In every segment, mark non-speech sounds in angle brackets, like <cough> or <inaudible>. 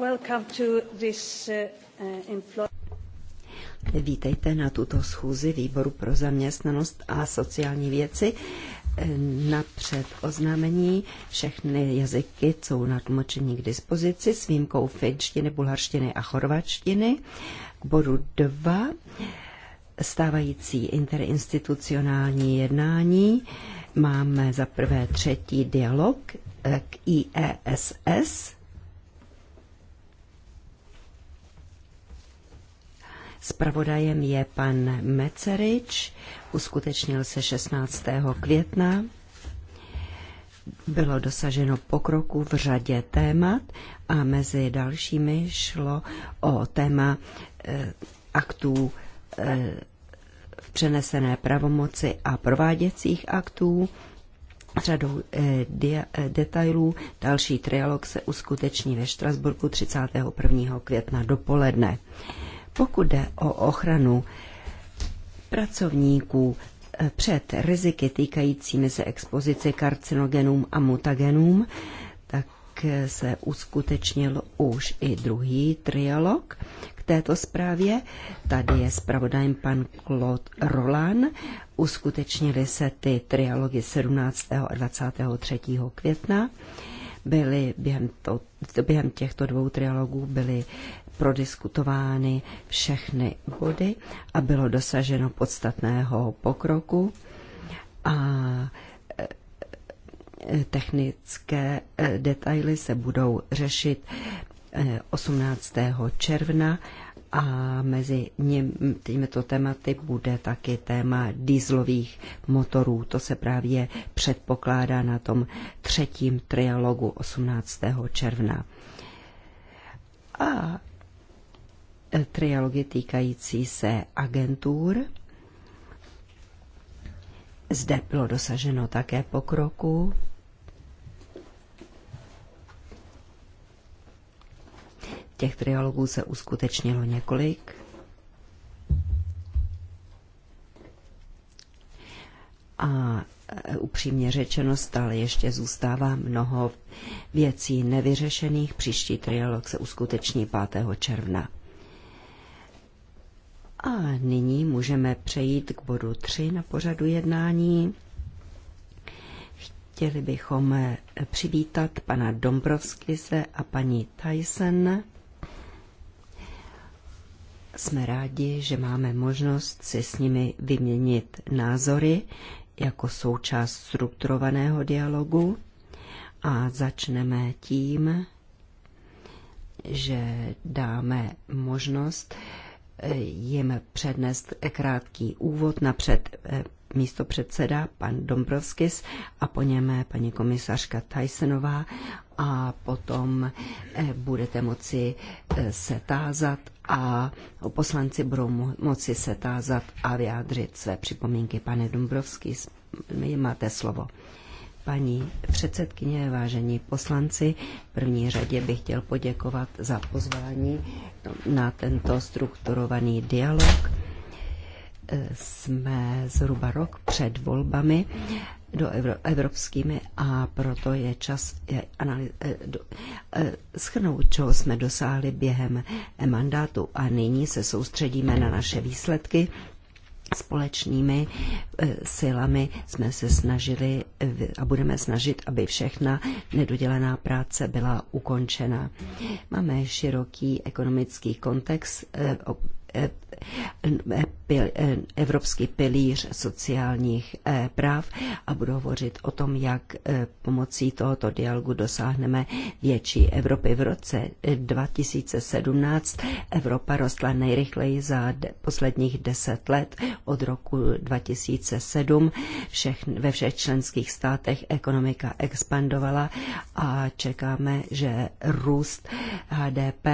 Uh, uh, Vítejte na tuto schůzi výboru pro zaměstnanost a sociální věci. Napřed oznámení všechny jazyky jsou na tlumočení k dispozici s výjimkou finštiny, bulharštiny a chorvačtiny. K bodu 2 stávající interinstitucionální jednání máme za prvé třetí dialog eh, k IESS Spravodajem je pan Mecerič, uskutečnil se 16. května. Bylo dosaženo pokroku v řadě témat a mezi dalšími šlo o téma eh, aktů eh, přenesené pravomoci a prováděcích aktů řadou eh, eh, detailů. Další trialog se uskuteční ve Štrasburku 31. května dopoledne. Pokud jde o ochranu pracovníků eh, před riziky týkajícími se expozice karcinogenům a mutagenům, tak eh, se uskutečnil už i druhý trialog k této zprávě. Tady je zpravodajem pan Claude Roland. Uskutečnili se ty trialogy 17. a 23. května byly během, to, během těchto dvou trialogů byly prodiskutovány všechny body a bylo dosaženo podstatného pokroku a e, technické e, detaily se budou řešit 18. E, června a mezi těmito tématy bude taky téma dýzlových motorů. To se právě předpokládá na tom třetím trialogu 18. června. A trialogy týkající se agentur. Zde bylo dosaženo také pokroku. Těch trialogů se uskutečnilo několik. A e, upřímně řečeno stále ještě zůstává mnoho věcí nevyřešených. Příští trialog se uskuteční 5. června. A nyní můžeme přejít k bodu 3 na pořadu jednání. Chtěli bychom eh, přivítat pana Dombrovskise a paní Tyson. Jsme rádi, že máme možnost si s nimi vyměnit názory jako součást strukturovaného dialogu a začneme tím, že dáme možnost jim přednést krátký úvod napřed eh, místo předseda pan Dombrovskis a po něm eh, paní komisařka Tysonová a potom eh, budete moci se tázat a poslanci budou moci se tázat a vyjádřit své připomínky. Pane Dombrovskis, máte slovo paní předsedkyně, vážení poslanci. V první řadě bych chtěl poděkovat za pozvání na tento strukturovaný dialog. Jsme zhruba rok před volbami do evropskými a proto je čas eh, eh, schrnout, čeho jsme dosáhli během mandátu a nyní se soustředíme na naše výsledky společnými eh, silami jsme se snažili a budeme snažit, aby všechna nedodělaná práce byla ukončena. Máme široký ekonomický kontext, eh, eh, Evropský pilíř sociálních eh, práv a budu hovořit o tom, jak eh, pomocí tohoto dialogu dosáhneme větší Evropy. V roce 2017 eh, Evropa rostla nejrychleji za posledních deset let od roku 2007. Všech, ve všech členských státech ekonomika expandovala a čekáme, že růst HDP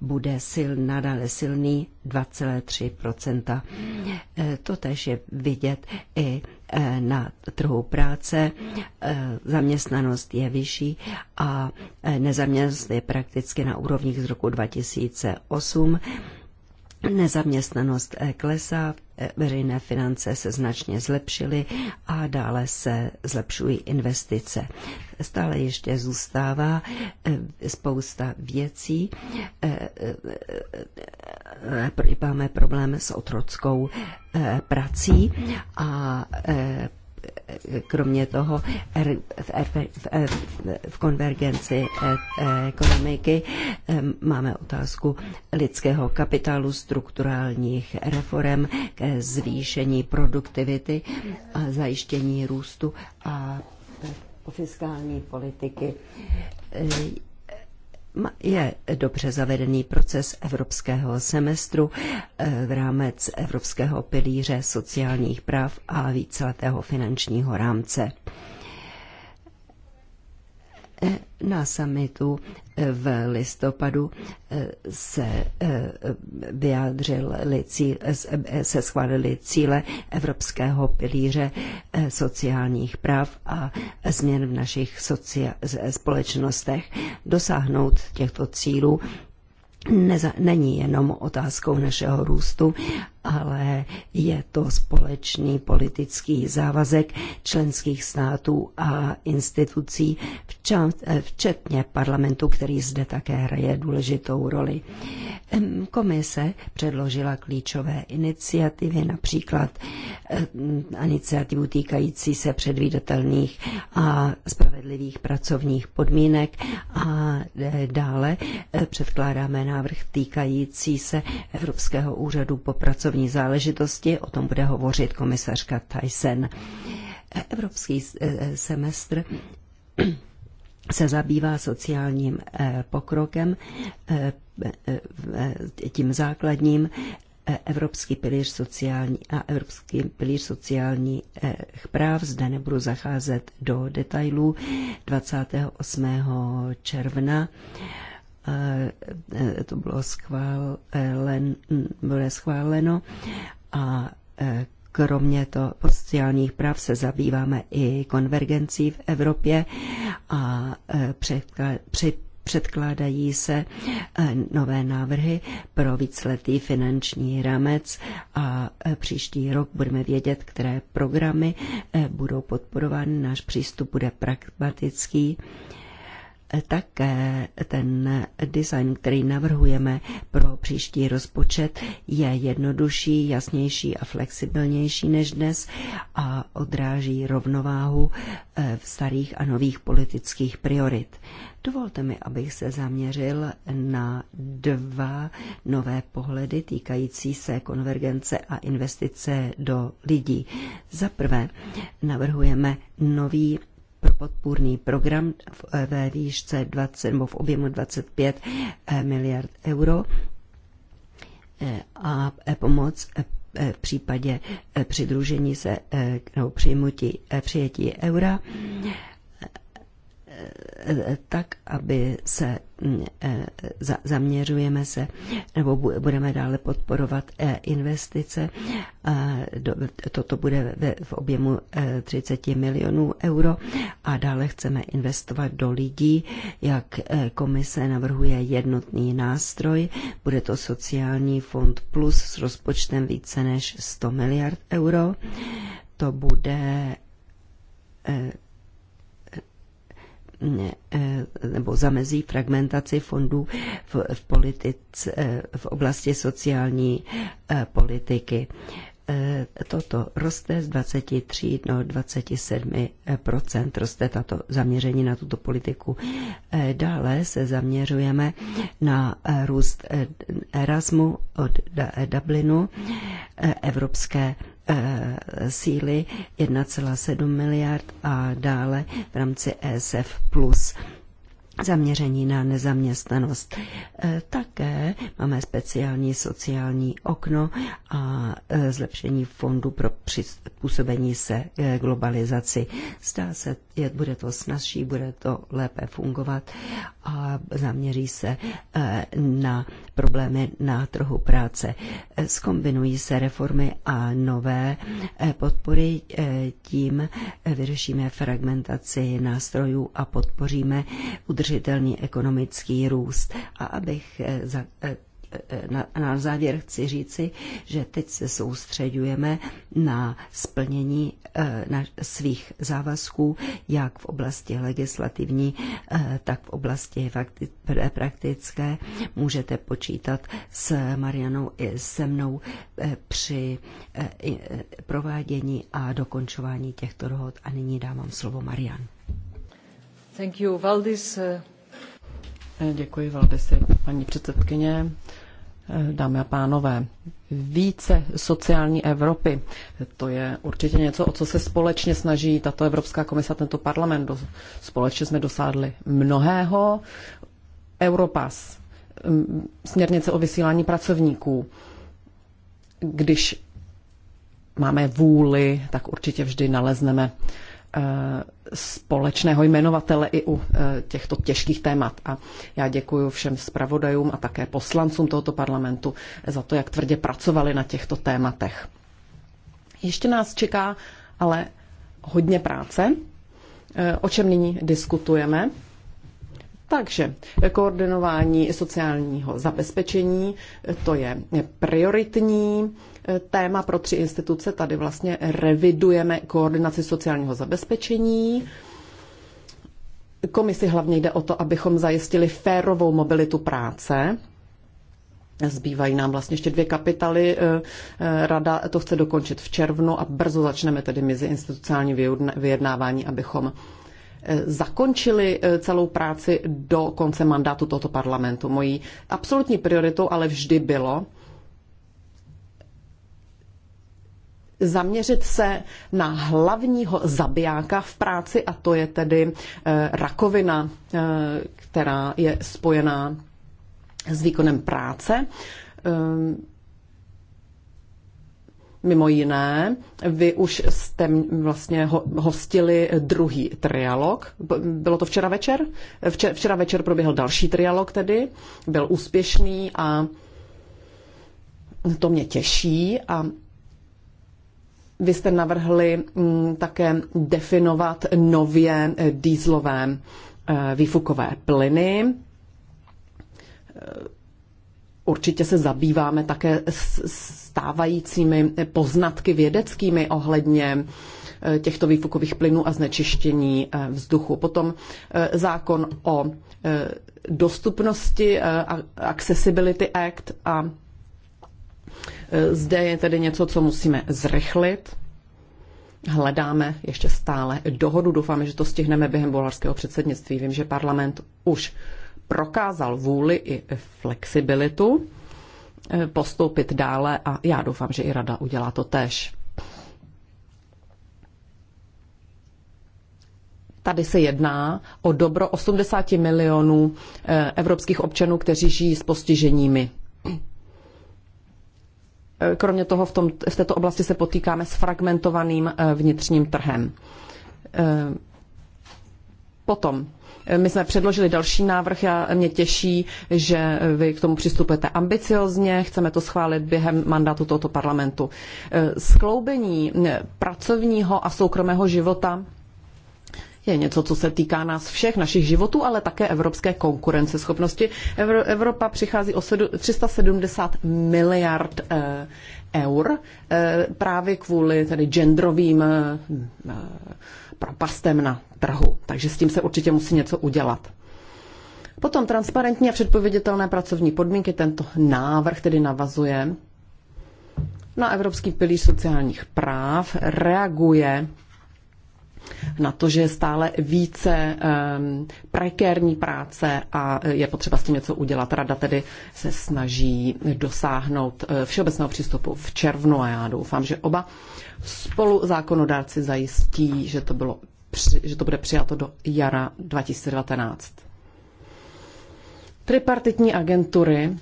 bude sil, nadále silný 3%. E, to tež je vidět i e, na trhu práce. E, zaměstnanost je vyšší a nezaměstnanost je prakticky na úrovních z roku 2008. Nezaměstnanost klesá v veřejné finance se značně zlepšily a dále se zlepšují investice. Stále ještě zůstává eh, spousta věcí. Eh, eh, máme problém s otrockou prací a kromě toho v konvergenci eh, eh, ekonomiky eh, máme otázku lidského kapitálu, strukturálních reform, zvýšení produktivity a zajištění růstu a fiskální politiky je dobře zavedený proces evropského semestru eh, v rámec evropského pilíře sociálních práv a víceletého finančního rámce. Na samitu v listopadu eh, se eh, vyjádřili, eh, se schválili cíle Evropského pilíře sociálních práv a změn v našich socia- společnostech. Dosáhnout těchto cílů není jenom otázkou našeho růstu, ale je to společný politický závazek členských států a institucí, eh, včetně parlamentu, který zde také hraje důležitou roli. Komise předložila klíčové iniciativy, například eh, iniciativu týkající se předvídatelných a spravedlivých pracovních podmínek a eh, dále předkládáme návrh týkající se Evropského úřadu po pracovní pracovní záležitosti, o tom bude hovořit komisařka Tyson. Evropský eh, semestr <clears throat> se zabývá sociálním eh, pokrokem, eh, tím základním Evropský pilíř sociální a Evropský pilíř sociálních práv. Zde nebudu zacházet do detailů 28. června E, to bylo schválen, schváleno a e, kromě to sociálních práv se zabýváme i konvergencí v Evropě a e, při předkládají se nové návrhy pro víceletý finanční rámec a příští rok budeme vědět, které programy budou podporovány. Náš přístup bude pragmatický také ten design, který navrhujeme pro příští rozpočet, je jednodušší, jasnější a flexibilnější než dnes a odráží rovnováhu eh, v starých a nových politických priorit. Dovolte mi, abych se zaměřil na dva nové pohledy týkající se konvergence a investice do lidí. Za prvé navrhujeme nový pro podpůrný program eh, ve výšce 20, nebo v objemu 25 eh, miliard euro eh, a pomoc v případě přidružení se nebo přijmutí, přijetí eura tak, aby se mm, e, zaměřujeme se nebo budeme dále podporovat e, investice. Toto bude v objemu 30 e, milionů euro a dále chceme investovat do lidí, jak komise navrhuje jednotný nástroj. Bude to sociální fond plus s rozpočtem více než 100 miliard euro. To bude Eh, nebo zamezí fragmentaci fondů v, v, politic, eh, v oblasti sociální eh, politiky toto roste z 23 do 27 roste tato zaměření na tuto politiku. Dále se zaměřujeme na růst Erasmu od Dublinu, Evropské Eh, síly 1,7 miliard a dále v rámci ESF+. Plus zaměření na nezaměstnanost. Eh, také máme speciální sociální okno a eh, zlepšení fondu pro působení se globalizaci. Zdá se, je, bude to snazší, bude to lépe fungovat a zaměří se na problémy na trhu práce. Zkombinují se reformy a nové eh, podpory, eh, tím eh, vyřešíme fragmentaci nástrojů a podpoříme udržitelný ekonomický růst. A abych za, na, na závěr chci říci, že teď se soustředujeme na splnění eh, na svých závazků, jak v oblasti legislativní, eh, tak v oblasti praktické. Můžete počítat s Marianou i se mnou eh, při provádění a dokončování těchto dohod. A nyní dávám slovo Marian. Thank you, Valdis. Děkuji, Valdisi, paní předsedkyně dámy a pánové, více sociální Evropy. To je určitě něco, o co se společně snaží tato Evropská komisa a tento parlament. Společně jsme dosáhli mnohého. Europas, směrnice o vysílání pracovníků. Když máme vůli, tak určitě vždy nalezneme společného jmenovatele i u eh, těchto těžkých témat. A já děkuji všem zpravodajům a také poslancům tohoto parlamentu za to, jak tvrdě pracovali na těchto tématech. Ještě nás čeká ale hodně práce, eh, o čem nyní diskutujeme. Takže koordinování sociálního zabezpečení, to je prioritní eh, téma pro tři instituce. Tady vlastně revidujeme koordinaci sociálního zabezpečení. Komisi hlavně jde o to, abychom zajistili férovou mobilitu práce. Zbývají nám vlastně ještě dvě kapitaly. Eh, eh, Rada to chce dokončit v červnu a brzo začneme tedy mezi institucionální vyjednávání, abychom Eh, zakončili eh, celou práci do konce mandátu tohoto parlamentu. Mojí absolutní prioritou ale vždy bylo zaměřit se na hlavního zabijáka v práci a to je tedy eh, rakovina, která je spojená s výkonem práce. Ehm, Mimo jiné, vy už jste vlastně hostili druhý trialog. Bylo to včera večer? Včera, večer proběhl další trialog tedy. Byl úspěšný a to mě těší. A vy jste navrhli mm, také definovat nově eh, dýzlové eh, výfukové plyny eh, Určitě se zabýváme také stávajícími poznatky vědeckými ohledně eh, těchto výfukových plynů a znečištění eh, vzduchu. Potom eh, zákon o dostupnosti, Accessibility Act a zde je tedy něco, co musíme zrychlit. Hledáme ještě stále dohodu. Doufáme, že to stihneme během bulharského předsednictví. Vím, že parlament už prokázal vůli i flexibilitu eh, postoupit dále a já doufám, že i rada udělá to tež. Tady se jedná o dobro 80 milionů eh, evropských občanů, kteří žijí s postiženími. Eh, kromě toho v, tom, v této oblasti se potýkáme s fragmentovaným vnitřním trhem. Potom my jsme předložili další návrh, a mě těší, že vy k tomu přistupujete ambiciozně, chceme to schválit během mandátu tohoto parlamentu. Eh, skloubení eh, pracovního a soukromého života je něco, co se týká nás všech, našich životů, ale také evropské konkurenceschopnosti. Evropa přichází o 370 miliard eh, eur právě kvůli tedy genderovým propastem na trhu. Takže s tím se určitě musí něco udělat. Potom transparentní a předpověditelné pracovní podmínky. Tento návrh tedy navazuje na Evropský pilíř sociálních práv, reaguje na to, že je stále více ehm, prekérní práce a je potřeba s tím něco udělat. Rada tedy se snaží dosáhnout eh, všeobecného přístupu v červnu a já doufám, že oba spolu zákonodárci zajistí, že to, bylo, že to bude přijato do jara 2019. Tripartitní agentury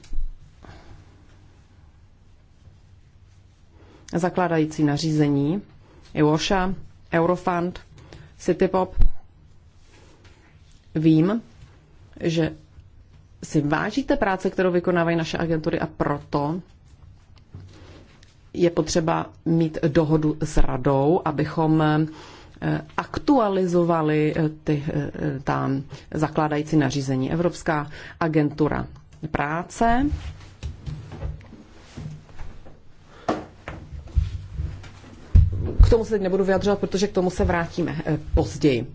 zakládající nařízení EUOSHA, Eurofund Pop. Vím, že si vážíte práce, kterou vykonávají naše agentury a proto je potřeba mít dohodu s radou, abychom eh, aktualizovali eh, ty, eh, tam zakládající nařízení Evropská agentura práce k tomu se teď nebudu vyjadřovat, protože k tomu se vrátíme eh, později.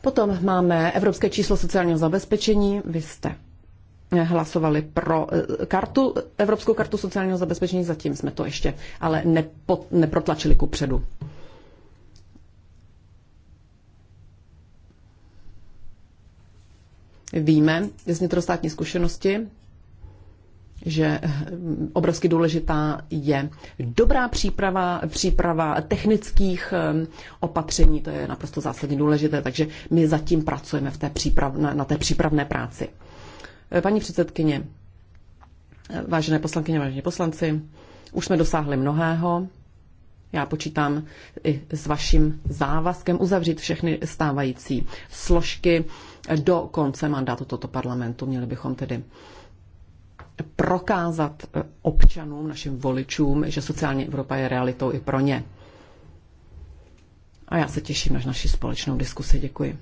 Potom máme Evropské číslo sociálního zabezpečení. Vy jste eh, hlasovali pro eh, kartu, Evropskou kartu sociálního zabezpečení, zatím jsme to ještě ale nepo, neprotlačili ku předu. Víme z vnitrostátní zkušenosti, že eh, obrovsky důležitá je dobrá příprava, příprava technických eh, opatření, to je naprosto zásadně důležité, takže my zatím pracujeme v té příprav, na, na té přípravné práci. Eh, paní předsedkyně, vážené poslankyně, vážení poslanci, už jsme dosáhli mnohého. Já počítám i s vaším závazkem uzavřít všechny stávající složky do konce mandátu toto parlamentu. Měli bychom tedy prokázat eh, občanům, našim voličům, že sociální Evropa je realitou i pro ně. A já se těším na naši společnou diskusi. Děkuji.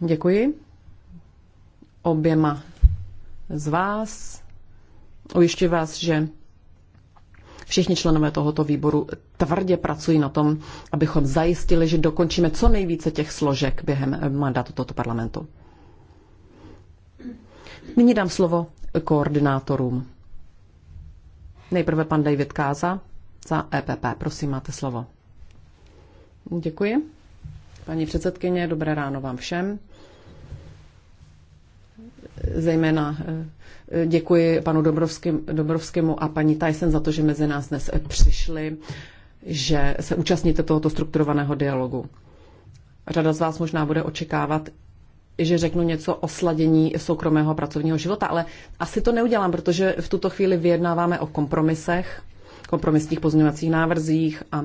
Děkuji oběma z vás. Ujišťuji vás, že všichni členové tohoto výboru tvrdě pracují na tom, abychom zajistili, že dokončíme co nejvíce těch složek během eh, mandátu tohoto parlamentu. Nyní dám slovo koordinátorům. Nejprve pan David Káza za EPP. Prosím, máte slovo. Děkuji. Paní předsedkyně, dobré ráno vám všem. Zejména eh, děkuji panu Dobrovskému a paní Tyson za to, že mezi nás dnes přišli, že se účastníte tohoto strukturovaného dialogu. Řada z vás možná bude očekávat, že řeknu něco o sladění soukromého a pracovního života, ale asi to neudělám, protože v tuto chvíli vyjednáváme o kompromisech, kompromisních pozměňovacích návrzích a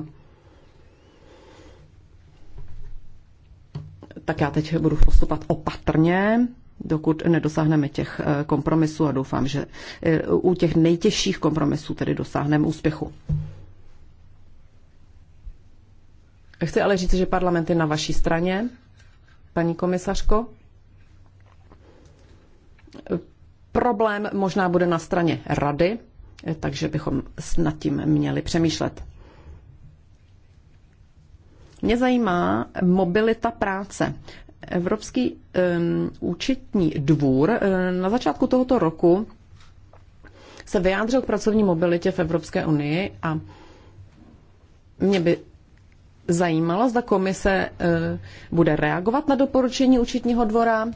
tak já teď budu postupovat opatrně, dokud nedosáhneme těch eh, kompromisů a doufám, že eh, u těch nejtěžších kompromisů tedy dosáhneme úspěchu. Chci ale říct, že parlament je na vaší straně paní komisařko. Problém možná bude na straně rady, takže bychom nad tím měli přemýšlet. Mě zajímá mobilita práce. Evropský um, účetní dvůr um, na začátku tohoto roku se vyjádřil k pracovní mobilitě v Evropské unii a mě by zajímalo, zda komise eh, bude reagovat na doporučení účetního dvora,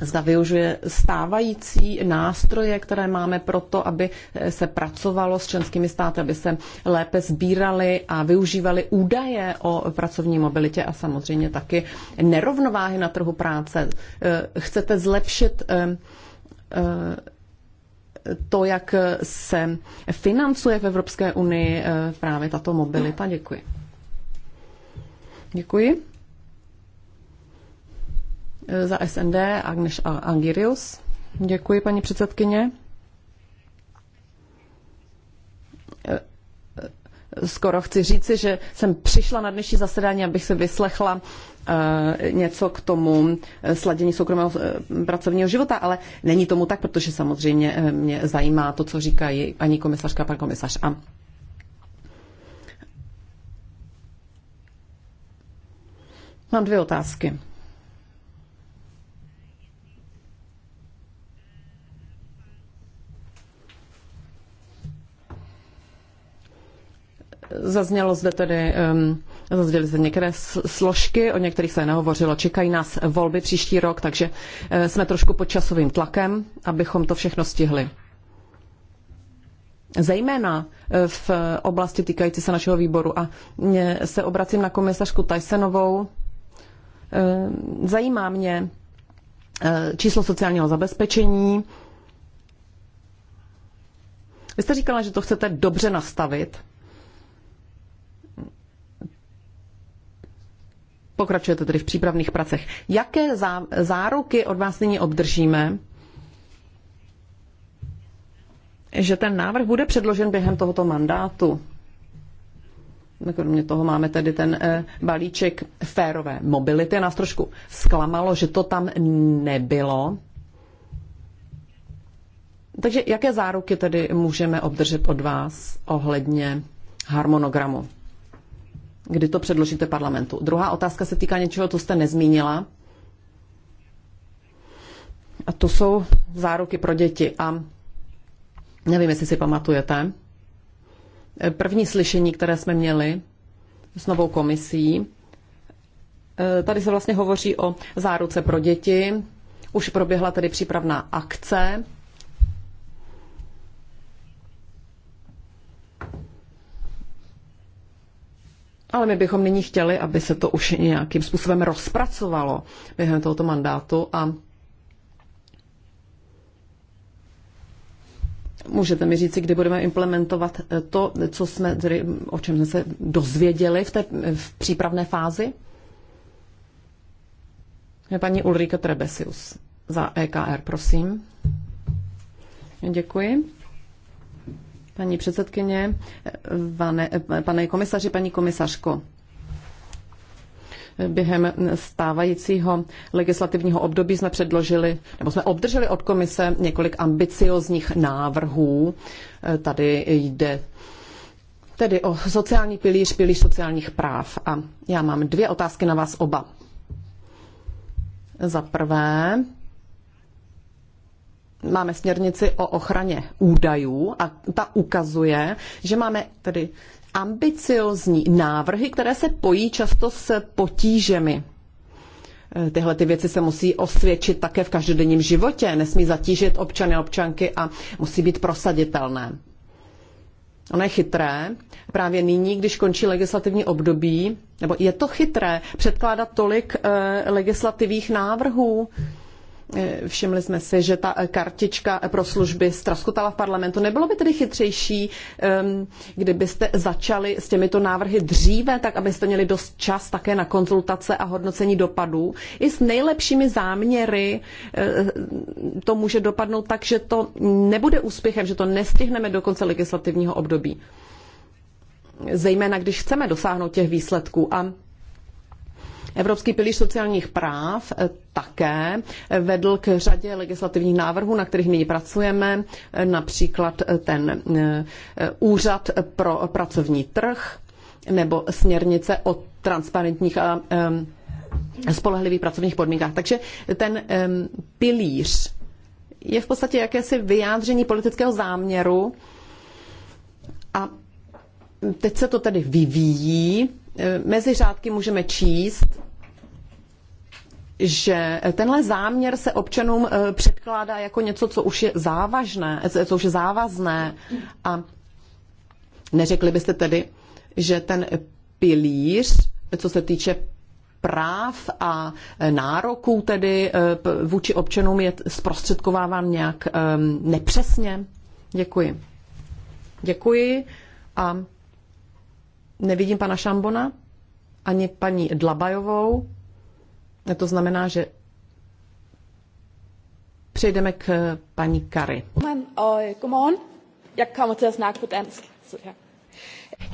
zda využije stávající nástroje, které máme pro to, aby eh, se pracovalo s členskými státy, aby se lépe sbíraly a využívaly údaje o pracovní mobilitě a samozřejmě taky nerovnováhy na trhu práce. Eh, chcete zlepšit to, jak se financuje v Evropské unii eh, právě tato mobilita. Děkuji. Děkuji. Eh, za SND Agnes Angirius. Děkuji, paní předsedkyně. Eh, skoro chci říci, že jsem přišla na dnešní zasedání, abych se vyslechla Eh, něco k tomu eh, sladění soukromého eh, pracovního života, ale není tomu tak, protože samozřejmě mě zajímá to, co říkají paní komisařka a pan komisař. A Mám dvě otázky. Zaznělo zde tedy um, Zazděli se některé složky, o některých se nehovořilo. Čekají nás volby příští rok, takže eh, jsme trošku pod časovým tlakem, abychom to všechno stihli. Zejména eh, v oblasti týkající se našeho výboru. A eh, se obracím na komisařku Tajsenovou. Zajímá mě číslo sociálního zabezpečení. Vy jste říkala, že to chcete dobře nastavit. Pokračujete tedy v přípravných pracech. Jaké záruky od vás nyní obdržíme, že ten návrh bude předložen během tohoto mandátu? No, kromě toho máme tedy ten eh, balíček férové mobility. Nás trošku zklamalo, že to tam nebylo. Takže jaké záruky tedy můžeme obdržet od vás ohledně harmonogramu? kdy to předložíte parlamentu. Druhá otázka se týká něčeho, co jste nezmínila. A to jsou záruky pro děti. A nevím, jestli si pamatujete, první slyšení, které jsme měli s novou komisí, eh, tady se vlastně hovoří o záruce pro děti. Už proběhla tedy přípravná akce ale my bychom nyní chtěli, aby se to už nějakým způsobem rozpracovalo během tohoto mandátu a Můžete mi říct, kdy budeme implementovat eh, to, co jsme, tedy, o čem jsme se dozvěděli v té eh, v přípravné fázi? Je paní Ulrika Trebesius za EKR, prosím. Děkuji. Paní předsedkyně, pane, pane komisaři, paní komisařko, během stávajícího legislativního období jsme předložili, nebo jsme obdrželi od komise několik ambiciozních návrhů. Tady jde tedy o sociální pilíř, pilíř sociálních práv. A já mám dvě otázky na vás oba. Za prvé, máme směrnici o ochraně údajů a ta ukazuje, že máme tedy ambiciozní návrhy, které se pojí často s potížemi. E, tyhle ty věci se musí osvědčit také v každodenním životě, nesmí zatížit občany a občanky a musí být prosaditelné. Ono je chytré. Právě nyní, když končí legislativní období, nebo je to chytré předkládat tolik e, legislativních návrhů. Eh, všimli jsme si, že ta kartička pro služby ztraskotala v parlamentu. Nebylo by tedy chytřejší, kdybyste začali s těmito návrhy dříve, tak abyste měli dost čas také na konzultace a hodnocení dopadů. I s nejlepšími záměry eh, to může dopadnout tak, že to nebude úspěchem, že to nestihneme do konce legislativního období. Zejména, když chceme dosáhnout těch výsledků. A Evropský pilíř sociálních práv eh, také eh, vedl k řadě legislativních návrhů, na kterých nyní pracujeme, eh, například ten úřad pro pracovní trh nebo směrnice o transparentních a spolehlivých pracovních podmínkách. Takže ten pilíř je v podstatě jakési vyjádření politického záměru a teď se to tedy vyvíjí. Mezi řádky můžeme číst, že tenhle záměr se občanům eh, předkládá jako něco, co už je závažné, eh, co už je závazné. A neřekli byste tedy, že ten pilíř, co se týče práv a eh, nároků tedy vůči občanům je zprostředkováván nějak ehm, nepřesně? Děkuji. Děkuji a nevidím pana Šambona ani paní Dlabajovou. To znamená, že přejdeme k paní Kary. Øh,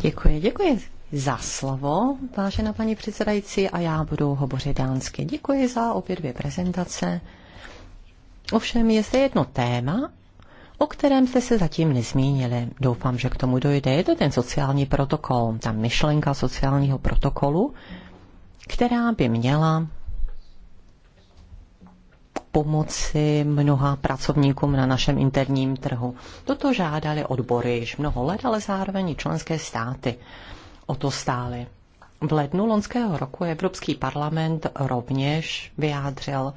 děkuji, děkuji za slovo, vážená paní předsedající, a já budu hovořit dánsky. Děkuji za obě dvě prezentace. Ovšem je zde jedno téma, o kterém jste se zatím nezmínili. Doufám, že k tomu dojde. Je to ten sociální protokol, ta myšlenka sociálního protokolu, která by měla pomoci mnoha pracovníkům na našem interním trhu. Toto žádali odbory již mnoho let, ale zároveň i členské státy o to stály. V lednu loňského roku Evropský parlament rovněž vyjádřil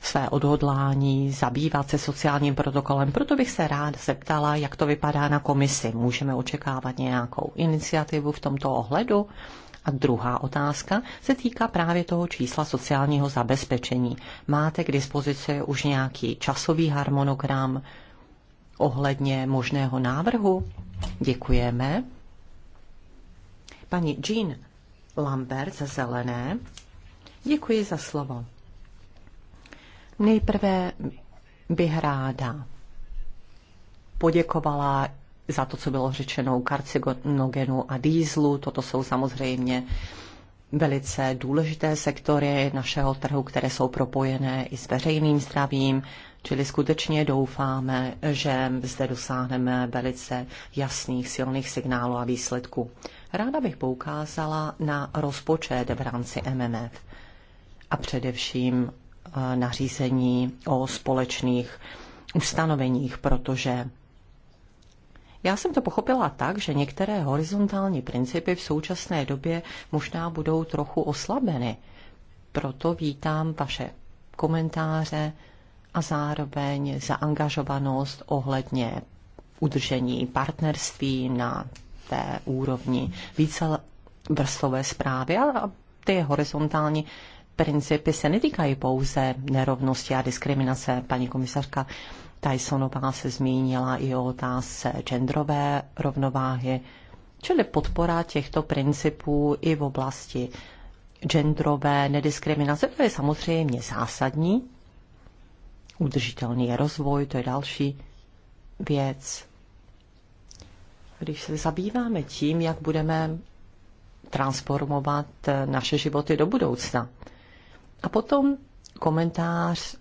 své odhodlání zabývat se sociálním protokolem. Proto bych se rád zeptala, jak to vypadá na komisi. Můžeme očekávat nějakou iniciativu v tomto ohledu? A druhá otázka se týká právě toho čísla sociálního zabezpečení. Máte k dispozici už nějaký časový harmonogram ohledně možného návrhu? Děkujeme. Paní Jean Lambert ze Zelené. Děkuji za slovo. Nejprve bych ráda poděkovala za to, co bylo řečeno u karcinogenu a dýzlu. Toto jsou samozřejmě velice důležité sektory našeho trhu, které jsou propojené i s veřejným zdravím, čili skutečně doufáme, že zde dosáhneme velice jasných, silných signálů a výsledků. Ráda bych poukázala na rozpočet v rámci MMF a především eh, nařízení o společných ustanoveních, protože já jsem to pochopila tak, že některé horizontální principy v současné době možná budou trochu oslabeny. Proto vítám vaše komentáře a zároveň zaangažovanost ohledně udržení partnerství na té úrovni více vrstové zprávy a ty horizontální principy se netýkají pouze nerovnosti a diskriminace. Paní komisařka Tysonová se zmínila i o otázce genderové rovnováhy, čili podpora těchto principů i v oblasti genderové nediskriminace. To je samozřejmě zásadní. Udržitelný je rozvoj, to je další věc. Když se zabýváme tím, jak budeme transformovat naše životy do budoucna. A potom komentář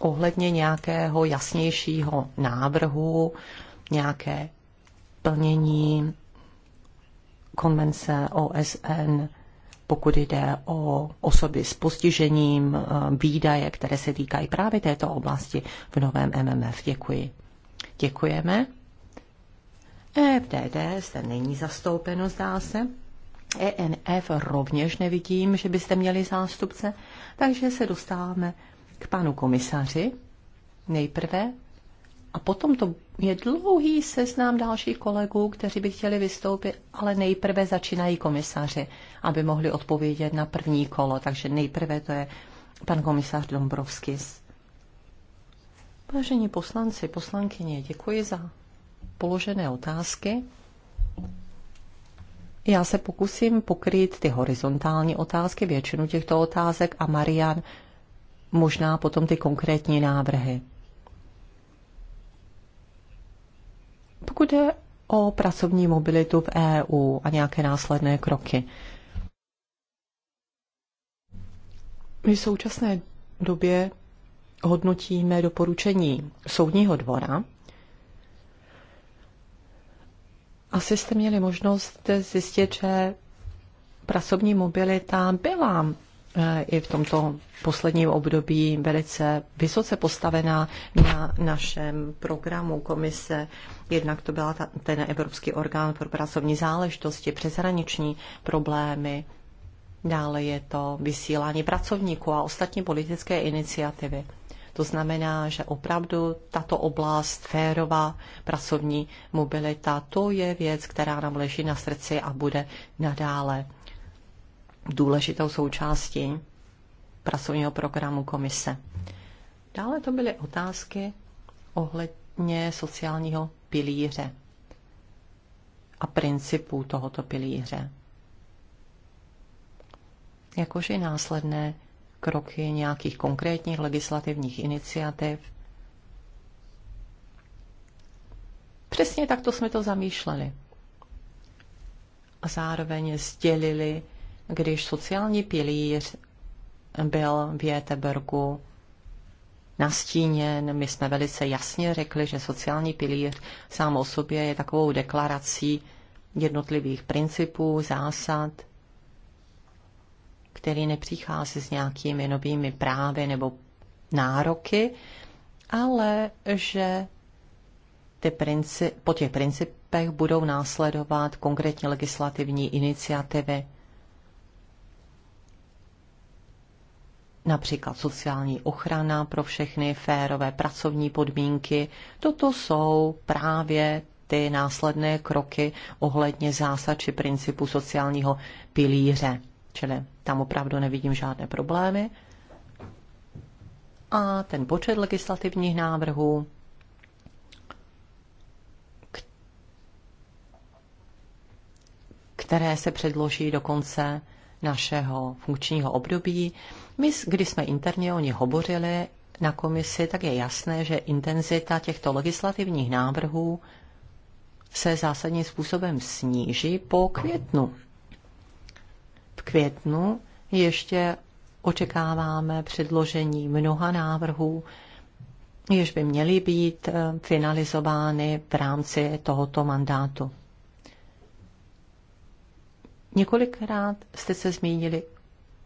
ohledně nějakého jasnějšího návrhu, nějaké plnění konvence OSN, pokud jde o osoby s postižením, eh, výdaje, které se týkají právě této oblasti v novém MMF. Děkuji. Děkujeme. EFDD zde není zastoupeno, zdá se. ENF rovněž nevidím, že byste měli zástupce, takže se dostáváme k panu komisaři nejprve a potom to je dlouhý seznám dalších kolegů, kteří by chtěli vystoupit, ale nejprve začínají komisaři, aby mohli odpovědět na první kolo. Takže nejprve to je pan komisař Dombrovskis. Vážení poslanci, poslankyně, děkuji za položené otázky. Já se pokusím pokrýt ty horizontální otázky, většinu těchto otázek a Marian možná potom ty konkrétní návrhy. Pokud je o pracovní mobilitu v EU a nějaké následné kroky. My v současné době hodnotíme doporučení soudního dvora. Asi jste měli možnost zjistit, že pracovní mobilita byla i v tomto posledním období velice vysoce postavená na našem programu komise. Jednak to byl ten Evropský orgán pro pracovní záležitosti, přeshraniční problémy, dále je to vysílání pracovníků a ostatní politické iniciativy. To znamená, že opravdu tato oblast, férová pracovní mobilita, to je věc, která nám leží na srdci a bude nadále důležitou součástí pracovního programu komise. Dále to byly otázky ohledně sociálního pilíře a principů tohoto pilíře. Jakož i následné kroky nějakých konkrétních legislativních iniciativ. Přesně takto jsme to zamýšleli. A zároveň sdělili když sociální pilíř byl v Jeteborgu nastíněn. My jsme velice jasně řekli, že sociální pilíř sám o sobě je takovou deklarací jednotlivých principů, zásad, který nepřichází s nějakými novými právy nebo nároky, ale že ty princi- po těch principech budou následovat konkrétní legislativní iniciativy. například sociální ochrana pro všechny, férové pracovní podmínky. Toto jsou právě ty následné kroky ohledně zásad či principu sociálního pilíře. Čili tam opravdu nevidím žádné problémy. A ten počet legislativních návrhů, které se předloží do konce našeho funkčního období, my, když jsme interně o ní hovořili na komisi, tak je jasné, že intenzita těchto legislativních návrhů se zásadním způsobem sníží po květnu. V květnu ještě očekáváme předložení mnoha návrhů, jež by měly být eh, finalizovány v rámci tohoto mandátu. Několikrát jste se zmínili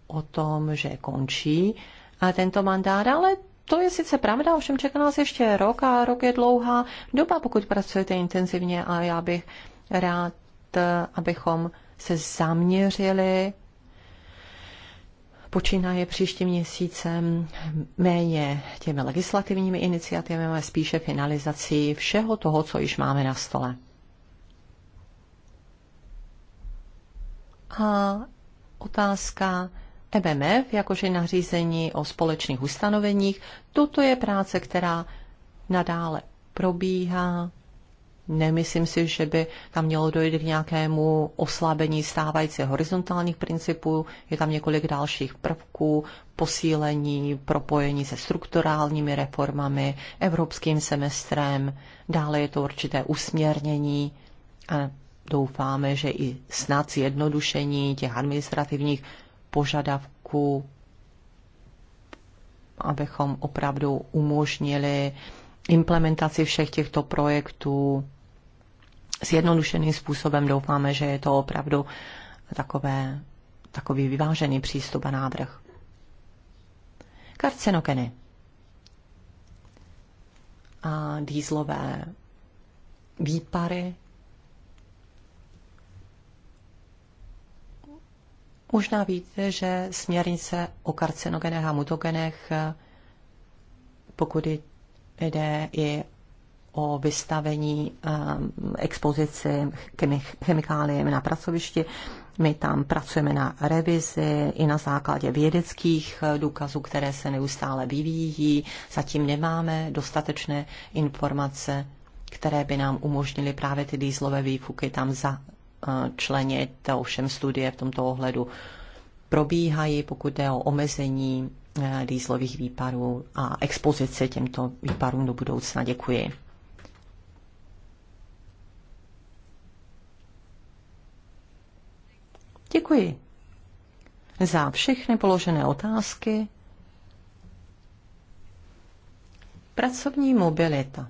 o tom, že končí a tento mandát, ale to je sice pravda, ovšem čeká nás ještě rok a rok je dlouhá doba, pokud pracujete intenzivně a já bych rád, abychom se zaměřili počínaje příštím měsícem méně těmi legislativními iniciativami, ale spíše finalizací všeho toho, co již máme na stole. A otázka MMF, jakože i nařízení o společných ustanoveních. Toto je práce, která nadále probíhá. Nemyslím si, že by tam mělo dojít k nějakému oslabení stávající horizontálních principů. Je tam několik dalších prvků, posílení, propojení se strukturálními reformami, evropským semestrem. Dále je to určité usměrnění a doufáme, že i snad zjednodušení těch administrativních požadavku, abychom opravdu umožnili implementaci všech těchto projektů zjednodušeným způsobem. Doufáme, že je to opravdu takové, takový vyvážený přístup a návrh. Karcenokeny a dýzlové výpary Možná víte, že směrnice o karcinogenech a mutogenech, pokud jde i o vystavení um, expozici chemikáliemi na pracovišti. My tam pracujeme na revizi i na základě vědeckých důkazů, které se neustále vyvíjí. Zatím nemáme dostatečné informace, které by nám umožnily právě ty dýzlové výfuky tam za, Eh, členit, ovšem studie v tomto ohledu probíhají, pokud je o omezení eh, dýzlových výparů a expozice těmto výparům do budoucna. Děkuji. Děkuji za všechny položené otázky. Pracovní mobilita.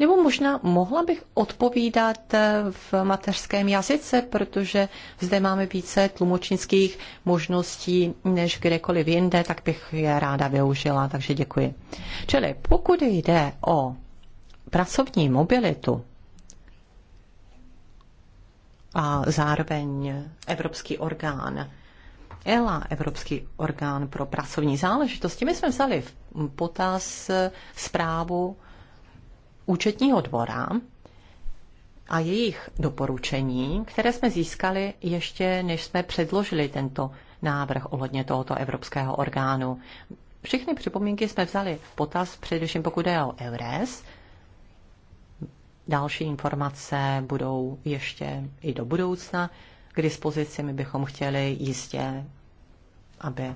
Nebo možná mohla bych odpovídat eh, v mateřském jazyce, protože zde máme více tlumočnických možností než kdekoliv jinde, tak bych je ráda využila, takže děkuji. Čili pokud jde o pracovní mobilitu a zároveň Evropský orgán ELA, Evropský orgán pro pracovní záležitosti, my jsme vzali v potaz eh, zprávu účetního dvora a jejich doporučení, které jsme získali ještě, než jsme předložili tento návrh ohledně tohoto evropského orgánu. Všechny připomínky jsme vzali v potaz, především pokud je o EURES. Další informace budou ještě i do budoucna k dispozici. My bychom chtěli jistě, aby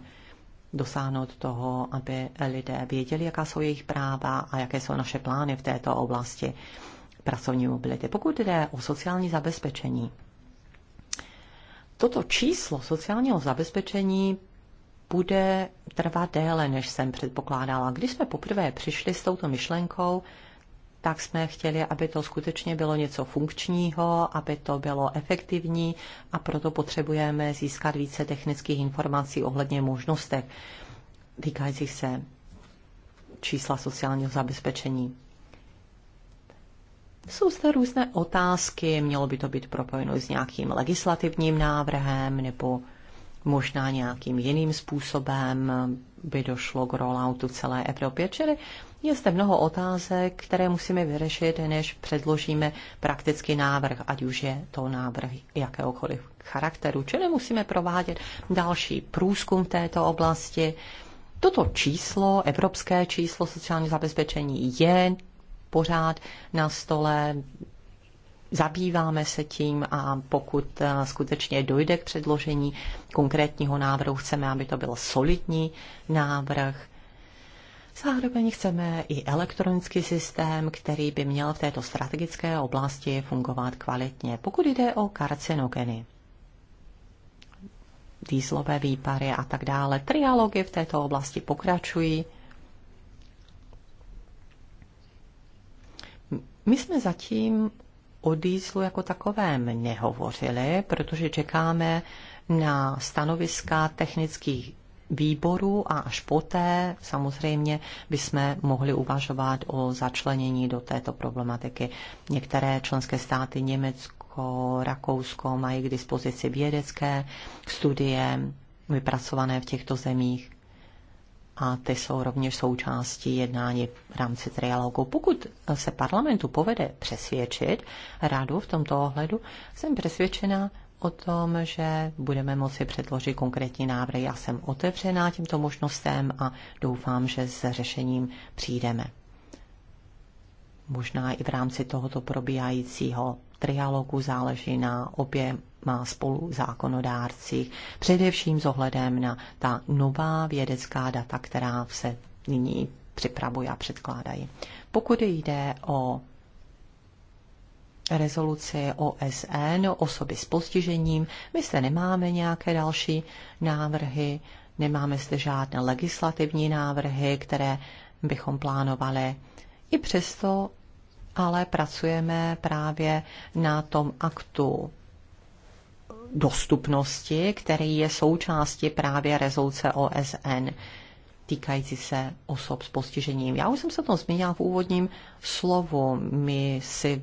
dosáhnout toho, aby lidé věděli, jaká jsou jejich práva a jaké jsou naše plány v této oblasti pracovní mobility. Pokud jde o sociální zabezpečení, toto číslo sociálního zabezpečení bude trvat déle, než jsem předpokládala. Když jsme poprvé přišli s touto myšlenkou, tak jsme chtěli, aby to skutečně bylo něco funkčního, aby to bylo efektivní a proto potřebujeme získat více technických informací ohledně možnostech týkajících se čísla sociálního zabezpečení. Jsou zde různé otázky, mělo by to být propojeno s nějakým legislativním návrhem nebo možná nějakým jiným způsobem by došlo k rolloutu celé Evropě. Čili je zde mnoho otázek, které musíme vyřešit, než předložíme praktický návrh, ať už je to návrh jakéhokoliv charakteru. Čili musíme provádět další průzkum v této oblasti. Toto číslo, evropské číslo sociální zabezpečení je pořád na stole zabýváme se tím a pokud eh, skutečně dojde k předložení konkrétního návrhu, chceme, aby to byl solidní návrh, Zároveň chceme i elektronický systém, který by měl v této strategické oblasti fungovat kvalitně, pokud jde o karcinogeny dýzlové výpary a tak dále. Trialogy v této oblasti pokračují. My jsme zatím o dýzlu jako takovém nehovořili, protože čekáme na stanoviska technických výboru a až poté samozřejmě bychom mohli uvažovat o začlenění do této problematiky. Některé členské státy Německo, Rakousko mají k dispozici vědecké studie vypracované v těchto zemích a ty jsou rovněž součástí jednání v rámci trialogu. Pokud se parlamentu povede přesvědčit radu v tomto ohledu, jsem přesvědčena o tom, že budeme moci předložit konkrétní návrhy. Já jsem otevřená těmto možnostem a doufám, že s řešením přijdeme. Možná i v rámci tohoto probíhajícího trialogu záleží na obě má spolu zákonodárci, především s ohledem na ta nová vědecká data, která se nyní připravují a předkládají. Pokud jde o rezoluci OSN, osoby s postižením, my se nemáme nějaké další návrhy, nemáme zde žádné legislativní návrhy, které bychom plánovali. I přesto ale pracujeme právě na tom aktu dostupnosti, který je součástí právě rezoluce OSN týkající se osob s postižením. Já už jsem se to zmínila v úvodním slovu. My si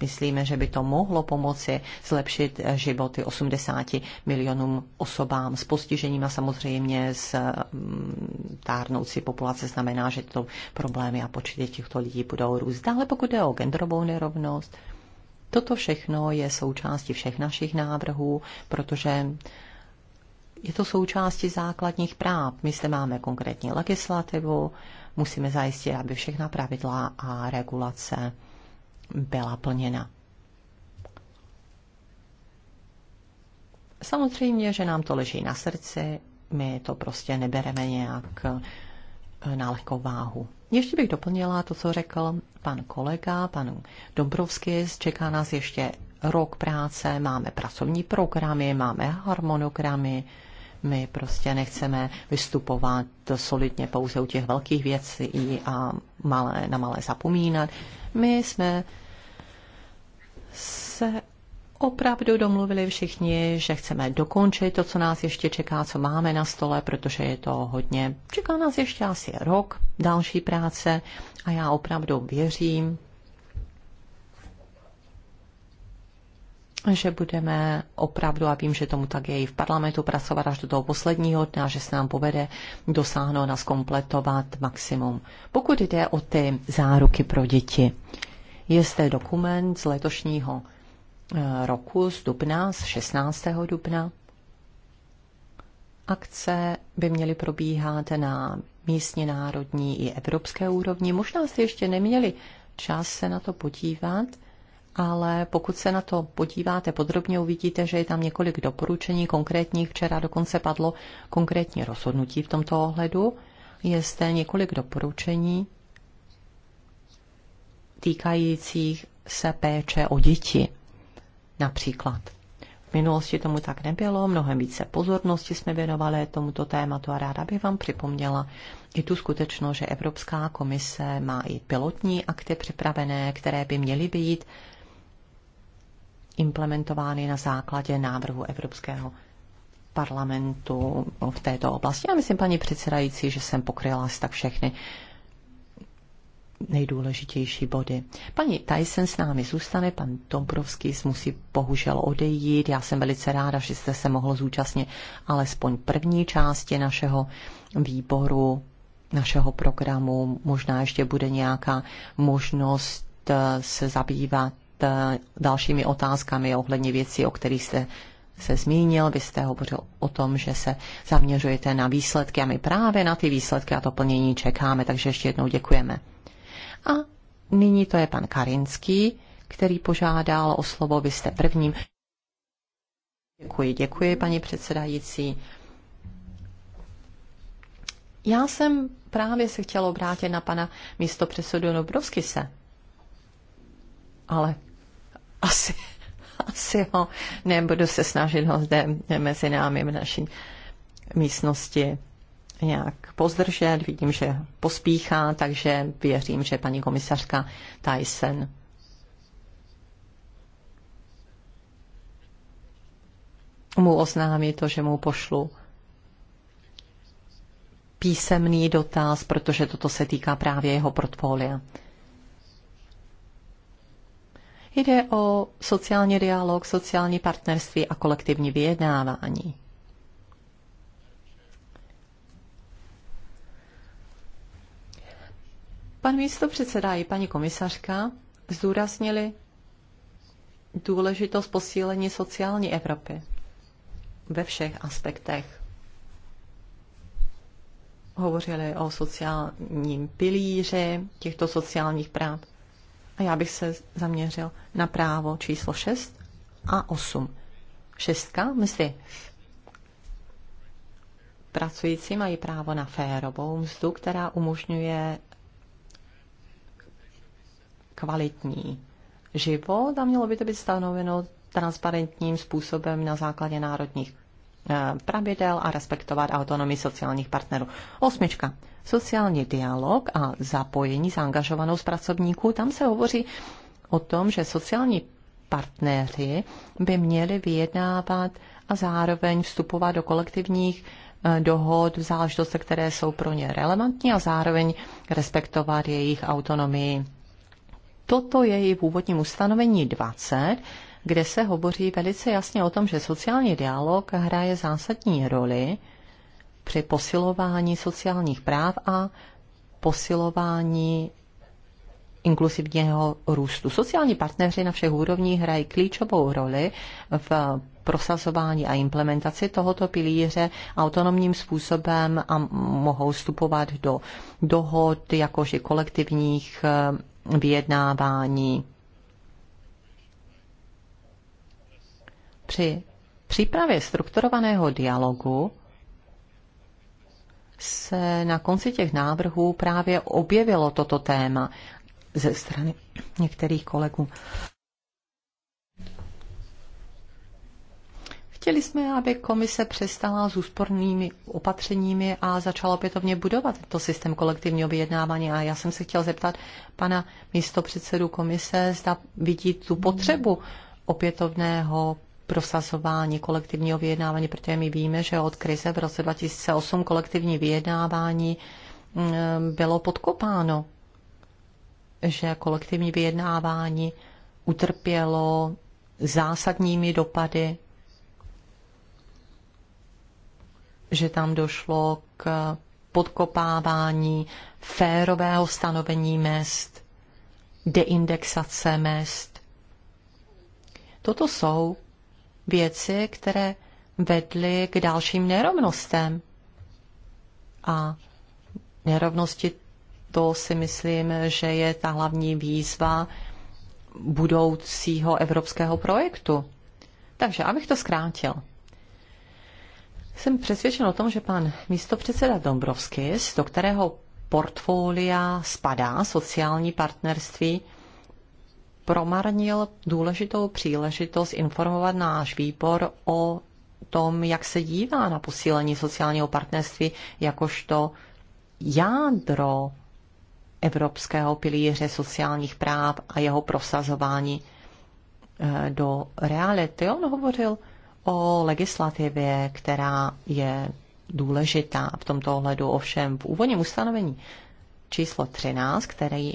myslíme, že by to mohlo pomoci zlepšit životy 80 milionům osobám s postižením a samozřejmě s mm, tárnoucí populace znamená, že to problémy a počty těchto lidí budou růst. Dále pokud jde o genderovou nerovnost, Toto všechno je součástí všech našich návrhů, protože je to součástí základních práv. My zde máme konkrétní legislativu, musíme zajistit, aby všechna pravidla a regulace byla plněna. Samozřejmě, že nám to leží na srdci, my to prostě nebereme nějak na lehkou váhu. Ještě bych doplnila to, co řekl pan kolega, pan Dombrovský, Čeká nás ještě rok práce, máme pracovní programy, máme harmonogramy, my prostě nechceme vystupovat solidně pouze u těch velkých věcí a malé, na malé zapomínat. My jsme se opravdu domluvili všichni, že chceme dokončit to, co nás ještě čeká, co máme na stole, protože je to hodně. Čeká nás ještě asi rok další práce a já opravdu věřím, že budeme opravdu, a vím, že tomu tak je i v parlamentu, pracovat až do toho posledního dne a že se nám povede dosáhnout nás skompletovat maximum. Pokud jde o ty záruky pro děti, je zde dokument z letošního roku z dubna, z 16. dubna. Akce by měly probíhat na místně národní i evropské úrovni. Možná jste ještě neměli čas se na to podívat, ale pokud se na to podíváte podrobně, uvidíte, že je tam několik doporučení konkrétních. Včera dokonce padlo konkrétní rozhodnutí v tomto ohledu. Je zde několik doporučení týkajících se péče o děti. Například. V minulosti tomu tak nebylo, mnohem více pozornosti jsme věnovali tomuto tématu a ráda bych vám připomněla i tu skutečnost, že Evropská komise má i pilotní akty připravené, které by měly být implementovány na základě návrhu Evropského parlamentu v této oblasti. Já myslím, paní předsedající, že jsem pokryla asi tak všechny nejdůležitější body. Paní Tyson s námi zůstane, pan Dombrovský musí bohužel odejít. Já jsem velice ráda, že jste se mohl zúčastnit alespoň první části našeho výboru, našeho programu. Možná ještě bude nějaká možnost eh, se zabývat eh, dalšími otázkami ohledně věcí, o kterých jste se zmínil, vy jste hovořil o tom, že se zaměřujete na výsledky a my právě na ty výsledky a to plnění čekáme, takže ještě jednou děkujeme. A nyní to je pan Karinský, který požádal o slovo. Vy jste prvním. Děkuji, děkuji, paní předsedající. Já jsem právě se chtěla obrátit na pana místo předsedu Nobrovskise, Ale asi, <laughs> asi ho nebudu se snažit ho zde mezi námi v naší místnosti nějak pozdržet, vidím, že pospíchá, takže věřím, že paní komisařka Tyson mu oznámí to, že mu pošlu písemný dotaz, protože toto se týká právě jeho portfolia. Jde o sociální dialog, sociální partnerství a kolektivní vyjednávání. Pan předseda i paní komisařka zdůraznili důležitost posílení sociální Evropy ve všech aspektech. Hovořili o sociálním pilíři těchto sociálních práv. A já bych se zaměřil na právo číslo 6 a 8. Šestka mzdy. Pracující mají právo na férovou mzdu, která umožňuje kvalitní život a mělo by to být stanoveno transparentním způsobem na základě národních eh, pravidel a respektovat autonomii sociálních partnerů. Osmička. Sociální dialog a zapojení zaangažovanou z pracovníků. Tam se hovoří o tom, že sociální partnéři by měli vyjednávat a zároveň vstupovat do kolektivních eh, dohod v záležitosti, které jsou pro ně relevantní a zároveň respektovat jejich autonomii Toto je i v úvodním ustanovení 20, kde se hovoří velice jasně o tom, že sociální dialog hraje zásadní roli při posilování sociálních práv a posilování inkluzivního růstu. Sociální partneři na všech úrovních hrají klíčovou roli v prosazování a implementaci tohoto pilíře autonomním způsobem a mohou vstupovat do dohod, jakož kolektivních vyjednávání. Při přípravě strukturovaného dialogu se na konci těch návrhů právě objevilo toto téma ze strany některých kolegů. Chtěli jsme, aby komise přestala s úspornými opatřeními a začala opětovně budovat to systém kolektivního vyjednávání. A já jsem se chtěl zeptat pana místopředsedu komise, zda vidí tu potřebu opětovného prosazování kolektivního vyjednávání, protože my víme, že od krize v roce 2008 kolektivní vyjednávání mm, bylo podkopáno, že kolektivní vyjednávání utrpělo zásadními dopady že tam došlo k podkopávání férového stanovení mest, deindexace mest. Toto jsou věci, které vedly k dalším nerovnostem. A nerovnosti, to si myslím, že je ta hlavní výzva budoucího evropského projektu. Takže abych to zkrátil. Jsem přesvědčen o tom, že pan místopředseda Dombrovský do kterého portfolia spadá sociální partnerství, promarnil důležitou příležitost informovat náš výbor o tom, jak se dívá na posílení sociálního partnerství jakožto jádro evropského pilíře sociálních práv a jeho prosazování eh, do reality. On hovořil o legislativě, která je důležitá v tomto ohledu. Ovšem v úvodním ustanovení číslo 13, které,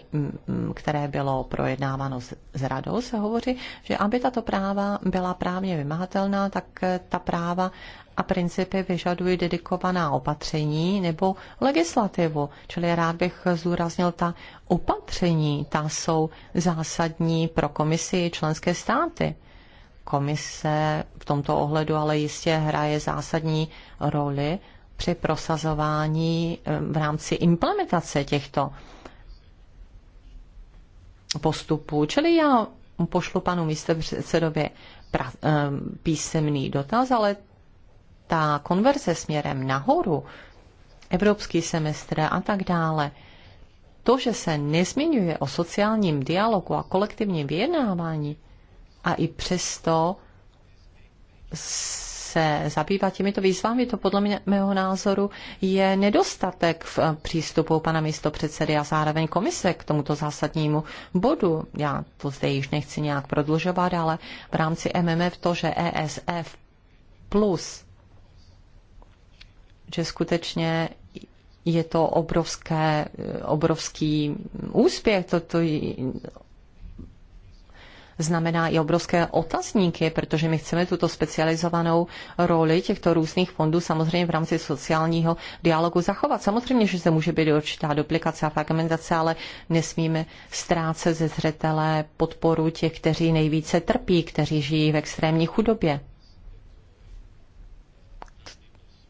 které bylo projednáváno s, s radou, se hovoří, že aby tato práva byla právně vymahatelná, tak eh, ta práva a principy vyžadují dedikovaná opatření nebo legislativu. Čili rád bych zúraznil, ta opatření, ta jsou zásadní pro komisi členské státy. Komise v tomto ohledu ale jistě hraje zásadní roli při prosazování eh, v rámci implementace těchto postupů. Čili já pošlu panu místopředsedovi eh, písemný dotaz, ale ta konverze směrem nahoru, evropský semestr a tak dále, to, že se nezmiňuje o sociálním dialogu a kolektivním vyjednávání, a i přesto se zabývat těmito výzvami, to podle mě, mého názoru je nedostatek v eh, přístupu pana místopředsedy a zároveň komise k tomuto zásadnímu bodu. Já to zde již nechci nějak prodlužovat, ale v rámci MMF to, že ESF plus, že skutečně je to obrovské, eh, obrovský úspěch, to, to znamená i obrovské otazníky, protože my chceme tuto specializovanou roli těchto různých fondů samozřejmě v rámci sociálního dialogu zachovat. Samozřejmě, že se může být určitá duplikace a fragmentace, ale nesmíme ztrácet ze zřetele podporu těch, kteří nejvíce trpí, kteří žijí v extrémní chudobě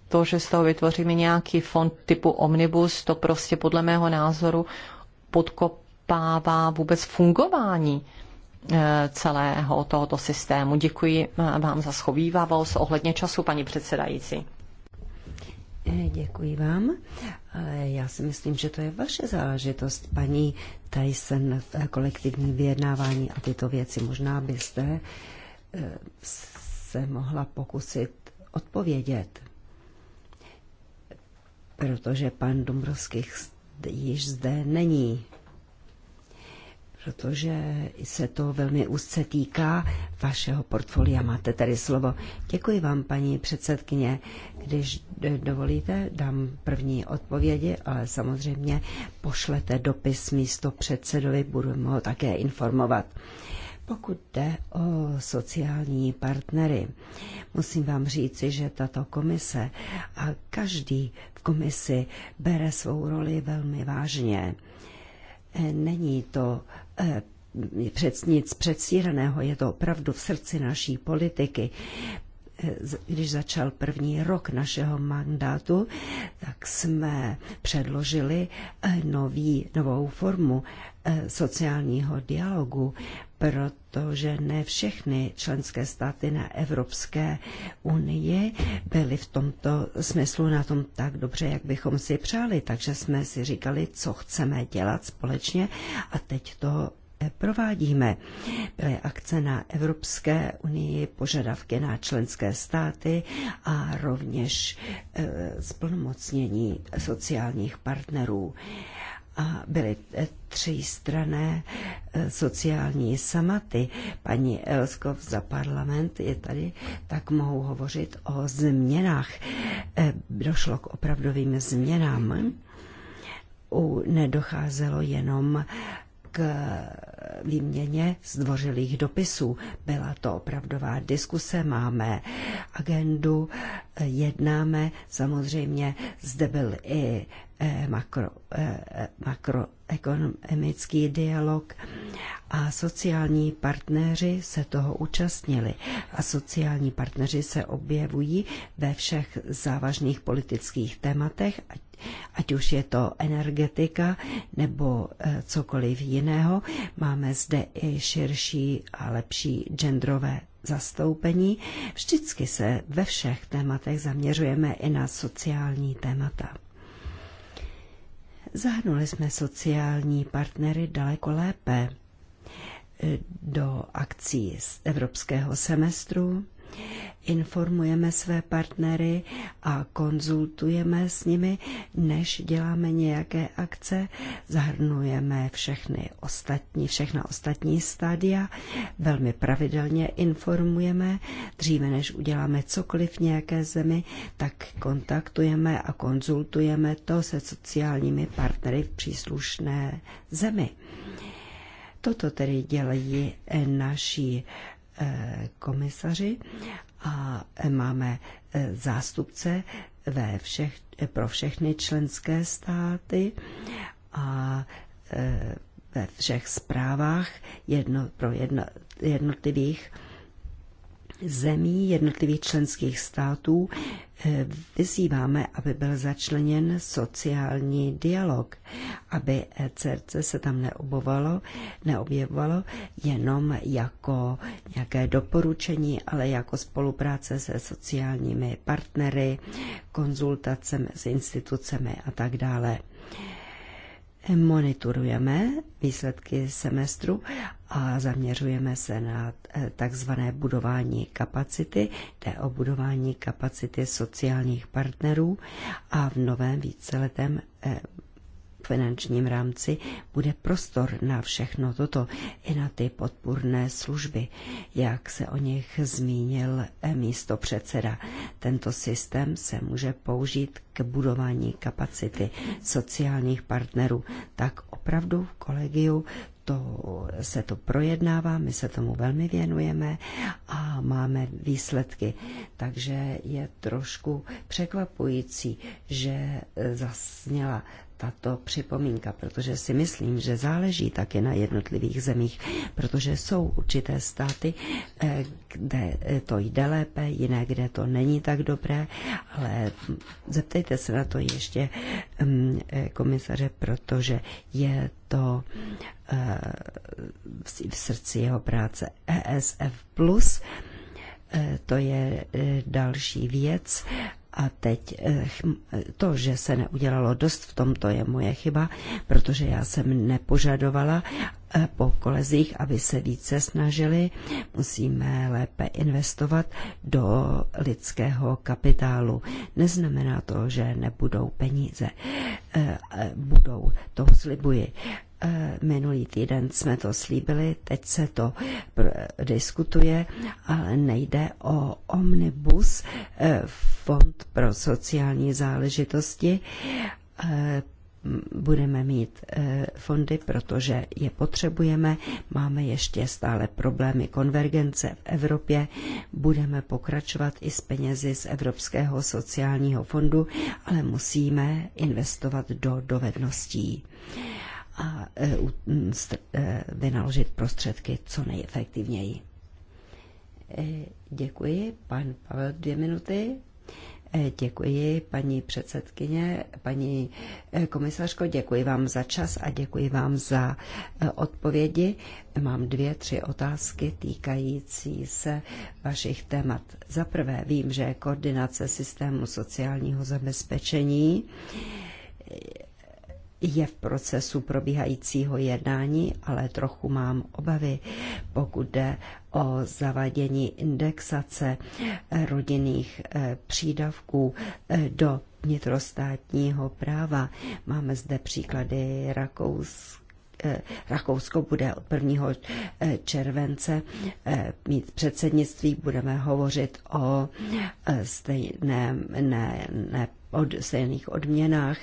to, že z toho vytvoříme nějaký fond typu omnibus, to prostě podle mého názoru podkopává vůbec fungování Eh, celého tohoto systému. Děkuji eh, vám za schovývavost ohledně času, paní předsedající. Eh, děkuji vám. já si myslím, že to je vaše záležitost, paní Tyson, v kolektivní vyjednávání a tyto věci. Možná byste se mohla pokusit odpovědět, protože pan Dombrovských již zde není protože se to velmi úzce týká vašeho portfolia. Máte tady slovo. Děkuji vám, paní předsedkyně. Když dovolíte, dám první odpovědi, ale samozřejmě pošlete dopis místo předsedovi, budu ho také informovat. Pokud jde o sociální partnery, musím vám říci, že tato komise a každý v komisi bere svou roli velmi vážně. Není to Eh, před nic předstíraného, je to opravdu v srdci naší politiky. Eh, když začal první rok našeho mandátu, tak jsme předložili eh, nový, novou formu sociálního dialogu protože ne všechny členské státy na Evropské unii byly v tomto smyslu na tom tak dobře, jak bychom si přáli. Takže jsme si říkali, co chceme dělat společně a teď to provádíme. Byly akce na Evropské unii, požadavky na členské státy a rovněž splnomocnění eh, sociálních partnerů. E, a byly eh, strané eh, sociální samaty. Paní Elskov za parlament je tady, tak mohou hovořit o změnách. Eh, došlo k opravdovým změnám. U nedocházelo jenom k výměně zdvořilých dopisů. Byla to opravdová diskuse, máme agendu, jednáme. Samozřejmě zde byl i eh, makro, eh, makroekonomický dialog a sociální partneři se toho účastnili. A sociální partneři se objevují ve všech závažných politických tématech, ať už je to energetika nebo eh, cokoliv jiného. Máme zde i širší a lepší genderové zastoupení. Vždycky se ve všech tématech zaměřujeme i na sociální témata. Zahrnuli jsme sociální partnery daleko lépe do akcí z evropského semestru, informujeme své partnery a konzultujeme s nimi, než děláme nějaké akce, zahrnujeme všechny ostatní, všechna ostatní stádia, velmi pravidelně informujeme, dříve než uděláme cokoliv v nějaké zemi, tak kontaktujeme a konzultujeme to se sociálními partnery v příslušné zemi. Toto tedy dělají naši Eh, komisaři a máme eh, zástupce ve všech, eh, pro všechny členské státy a ve všech zprávách jedno, pro jedno, jednotlivých zemí jednotlivých členských států eh, vyzýváme, aby byl začleněn sociální dialog, aby ECRC se tam neobovalo, neobjevovalo jenom jako nějaké doporučení, ale jako spolupráce se sociálními partnery, konzultace s institucemi a tak dále monitorujeme výsledky semestru a zaměřujeme se na eh, takzvané budování kapacity, jde o budování kapacity sociálních partnerů a v novém víceletém eh, finančním rámci bude prostor na všechno toto, i na ty podpůrné služby, jak se o nich zmínil eh, místo předseda. Tento systém se může použít k budování kapacity sociálních partnerů. Tak opravdu v kolegiu to, se to projednává, my se tomu velmi věnujeme a máme výsledky. Takže je trošku překvapující, že eh, zasněla tato připomínka, protože si myslím, že záleží také na jednotlivých zemích, protože jsou určité státy, eh, kde eh, to jde lépe, jiné, kde to není tak dobré, ale zeptejte se na to ještě mm, eh, komisaře, protože je to v srdci jeho práce ESF+, to je další věc, a teď eh, to, že se neudělalo dost v tomto je moje chyba, protože já jsem nepožadovala eh, po kolezích, aby se více snažili. Musíme lépe investovat do lidského kapitálu. Neznamená to, že nebudou peníze. Eh, budou, to slibuji Eh, minulý týden jsme to slíbili, teď se to diskutuje, ale nejde o omnibus, eh, fond pro sociální záležitosti. Eh, budeme mít fondy, protože je potřebujeme. Máme ještě stále problémy konvergence v Evropě. Budeme pokračovat i s penězi z Evropského sociálního fondu, ale musíme investovat do dovedností a e, e, vynaložit prostředky co nejefektivněji. E, děkuji, pan Pavel, dvě minuty. Děkuji, paní předsedkyně, paní komisařko, děkuji vám za čas a děkuji vám za odpovědi. Mám dvě, tři otázky týkající se vašich témat. Za prvé, vím, že koordinace systému sociálního zabezpečení je v procesu probíhajícího jednání, ale trochu mám obavy, pokud jde o zavadění indexace eh, rodinných eh, přídavků eh, do vnitrostátního práva. Máme zde příklady Rakouska Rakousko bude od 1. července mít předsednictví, budeme hovořit o stejném ne, ne, o stejných odměnách,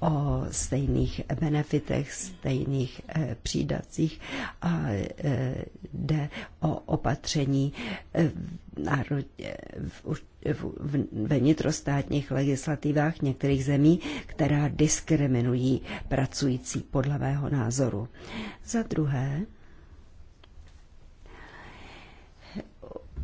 o stejných benefitech, stejných eh, přídacích a eh, jde o opatření eh, ve vnitrostátních legislativách některých zemí, která diskriminují pracující podle mého názoru. Za druhé,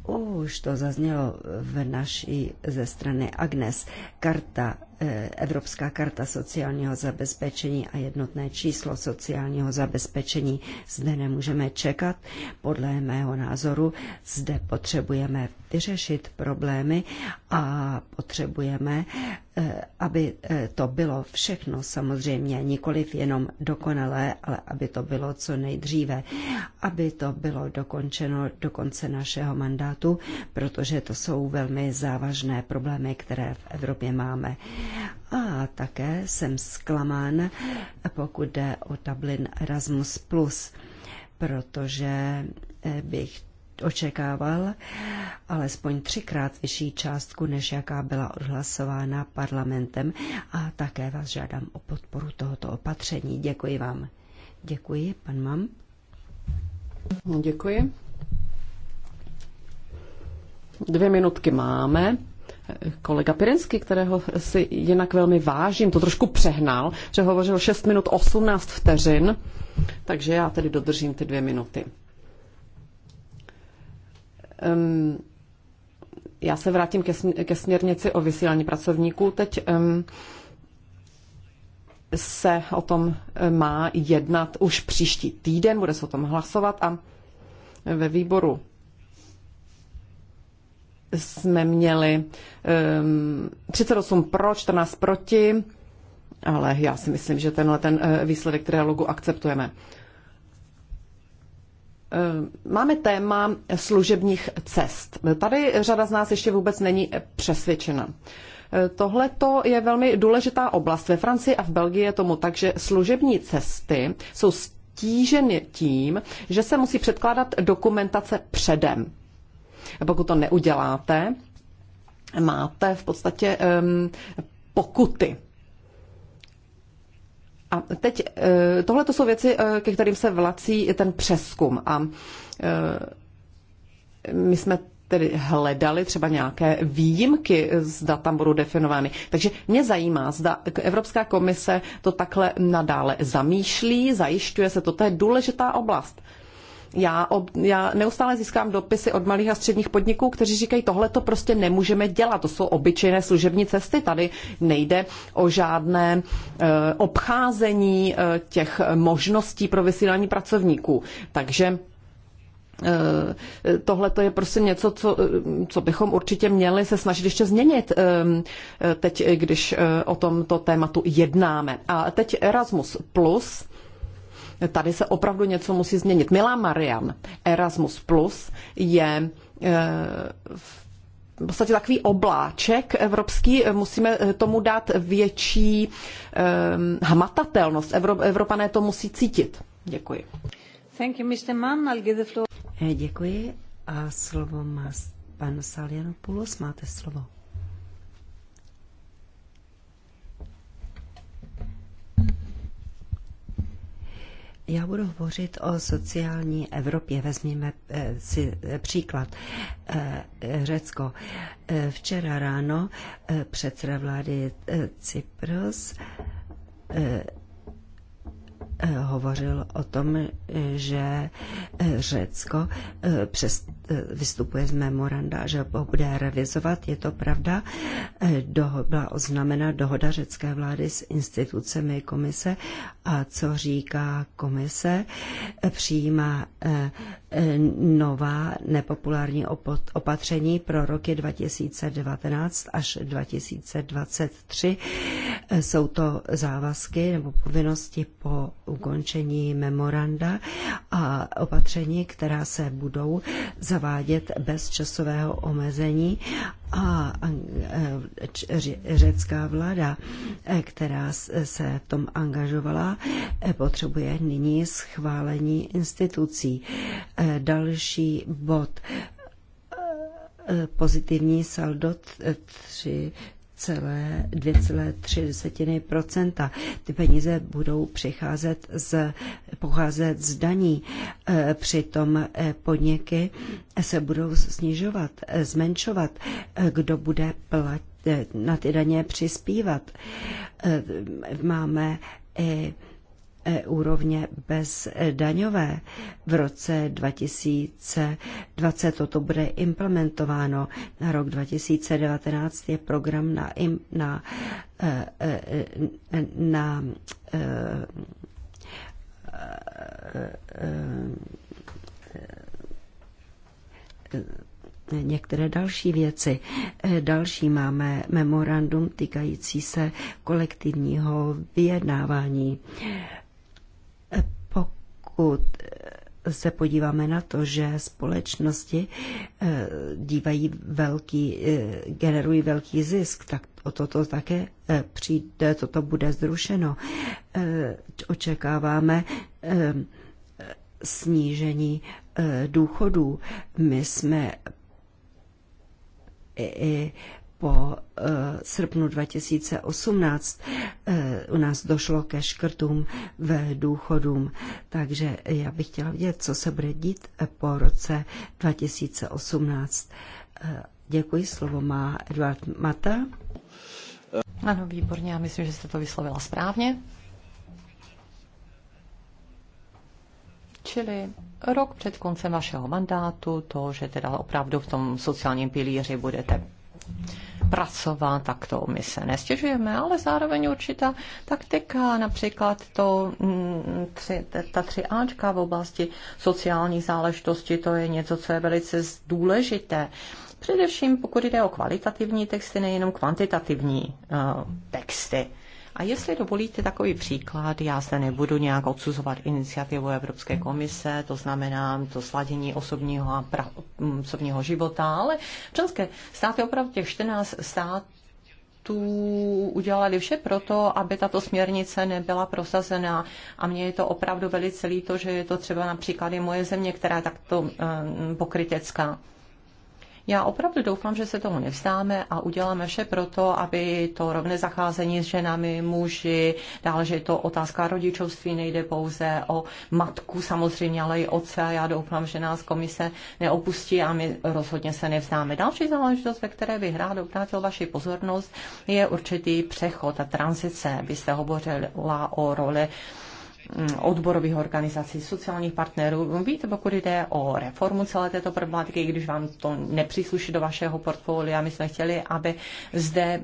Už to zaznělo v naší ze strany Agnes. Karta, eh, Evropská karta sociálního zabezpečení a jednotné číslo sociálního zabezpečení. Zde nemůžeme čekat. Podle mého názoru zde potřebujeme vyřešit problémy a potřebujeme, eh, aby eh, to bylo všechno samozřejmě, nikoliv jenom dokonalé, ale aby to bylo co nejdříve, aby to bylo dokončeno do konce našeho mandátu, protože to jsou velmi závažné problémy, které v Evropě máme. A také jsem zklamán, pokud jde o Dublin Erasmus+, protože eh, bych očekával alespoň třikrát vyšší částku, než jaká byla odhlasována parlamentem a také vás žádám o podporu tohoto opatření. Děkuji vám. Děkuji, pan Mam. Děkuji. Dvě minutky máme. Kolega Pirinsky, kterého si jinak velmi vážím, to trošku přehnal, že hovořil 6 minut 18 vteřin, takže já tedy dodržím ty dvě minuty. Um, já se vrátím ke, ke směrnici o vysílání pracovníků. Teď um, se o tom eh, má jednat už příští týden, bude se o tom hlasovat a ve výboru jsme měli um, 38 pro, 14 proti, ale já si myslím, že tenhle ten eh, výsledek trialogu akceptujeme. Eh, máme téma služebních cest. Tady řada z nás ještě vůbec není přesvědčena. Eh, Tohle je velmi důležitá oblast. Ve Francii a v Belgii je tomu tak, že služební cesty jsou stíženy tím, že se musí předkládat dokumentace předem. Pokud to neuděláte, máte v podstatě um, pokuty. A teď eh, tohle to jsou věci, eh, ke kterým se vlací ten přeskum. A eh, my jsme tedy hledali třeba nějaké výjimky, zda tam budou definovány. Takže mě zajímá, zda Evropská komise to takhle nadále zamýšlí, zajišťuje se to, to je důležitá oblast. Já, ob, já neustále získám dopisy od malých a středních podniků, kteří říkají, tohle to prostě nemůžeme dělat, to jsou obyčejné služební cesty, tady nejde o žádné e, obcházení e, těch možností pro vysílání pracovníků. Takže e, Tohle to je prostě něco, co, e, co bychom určitě měli se snažit ještě změnit e, teď, když o tomto tématu jednáme. A teď Erasmus+, plus Tady se opravdu něco musí změnit. Milá Marian, Erasmus Plus je eh, v podstatě takový obláček evropský, musíme eh, tomu dát větší um, hmatatelnost. Evropané to musí cítit. Děkuji. Thank you, Mr. Mann. I'll give the floor. Děkuji a slovo má pan Salianopoulos. Máte slovo. Já budu hovořit o sociální Evropě. Vezměme eh, si eh, příklad eh, Řecko. Včera ráno předseda vlády Cyprus hovořil o tom, že Řecko přes Eh, vystupuje z memoranda, že ho bude revizovat. Je to pravda. Eh, doho, byla oznamena dohoda řecké vlády s institucemi komise a co říká komise, eh, přijímá nová nepopulární opatření pro roky 2019 až 2023. Jsou to závazky nebo povinnosti po ukončení memoranda a opatření, která se budou za zavádět bez časového omezení a řecká vláda, e, která se v tom angažovala, e, potřebuje nyní schválení institucí. E, další bod pozitivní saldo 3 2,3 Ty peníze budou přicházet z, pocházet z daní. E, přitom e, podniky se budou snižovat, e, zmenšovat, kdo bude platit na ty daně přispívat. Máme i úrovně bezdaňové. V roce 2020 toto bude implementováno. Na rok 2019 je program na, na, e, e, e, na, na některé další věci. Další máme memorandum týkající se kolektivního vyjednávání pokud eh, se podíváme na to, že společnosti eh, dívají velký, eh, generují velký zisk, tak o toto také přijde, toto bude zrušeno. Očekáváme snížení důchodů. My jsme i po eh, srpnu 2018 eh, u nás došlo ke škrtům v důchodům. Takže já bych chtěla vědět, co se bude dít eh, po roce 2018. Děkuji, slovo má Eduard Mata. Ano, výborně, já myslím, že jste to vyslovila správně. Čili rok před koncem vašeho mandátu, to, že teda opravdu v tom sociálním pilíři budete pracovat, tak to my se nestěžujeme, ale zároveň určitá taktika, například to, mm, tři, ta tři Ačka v oblasti sociálních záležitostí, to je něco, co je velice důležité. Především pokud jde o kvalitativní texty, nejenom kvantitativní uh, texty. A jestli dovolíte takový příklad, já se nebudu nějak odsuzovat iniciativu Evropské komise, to znamená to sladění osobního, a pra, mm, osobního života, ale členské státy opravdu těch 14 států tu udělali vše proto, aby tato směrnice nebyla prosazena. A mně je to opravdu velice líto, že je to třeba například i moje země, která je takto um, pokrytecká. Já opravdu doufám, že se tomu nevzdáme a uděláme vše pro to, aby to rovné zacházení s ženami, muži, dále, že je to otázka rodičovství, nejde pouze o matku samozřejmě, ale i oce. já doufám, že nás komise neopustí a my rozhodně se nevzdáme. Další záležitost, ve které bych rád obrátil vaši pozornost, je určitý přechod a tranzice. Byste hovořila o roli Mm, odborových organizací, sociálních partnerů. Víte, pokud jde o reformu celé této problematiky, když vám to nepřísluší do vašeho portfolia, my jsme chtěli, aby zde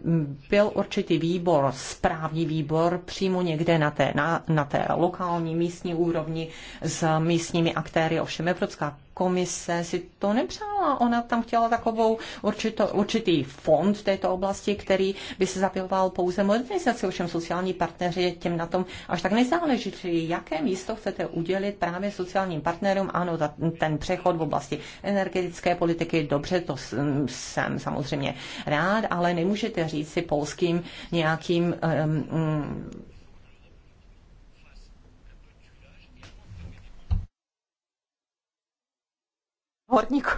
byl určitý výbor, správní výbor, přímo někde na té, na, na té lokální místní úrovni s místními aktéry. Ovšem Evropská komise si to nepřála. Ona tam chtěla takovou určito, určitý fond v této oblasti, který by se zabýval pouze modernizací, ovšem sociální partneři těm na tom až tak nezáleží. Čili jaké místo chcete udělit právě sociálním partnerům? Ano, ta, ten přechod v oblasti energetické politiky, dobře, to mm, jsem samozřejmě rád, ale nemůžete říct si polským nějakým um, um, horníků,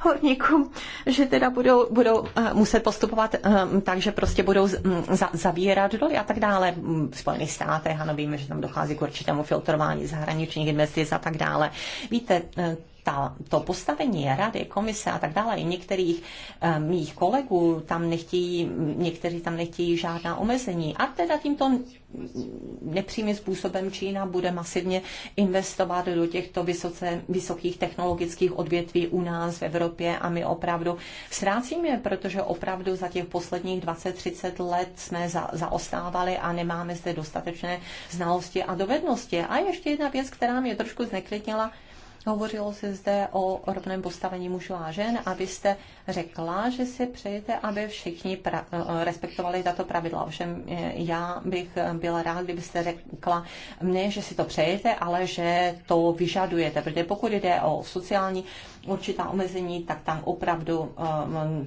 horníku že teda budou, budou eh, muset postupovat eh, tak, že prostě budou mm, za, zavírat doly a tak dále. V Spojených státech, ano, víme, že tam dochází k určitému filtrování zahraničních investic a tak dále. Víte, eh, ta, to postavení rady, komise a tak dále, i některých um, mých kolegů tam nechtějí, někteří tam nechtějí žádná omezení. A teda tímto nepřímým způsobem Čína bude masivně investovat do těchto vysoce, vysokých technologických odvětví u nás v Evropě a my opravdu ztrácíme, protože opravdu za těch posledních 20-30 let jsme za, zaostávali a nemáme zde dostatečné znalosti a dovednosti. A ještě jedna věc, která mě trošku zneklidnila, Hovořilo se zde o rovném postavení mužů a žen a vy jste řekla, že si přejete, aby všichni pra- eh, respektovali tato pravidla. Ovšem eh, já bych byla rád, kdybyste řekla mně, že si to přejete, ale že to vyžadujete, protože pokud jde o sociální určitá omezení, tak tam opravdu eh,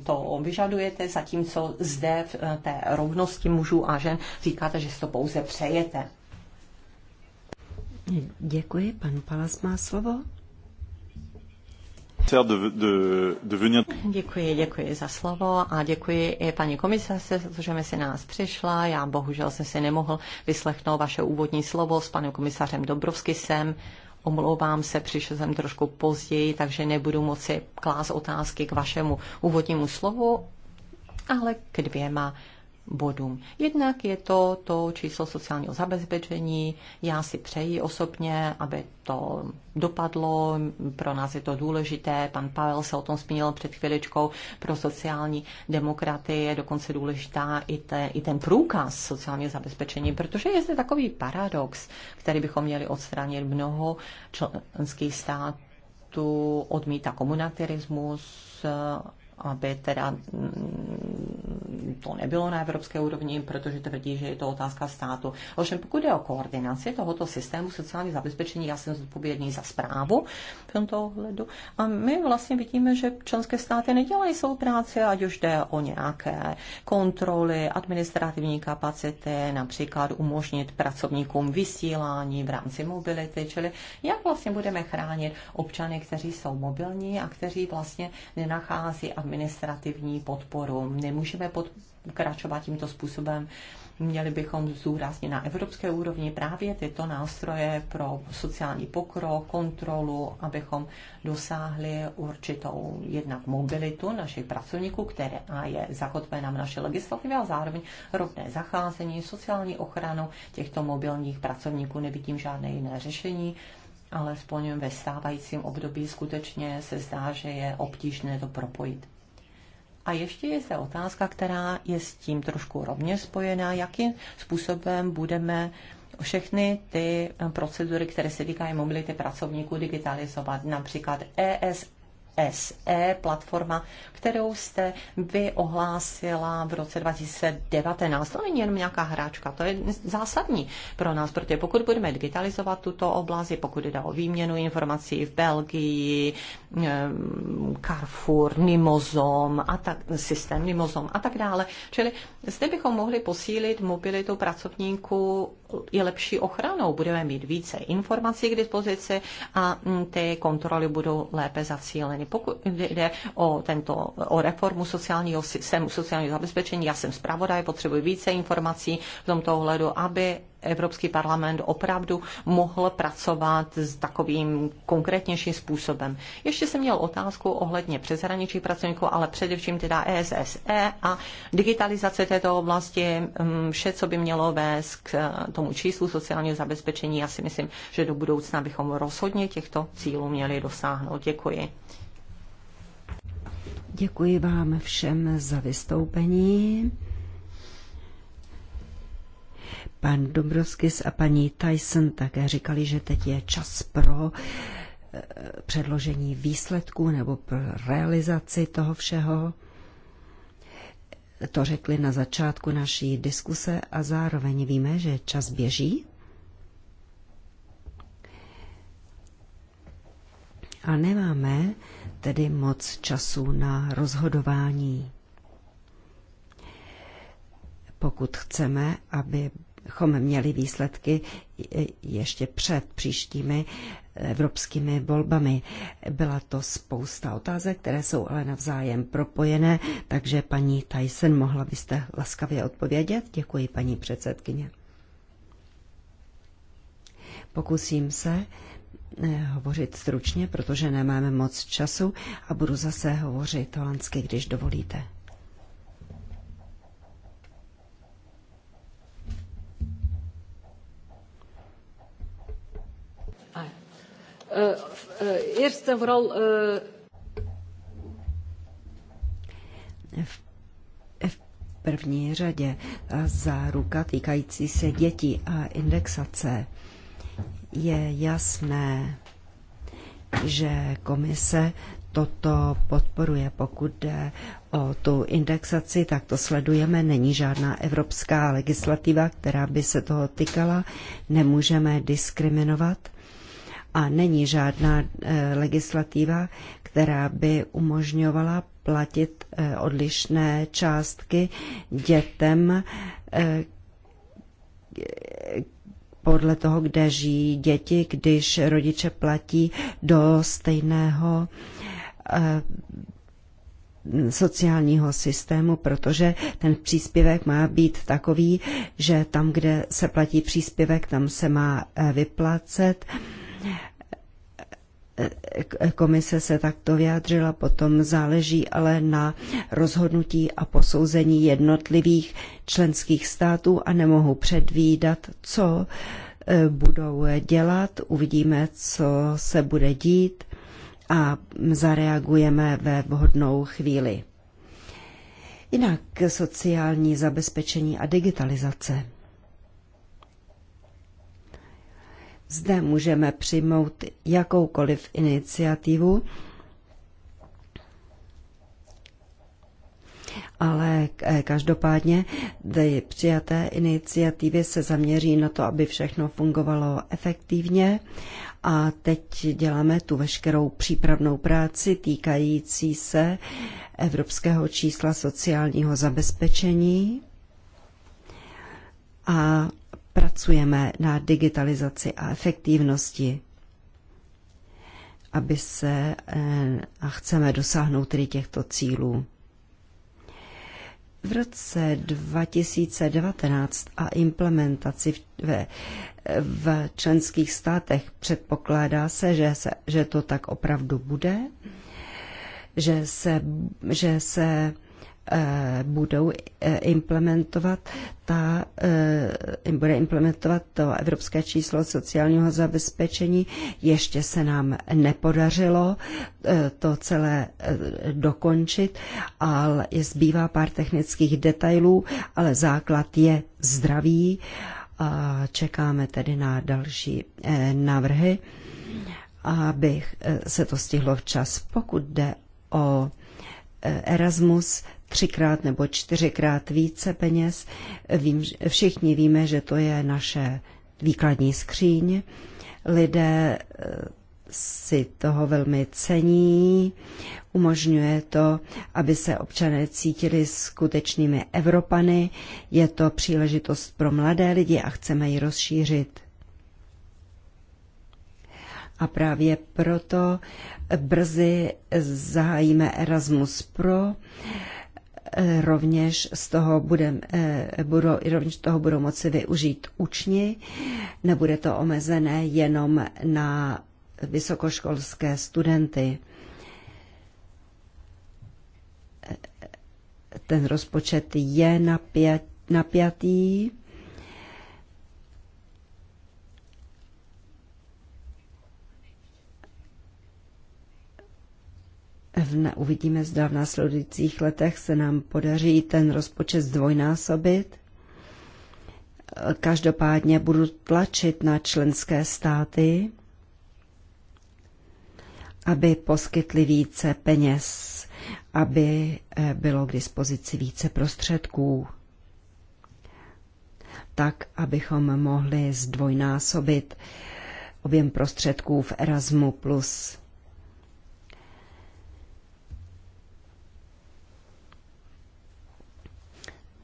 to vyžadujete, zatímco zde v té rovnosti mužů a žen říkáte, že si to pouze přejete. Děkuji, pan Palas má slovo de, de, de venir. Děkuji, děkuji za slovo a děkuji i paní komisařce, že se nás přišla. Já bohužel jsem si nemohl vyslechnout vaše úvodní slovo s panem komisařem Dobrovskisem. Omlouvám se, přišel jsem trošku později, takže nebudu moci klást otázky k vašemu úvodnímu slovu, ale k dvěma bodům. Jednak je to to číslo sociálního zabezpečení. Já si přeji osobně, aby to dopadlo. Pro nás je to důležité. Pan Pavel se o tom zmínil před chviličkou. Pro sociální demokraty je dokonce důležitá i, te, i ten průkaz sociálního zabezpečení, protože je zde takový paradox, který bychom měli odstranit mnoho členských států odmítá komunitarismus aby teda mm, to nebylo na evropské úrovni, protože tvrdí, že je to otázka státu. Ovšem, pokud je o koordinaci tohoto systému sociální zabezpečení, já jsem zodpovědný za zprávu v tomto ohledu. A my vlastně vidíme, že členské státy nedělají svou práci, ať už jde o nějaké kontroly, administrativní kapacity, například umožnit pracovníkům vysílání v rámci mobility, čili jak vlastně budeme chránit občany, kteří jsou mobilní a kteří vlastně nenachází a administrativní podporu. Nemůžeme pokračovat tímto způsobem. Měli bychom zúraznit na evropské úrovni právě tyto nástroje pro sociální pokrok, kontrolu, abychom dosáhli určitou jednak mobilitu našich pracovníků, která je zakotvena v naší legislativě a zároveň rovné zacházení, sociální ochranu těchto mobilních pracovníků. Nevidím žádné jiné řešení alespoň ve stávajícím období skutečně se zdá, že je obtížné to propojit. A ještě je ta otázka, která je s tím trošku rovně spojená, jakým způsobem budeme všechny ty procedury, které se týkají mobility pracovníků, digitalizovat. Například ES. SE platforma, kterou jste vy ohlásila v roce 2019. To není jenom nějaká hráčka, to je zásadní pro nás, protože pokud budeme digitalizovat tuto oblast, pokud jde o výměnu informací v Belgii, Carrefour, Nimozom a tak, systém Nimozom a tak dále, čili zde bychom mohli posílit mobilitu pracovníků i lepší ochranou. Budeme mít více informací k dispozici a ty kontroly budou lépe zacíleny strany. Pokud jde o, tento, o reformu sociálního systému, sociálního zabezpečení, já jsem zpravodaj, potřebuji více informací v tomto ohledu, aby Evropský parlament opravdu mohl pracovat s takovým konkrétnějším způsobem. Ještě jsem měl otázku ohledně přeshraničních pracovníků, ale především teda ESSE e a digitalizace této oblasti, mm, vše, co by mělo vést k eh, tomu číslu sociálního zabezpečení. Já si myslím, že do budoucna bychom rozhodně těchto cílů měli dosáhnout. Děkuji. Děkuji vám všem za vystoupení. Pan Dobrovskis a paní Tyson také říkali, že teď je čas pro eh, předložení výsledků nebo pro realizaci toho všeho. To řekli na začátku naší diskuse a zároveň víme, že čas běží. A nemáme tedy moc času na rozhodování. Pokud chceme, abychom měli výsledky ještě před příštími evropskými volbami. Byla to spousta otázek, které jsou ale navzájem propojené, takže paní Tyson, mohla byste laskavě odpovědět? Děkuji, paní předsedkyně. Pokusím se Eh, hovořit stručně, protože nemáme moc času a budu zase hovořit holandsky, když dovolíte. Ah. Eh, eh, v, V první řadě ruka týkající se dětí a indexace je jasné, že komise toto podporuje. Pokud jde o tu indexaci, tak to sledujeme. Není žádná evropská legislativa, která by se toho týkala, Nemůžeme diskriminovat. A není žádná e, legislativa, která by umožňovala platit e, odlišné částky dětem, e, podle toho, kde žijí děti, když rodiče platí do stejného eh, sociálního systému, protože ten příspěvek má být takový, že tam, kde se platí příspěvek, tam se má eh, vyplácet. Komise se takto vyjádřila, potom záleží ale na rozhodnutí a posouzení jednotlivých členských států a nemohu předvídat, co e, budou dělat, uvidíme, co se bude dít a zareagujeme ve vhodnou chvíli. Jinak sociální zabezpečení a digitalizace. Zde můžeme přijmout jakoukoliv iniciativu, ale eh, každopádně ty přijaté iniciativy se zaměří na to, aby všechno fungovalo efektivně a teď děláme tu veškerou přípravnou práci týkající se evropského čísla sociálního zabezpečení a pracujeme na digitalizaci a efektivnosti, aby se eh, a chceme dosáhnout tedy těchto cílů. V roce 2019 a implementaci v, v členských státech předpokládá se, že, se, že to tak opravdu bude, že se, že se Eh, budou eh, implementovat ta, eh, bude implementovat to evropské číslo sociálního zabezpečení. Ještě se nám nepodařilo to celé dokončit, ale zbývá pár technických detailů, ale základ je zdravý a čekáme tedy na další návrhy, aby se to stihlo včas. Pokud jde o Erasmus, třikrát nebo čtyřikrát více peněz. Vím, všichni víme, že to je naše výkladní skříň. Lidé eh, si toho velmi cení. Umožňuje to, aby se občané cítili skutečnými Evropany. Je to příležitost pro mladé lidi a chceme ji rozšířit. A právě proto brzy zahájíme Erasmus Pro Eh, rovněž z toho, budem, eh, budou, rovněž toho budou moci využít učni. Nebude to omezené jenom na vysokoškolské studenty. Eh, ten rozpočet je napjat, napjatý uvidíme, zda v následujících letech se nám podaří ten rozpočet zdvojnásobit. Každopádně budu tlačit na členské státy, aby poskytli více peněz, aby eh, bylo k dispozici více prostředků, tak abychom mohli zdvojnásobit objem prostředků v Erasmu+. Plus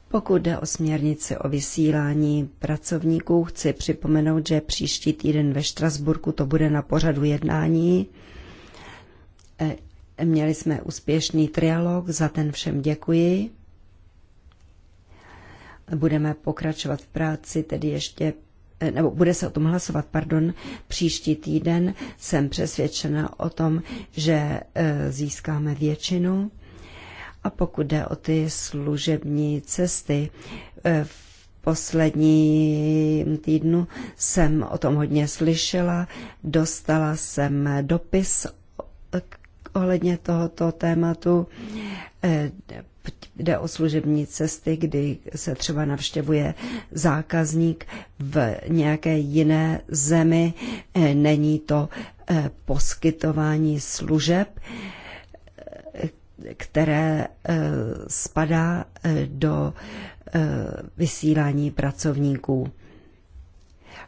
Pokud jde o směrnici o vysílání pracovníků, chci připomenout, že příští týden ve Štrasburku to bude na pořadu jednání. E, měli jsme úspěšný trialog, za ten všem děkuji. Budeme pokračovat v práci, tedy ještě e, nebo bude se o tom hlasovat, pardon, příští týden. Jsem přesvědčena o tom, že e, získáme většinu a pokud jde o ty služební cesty, eh, v posledním týdnu jsem o tom hodně slyšela, dostala jsem dopis ohledně tohoto tématu. Eh, jde o služební cesty, kdy se třeba navštěvuje zákazník v nějaké jiné zemi. Eh, není to poskytování služeb které eh, spadá eh, do eh, vysílání pracovníků.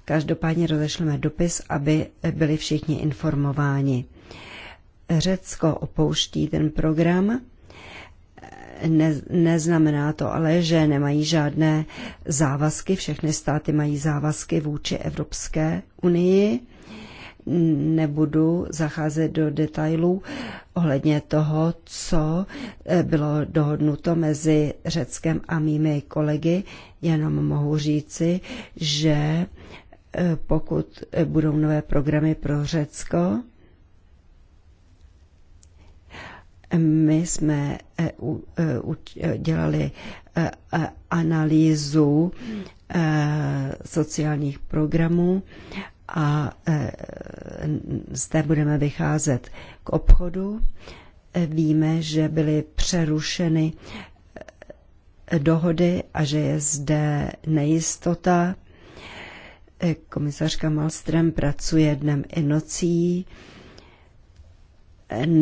Každopádně rozešleme dopis, aby byli všichni informováni. Řecko opouští ten program. Ne, neznamená to ale, že nemají žádné závazky. Všechny státy mají závazky vůči Evropské unii nebudu zacházet do detailů ohledně toho, co eh, bylo dohodnuto mezi Řeckem a mými kolegy. Jenom mohu říci, že eh, pokud eh, budou nové programy pro Řecko, my jsme dělali analýzu sociálních programů a e, zde budeme vycházet k obchodu. E, víme, že byly přerušeny e, dohody a že je zde nejistota. Komisařka Malstrem pracuje dnem i nocí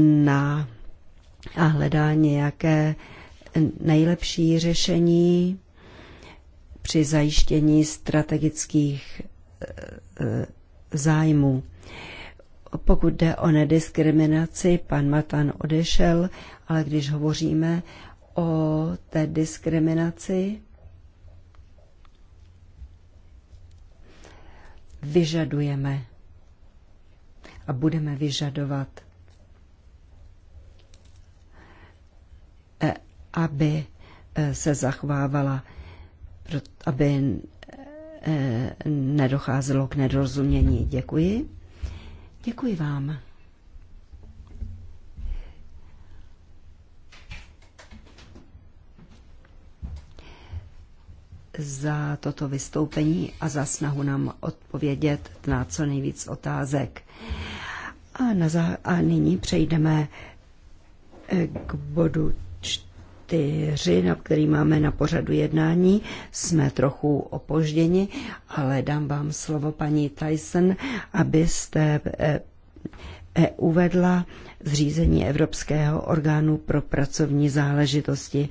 na a hledá nějaké nejlepší řešení při zajištění strategických zájmu. Pokud jde o nediskriminaci, pan Matan odešel, ale když hovoříme o té diskriminaci, vyžadujeme a budeme vyžadovat, eh, aby eh, se zachovávala, aby nedocházelo k nedorozumění. Děkuji. Děkuji vám. za toto vystoupení a za snahu nám odpovědět na co nejvíc otázek. A, na zá- a nyní přejdeme eh, k bodu čtyři, na který máme na pořadu jednání. Jsme trochu opožděni, ale dám vám slovo paní Tyson, abyste eh, eh, uvedla zřízení Evropského orgánu pro pracovní záležitosti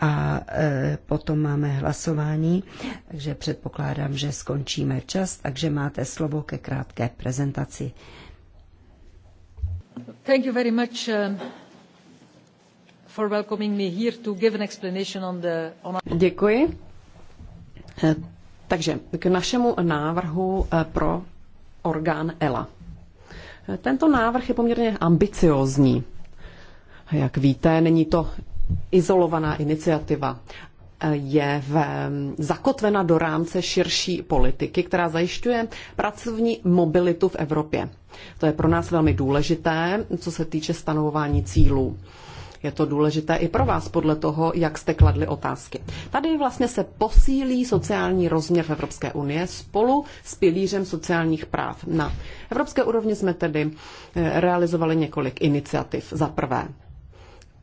a eh, potom máme hlasování, takže předpokládám, že skončíme čas, takže máte slovo ke krátké prezentaci. Thank you very much. Děkuji. Eh, takže k našemu návrhu eh, pro orgán ELA. Eh, tento návrh je poměrně ambiciozní. Jak víte, není to izolovaná iniciativa. Je v, mm, zakotvena do rámce širší politiky, která zajišťuje pracovní mobilitu v Evropě. To je pro nás velmi důležité, co se týče stanovování cílů. Je to důležité i pro vás podle toho, jak jste kladli otázky. Tady vlastně se posílí sociální rozměr v Evropské unie spolu s pilířem sociálních práv. Na evropské úrovni jsme tedy eh, realizovali několik iniciativ. Za prvé,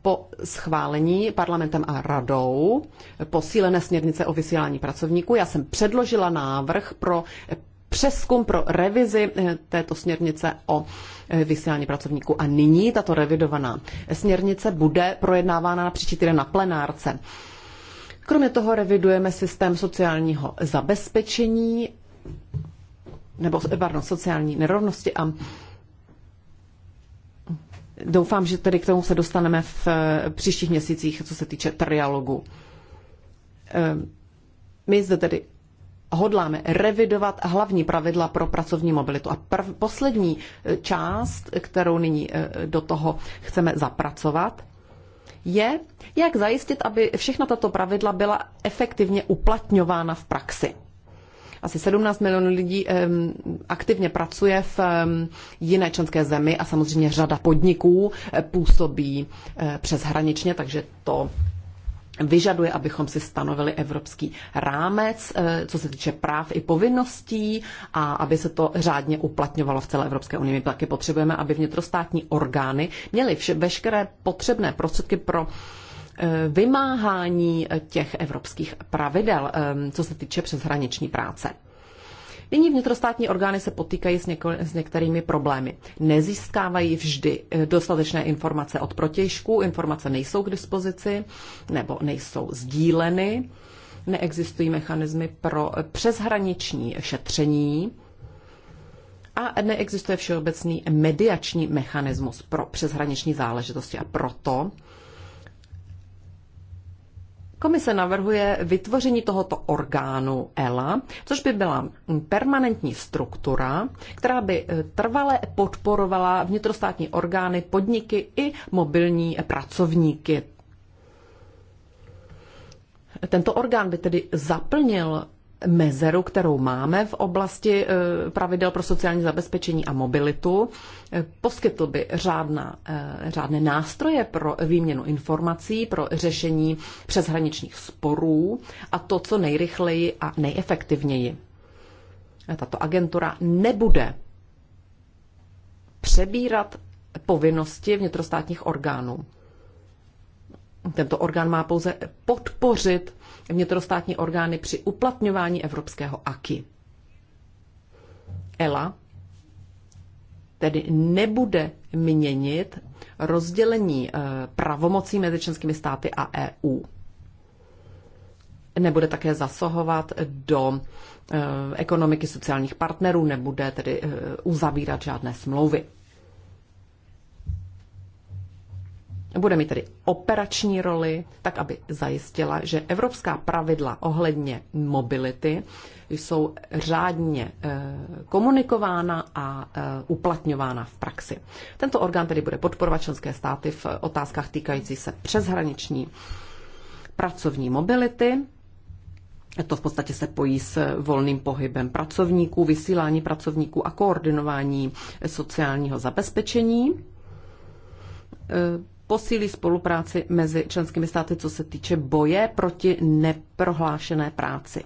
po schválení parlamentem a radou posílené směrnice o vysílání pracovníků. Já jsem předložila návrh pro přeskum pro revizi eh, této směrnice o eh, vysílání pracovníků. A nyní tato revidovaná směrnice bude projednávána na příští týden na plenárce. Kromě toho revidujeme systém sociálního zabezpečení nebo pardon, sociální nerovnosti a doufám, že tedy k tomu se dostaneme v eh, příštích měsících, co se týče trialogu. My zde tedy hodláme revidovat hlavní pravidla pro pracovní mobilitu. A prv, poslední e, část, kterou nyní e, do toho chceme zapracovat, je, jak zajistit, aby všechna tato pravidla byla efektivně uplatňována v praxi. Asi 17 milionů lidí um, aktivně pracuje v um, jiné členské zemi a samozřejmě řada podniků působí uh, přeshraničně, takže to vyžaduje, abychom si stanovili evropský rámec, eh, co se týče práv i povinností a aby se to řádně uplatňovalo v celé Evropské unii. My taky potřebujeme, aby vnitrostátní orgány měly veškeré potřebné prostředky pro eh, vymáhání těch evropských pravidel, eh, co se týče přeshraniční práce. Nyní vnitrostátní orgány se potýkají s, něko, s některými problémy. Nezískávají vždy eh, dostatečné informace od protějšků, informace nejsou k dispozici nebo nejsou sdíleny, neexistují mechanismy pro eh, přeshraniční šetření a neexistuje všeobecný mediační mechanismus pro přeshraniční záležitosti a proto Komise navrhuje vytvoření tohoto orgánu ELA, což by byla permanentní struktura, která by e, trvale podporovala vnitrostátní orgány, podniky i mobilní pracovníky. Tento orgán by tedy zaplnil mezeru, kterou máme v oblasti eh, pravidel pro sociální zabezpečení a mobilitu. Eh, poskytl by řádná, eh, řádné nástroje pro výměnu informací, pro řešení přeshraničních sporů a to, co nejrychleji a nejefektivněji. Tato agentura nebude přebírat povinnosti vnitrostátních orgánů. Tento orgán má pouze podpořit vnitrostátní orgány při uplatňování evropského AKI. ELA tedy nebude měnit rozdělení e, pravomocí mezi členskými státy a EU. Nebude také zasahovat do e, ekonomiky sociálních partnerů, nebude tedy e, uzavírat žádné smlouvy. Bude mít tedy operační roli, tak aby zajistila, že evropská pravidla ohledně mobility jsou řádně eh, komunikována a eh, uplatňována v praxi. Tento orgán tedy bude podporovat členské státy v otázkách týkající se přeshraniční pracovní mobility. To v podstatě se pojí s volným pohybem pracovníků, vysílání pracovníků a koordinování sociálního zabezpečení eh, posílí spolupráci mezi členskými státy, co se týče boje proti neprohlášené práci,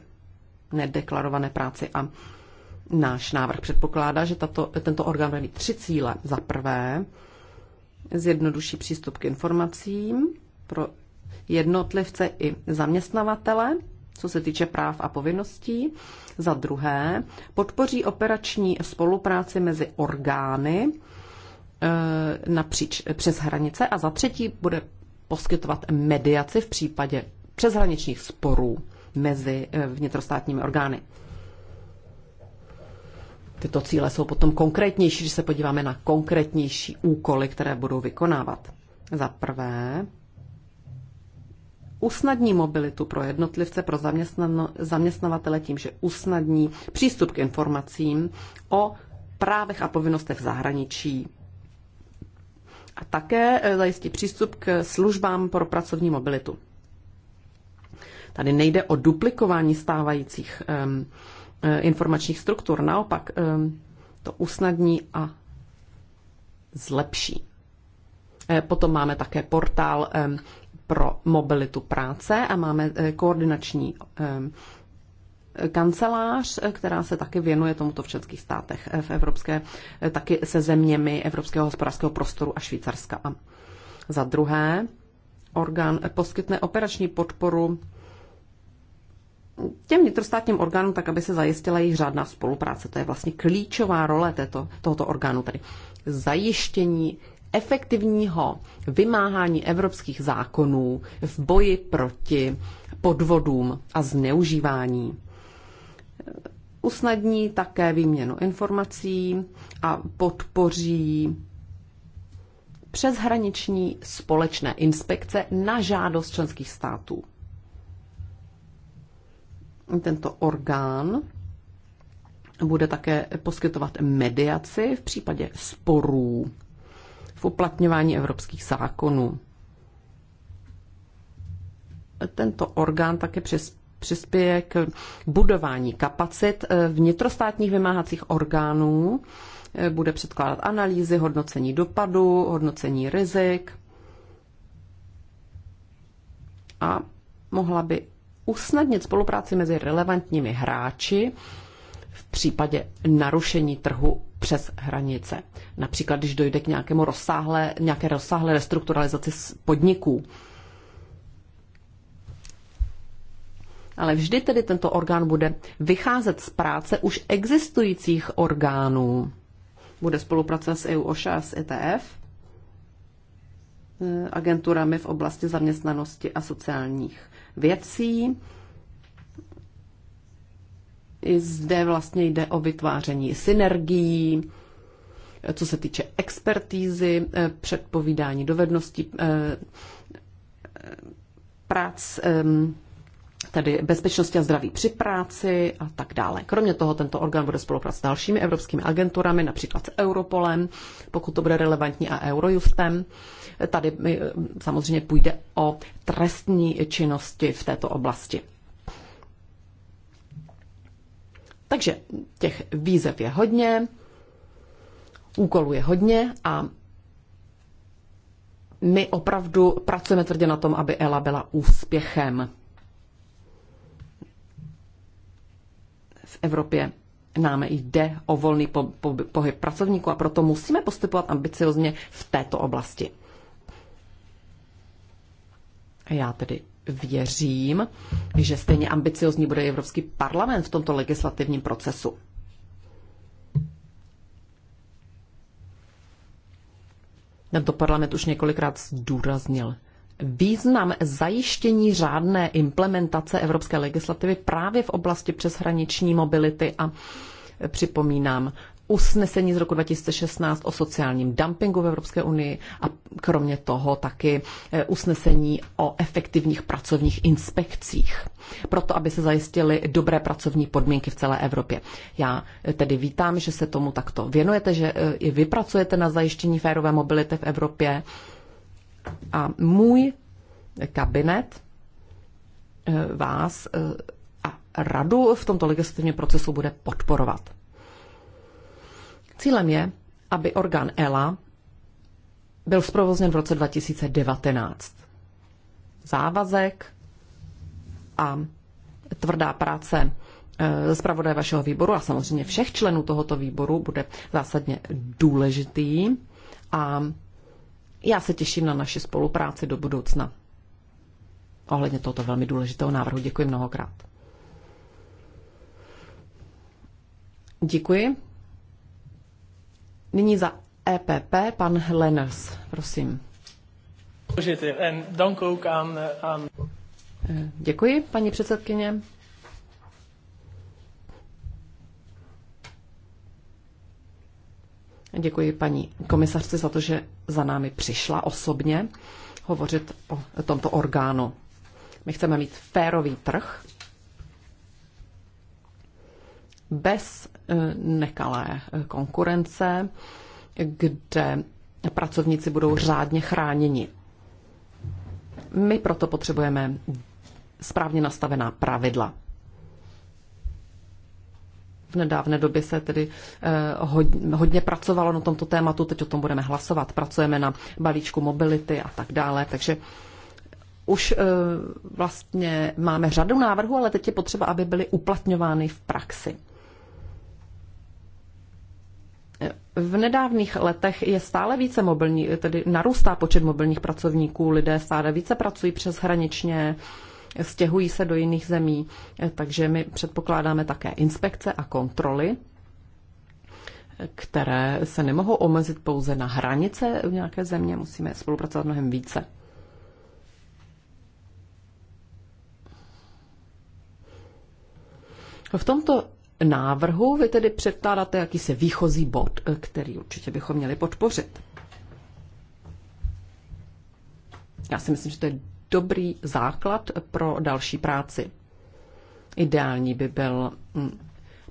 nedeklarované práci. A náš návrh předpokládá, že tato, tento orgán bude mít tři cíle. Za prvé, zjednoduší přístup k informacím pro jednotlivce i zaměstnavatele, co se týče práv a povinností. Za druhé, podpoří operační spolupráci mezi orgány, Eh, napříč přes hranice a za třetí bude poskytovat mediaci v případě přeshraničních sporů mezi eh, vnitrostátními orgány. Tyto cíle jsou potom konkrétnější, když se podíváme na konkrétnější úkoly, které budou vykonávat. Za prvé, usnadní mobilitu pro jednotlivce, pro zaměstnavatele tím, že usnadní přístup k informacím o právech a povinnostech v zahraničí a také eh, zajistí přístup k službám pro pracovní mobilitu. Tady nejde o duplikování stávajících eh, informačních struktur, naopak to usnadní a zlepší. Eh, potom máme také portál pro mobilitu práce a máme koordinační kancelář, eh, která se taky věnuje tomuto v českých státech, eh, v evropské, eh, taky se zeměmi Evropského hospodářského prostoru a Švýcarska. A za druhé, orgán poskytne operační podporu těm vnitrostátním orgánům, tak aby se zajistila jejich řádná spolupráce. To je vlastně klíčová role této, tohoto orgánu, tedy zajištění efektivního vymáhání evropských zákonů v boji proti podvodům a zneužívání usnadní také výměnu informací a podpoří přeshraniční společné inspekce na žádost členských států. Tento orgán bude také poskytovat mediaci v případě sporů v uplatňování evropských zákonů. Tento orgán také přes přispěje k budování kapacit eh, vnitrostátních vymáhacích orgánů, eh, bude předkládat analýzy, hodnocení dopadu, hodnocení rizik a mohla by usnadnit spolupráci mezi relevantními hráči v případě narušení trhu přes hranice. Například, když dojde k nějakému rozsáhlé, nějaké rozsáhlé restrukturalizaci podniků. ale vždy tedy tento orgán bude vycházet z práce už existujících orgánů. Bude spolupracovat s EU OSHA a s ETF, eh, agenturami v oblasti zaměstnanosti a sociálních věcí. I zde vlastně jde o vytváření synergií, eh, co se týče expertízy, eh, předpovídání dovedností, prác tedy bezpečnosti a zdraví při práci a tak dále. Kromě toho tento orgán bude spolupracovat s dalšími evropskými agenturami, například s Europolem, pokud to bude relevantní, a Eurojustem. Tady eh, samozřejmě půjde o trestní činnosti v této oblasti. Takže těch výzev je hodně, úkolů je hodně a my opravdu pracujeme tvrdě na tom, aby ELA byla úspěchem. Evropě nám jde o volný po, po, pohyb pracovníků a proto musíme postupovat ambiciozně v této oblasti. Já tedy věřím, že stejně ambiciozní bude Evropský parlament v tomto legislativním procesu. Tento parlament už několikrát zdůraznil význam zajištění řádné implementace evropské legislativy právě v oblasti přeshraniční mobility a připomínám usnesení z roku 2016 o sociálním dumpingu v Evropské unii a kromě toho taky eh, usnesení o efektivních pracovních inspekcích, proto aby se zajistily dobré pracovní podmínky v celé Evropě. Já eh, tedy vítám, že se tomu takto věnujete, že eh, i vypracujete na zajištění férové mobility v Evropě. A můj kabinet eh, vás eh, a radu v tomto legislativním procesu bude podporovat. Cílem je, aby orgán ELA byl zprovozněn v roce 2019. Závazek a tvrdá práce eh, zpravodaje vašeho výboru a samozřejmě všech členů tohoto výboru bude zásadně důležitý a já se těším na naši spolupráci do budoucna. Ohledně tohoto velmi důležitého návrhu děkuji mnohokrát. Děkuji. Nyní za EPP pan Lenners, prosím. Eh, eh, děkuji, paní předsedkyně. Děkuji paní komisařce za to, že za námi přišla osobně hovořit o tomto orgánu. My chceme mít férový trh bez eh, nekalé eh, konkurence, kde pracovníci budou řádně chráněni. My proto potřebujeme správně nastavená pravidla. V nedávné době se tedy eh, hodně pracovalo na tomto tématu, teď o tom budeme hlasovat. Pracujeme na balíčku mobility a tak dále, takže už eh, vlastně máme řadu návrhů, ale teď je potřeba, aby byly uplatňovány v praxi. V nedávných letech je stále více mobilní, tedy narůstá počet mobilních pracovníků, lidé stále více pracují přeshraničně, stěhují se do jiných zemí, takže my předpokládáme také inspekce a kontroly které se nemohou omezit pouze na hranice v nějaké země, musíme spolupracovat mnohem více. V tomto návrhu vy tedy předkládáte jakýsi výchozí bod, který určitě bychom měli podpořit. Já si myslím, že to je dobrý základ pro další práci. Ideální by byl mm,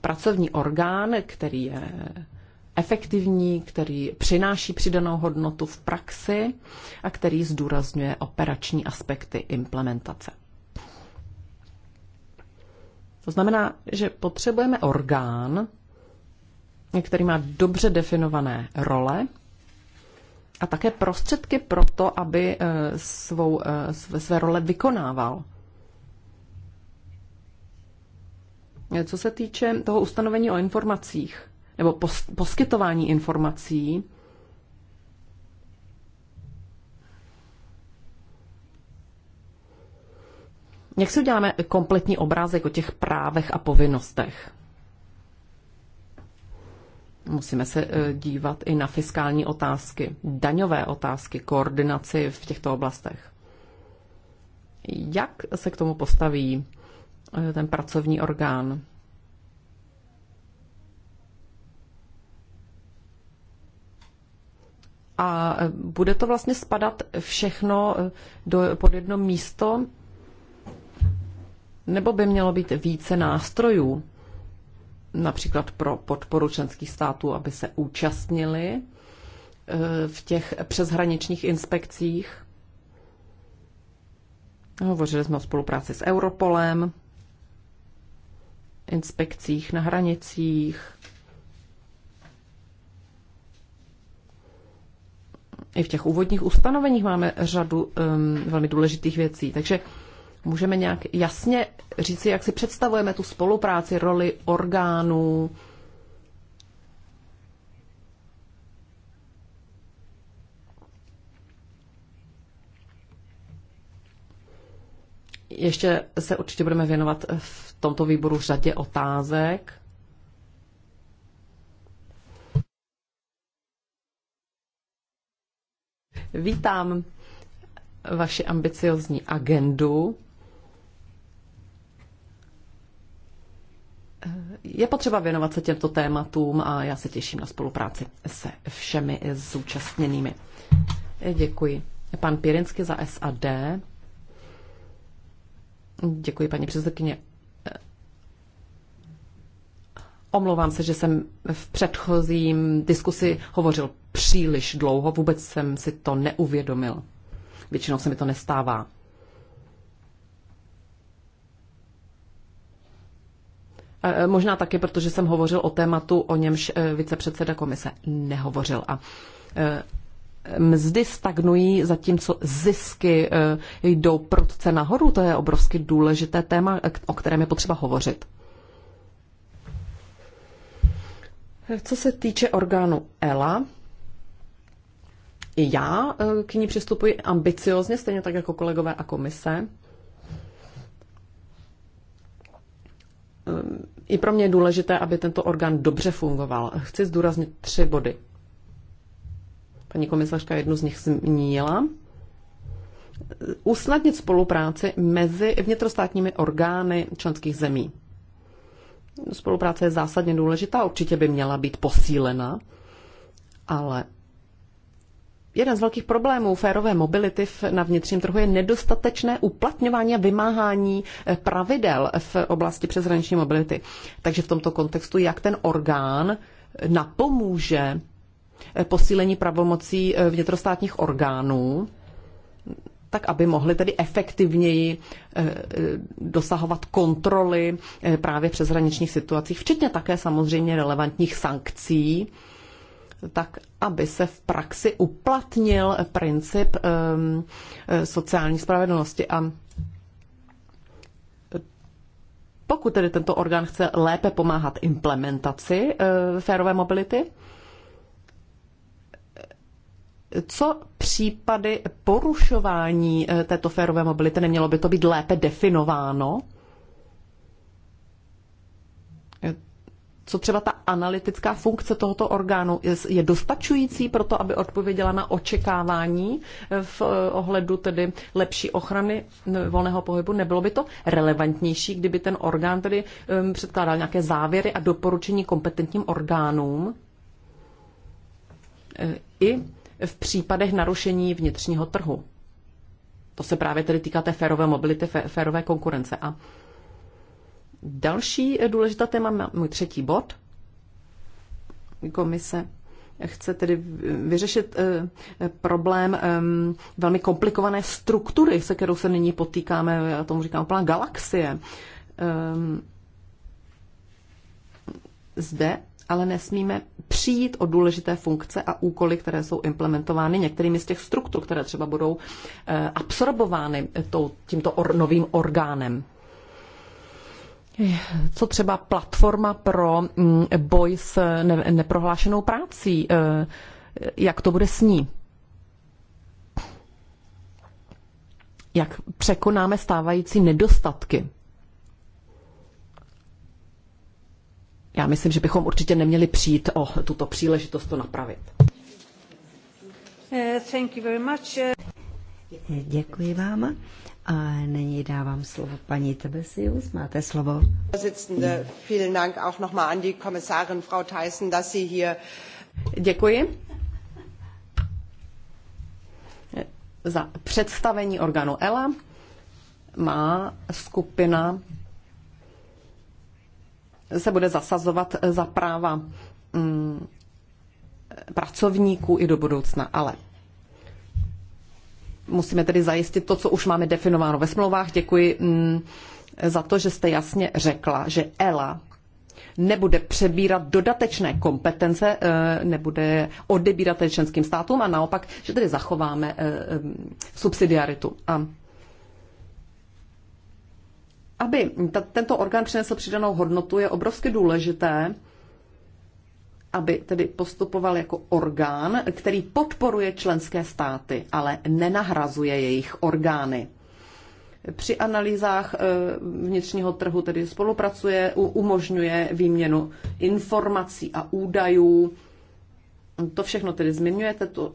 pracovní orgán, který je efektivní, který přináší přidanou hodnotu v praxi a který zdůrazňuje operační aspekty implementace. To znamená, že potřebujeme orgán, který má dobře definované role a také prostředky pro to, aby eh, svou, eh, své role vykonával. Eh, co se týče toho ustanovení o informacích, nebo pos, poskytování informací, Jak si uděláme kompletní obrázek o těch právech a povinnostech? Musíme se eh, dívat i na fiskální otázky, daňové otázky, koordinaci v těchto oblastech. Jak se k tomu postaví eh, ten pracovní orgán? A eh, bude to vlastně spadat všechno do, pod jedno místo? Nebo by mělo být více nástrojů? například pro podporu členských států, aby se účastnili e, v těch přeshraničních inspekcích. Hovořili jsme o spolupráci s Europolem, inspekcích na hranicích, i v těch úvodních ustanoveních máme řadu um, velmi důležitých věcí. Takže Můžeme nějak jasně říci, jak si představujeme tu spolupráci, roli orgánů, Ještě se určitě budeme věnovat v tomto výboru řadě otázek. Vítám vaši ambiciozní agendu. je potřeba věnovat se těmto tématům a já se těším na spolupráci se všemi zúčastněnými. Děkuji. Pan Pirinsky za SAD. Děkuji, paní předsedkyně. Omlouvám se, že jsem v předchozím diskusi hovořil příliš dlouho, vůbec jsem si to neuvědomil. Většinou se mi to nestává. Eh, možná taky, protože jsem hovořil o tématu, o němž eh, vicepředseda komise nehovořil. A eh, mzdy stagnují, zatímco zisky jdou prudce nahoru. To je obrovsky důležité téma, o kterém je potřeba hovořit. Co se týče orgánu ELA, já k ní přistupuji ambiciozně, stejně tak jako kolegové a komise ehm, i pro mě je důležité, aby tento orgán dobře fungoval. Chci zdůraznit tři body. Paní komisařka jednu z nich zmínila. Usnadnit spolupráci mezi vnitrostátními orgány členských zemí. Spolupráce je zásadně důležitá, určitě by měla být posílena, ale Jeden z velkých problémů férové mobility na vnitřním trhu je nedostatečné uplatňování a vymáhání eh, pravidel v oblasti přeshraniční mobility. Takže v tomto kontextu, jak ten orgán eh, napomůže eh, posílení pravomocí vnitrostátních orgánů, tak aby mohli tedy efektivněji dosahovat kontroly právě přeshraničních situacích, včetně také samozřejmě relevantních sankcí, tak aby se v praxi uplatnil princip um, sociální spravedlnosti. A pokud tedy tento orgán chce lépe pomáhat implementaci uh, férové mobility, co případy porušování eh, této férové mobility, nemělo by to být lépe definováno? co třeba ta analytická funkce tohoto orgánu je dostačující pro to, aby odpověděla na očekávání e, v e, ohledu tedy lepší ochrany volného pohybu? Nebylo by to relevantnější, kdyby ten orgán tedy předkládal nějaké závěry a doporučení kompetentním orgánům e, i v případech narušení vnitřního trhu? To se právě tedy týká té férové mobility, férové konkurence. A Další důležitá téma, můj třetí bod. Komise chce tedy vyřešit eh, problém ehm, velmi komplikované struktury, se kterou se nyní potýkáme, já tomu říkám plán galaxie. Ehm, zde ale nesmíme přijít o důležité funkce a úkoly, které jsou implementovány některými z těch struktur, které třeba budou eh, absorbovány tímto novým orgánem co třeba platforma pro mm, boj s neprohlášenou práci? Eh, jak to bude s ní? Jak překonáme stávající nedostatky? Já myslím, že bychom určitě neměli přijít o tuto příležitost to napravit. Eh, thank you very much. Eh, děkuji vám. A nyní dávám slovo paní Tebesius. Máte slovo. vielen Dank auch nochmal an die Kommissarin Frau dass sie hier... Děkuji za představení orgánu ELA. Má skupina se bude zasazovat za práva mm, pracovníků i do budoucna, ale musíme tedy zajistit to, co už máme definováno ve smlouvách. Děkuji mm, za to, že jste jasně řekla, že ELA nebude přebírat dodatečné kompetence, eh, nebude odebírat tedy členským státům a naopak, že tedy zachováme eh, eh, subsidiaritu. A aby tento orgán přinesl přidanou hodnotu, je obrovsky důležité, aby tedy postupoval jako orgán, který podporuje členské státy, ale nenahrazuje jejich orgány. Při analýzách eh, vnitřního trhu tedy spolupracuje, umožňuje výměnu informací a údajů. To všechno tedy zmiňujete, to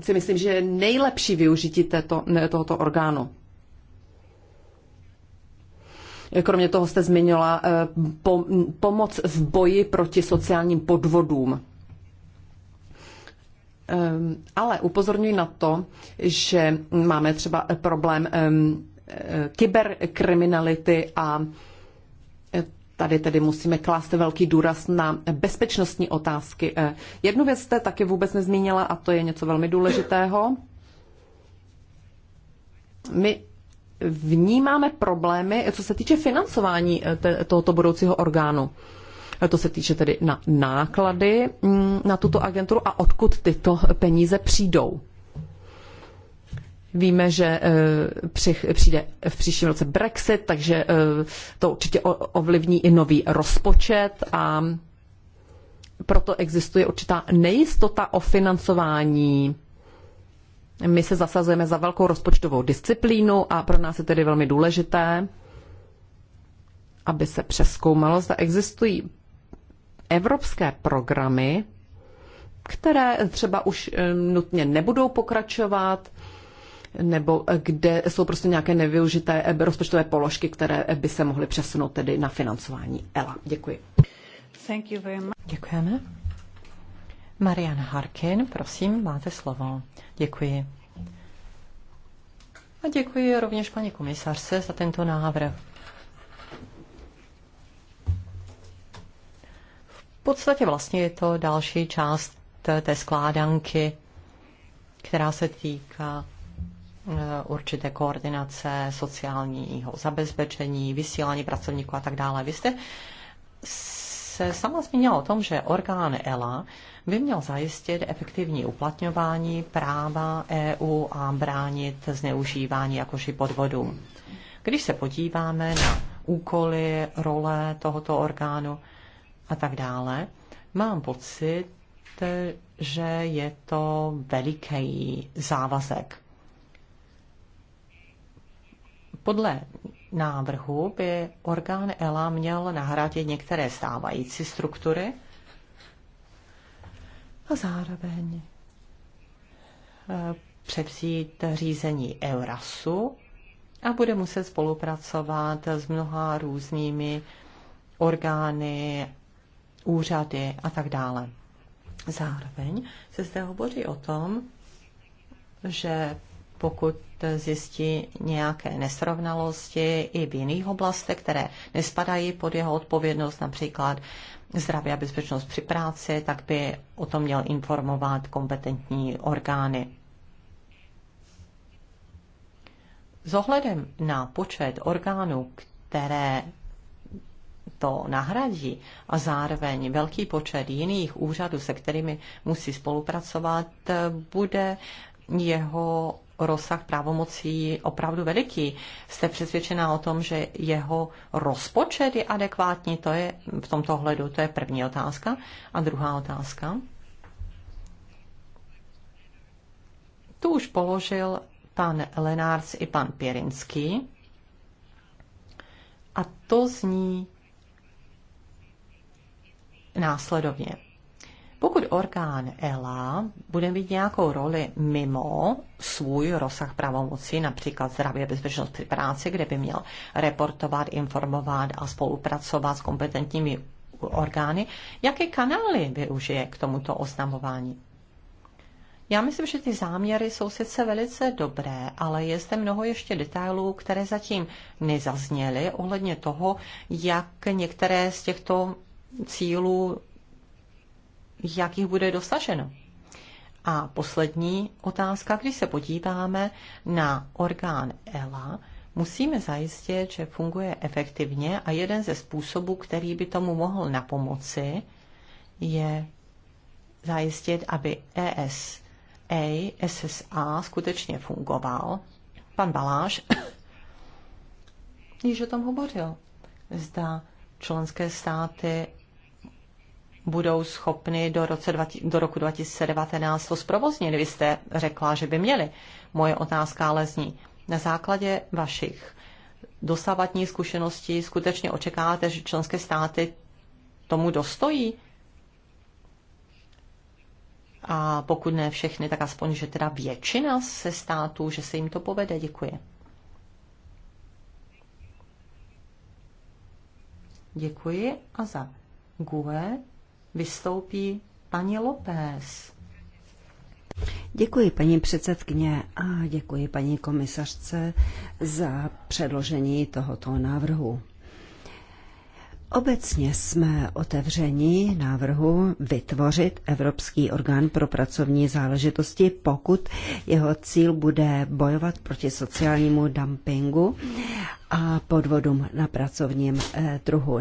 si myslím, že je nejlepší využití této, tohoto orgánu. Kromě toho jste zmiňovala eh, pomoc v boji proti sociálním podvodům. Ehm, ale upozorňuji na to, že máme třeba eh, problém ehm, eh, kyberkriminality a tady tedy musíme klást velký důraz na bezpečnostní otázky. Jednu věc jste taky vůbec nezmínila a to je něco velmi důležitého. My vnímáme problémy, co se týče financování eh, tohoto budoucího orgánu. Eh, to se týče tedy na náklady mm, na tuto agenturu a odkud tyto peníze přijdou. Víme, že eh, přijde v příštím roce Brexit, takže to určitě ovlivní i nový rozpočet a proto existuje určitá nejistota o financování my se zasazujeme za velkou rozpočtovou disciplínu a pro nás je tedy velmi důležité, aby se přeskoumalo, zda existují evropské programy, které třeba už eh, nutně nebudou pokračovat, nebo eh, kde jsou prostě nějaké nevyužité eh, rozpočtové položky, které by se mohly přesunout tedy na financování ELA. Děkuji. Thank you very much. Děkujeme. Marian Harkin, prosím, máte slovo. Děkuji. A děkuji rovněž paní komisarce za tento návrh. V podstatě vlastně je to další část té skládanky, která se týká eh, určité koordinace sociálního zabezpečení, vysílání pracovníků a tak dále. Vy jste se sama zmínila o tom, že orgán ELA by měl zajistit efektivní uplatňování práva EU a bránit zneužívání jakož i podvodům. Když se podíváme na úkoly, role tohoto orgánu a tak dále, mám pocit, že je to veliký závazek. Podle návrhu by orgán ELA měl nahradit některé stávající struktury, a zároveň eh, převzít řízení Eurasu a bude muset spolupracovat s mnoha různými orgány, úřady a tak dále. Zároveň se zde hovoří o tom, že pokud zjistí nějaké nesrovnalosti i v jiných oblastech, které nespadají pod jeho odpovědnost, například zdraví a bezpečnost při práci, tak by o tom měl informovat kompetentní orgány. S ohledem na počet orgánů, které to nahradí a zároveň velký počet jiných úřadů, se kterými musí spolupracovat, bude jeho rozsah právomocí opravdu veliký. Jste přesvědčená o tom, že jeho rozpočet je adekvátní? To je v tomto ohledu, to je první otázka. A druhá otázka. Tu už položil pan Lenárc i pan Pěrinský. A to zní následovně. Pokud orgán ELA bude mít nějakou roli mimo svůj rozsah pravomocí, například zdraví a bezpečnost při práci, kde by měl reportovat, informovat a spolupracovat s kompetentními orgány, jaké kanály využije k tomuto oznamování? Já myslím, že ty záměry jsou sice velice dobré, ale je zde mnoho ještě detailů, které zatím nezazněly ohledně toho, jak některé z těchto cílů jak jich bude dosaženo. A poslední otázka, když se podíváme na orgán ELA, musíme zajistit, že funguje efektivně a jeden ze způsobů, který by tomu mohl na pomoci, je zajistit, aby ESA, SSA skutečně fungoval. Pan Baláš <coughs> již o tom hovořil. Zda členské státy budou schopny do, roce 20, do roku 2019 to zprovoznit. Vy jste řekla, že by měli. Moje otázka ale zní, na základě vašich dosávatní zkušeností skutečně očekáváte, že členské státy tomu dostojí? A pokud ne všechny, tak aspoň, že teda většina se států, že se jim to povede. Děkuji. Děkuji a za GUE vystoupí paní López. Děkuji paní předsedkyně a děkuji paní komisařce za předložení tohoto návrhu. Obecně jsme otevření návrhu vytvořit Evropský orgán pro pracovní záležitosti, pokud jeho cíl bude bojovat proti sociálnímu dumpingu a podvodům na pracovním eh, trhu.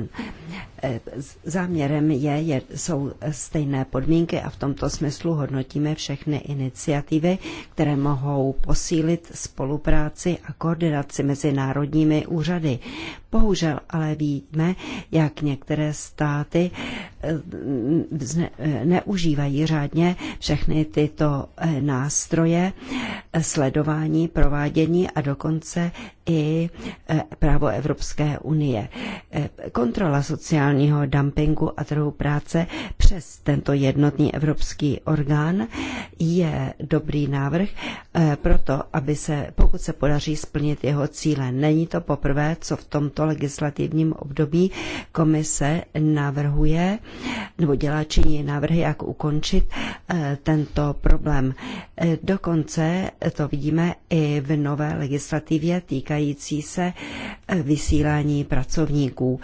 Eh, záměrem je, je, jsou stejné podmínky a v tomto smyslu hodnotíme všechny iniciativy, které mohou posílit spolupráci a koordinaci mezi národními úřady. Bohužel ale víme, jak některé státy neužívají řádně všechny tyto eh, nástroje eh, sledování, provádění a dokonce i eh, právo Evropské unie. Kontrola sociálního dumpingu a trhu práce přes tento jednotný evropský orgán je dobrý návrh proto, aby se, pokud se podaří splnit jeho cíle. Není to poprvé, co v tomto legislativním období komise navrhuje nebo dělá činí návrhy, jak ukončit eh, tento problém. Eh, dokonce to vidíme i v nové legislativě týkající se eh, vysílání pracovníků.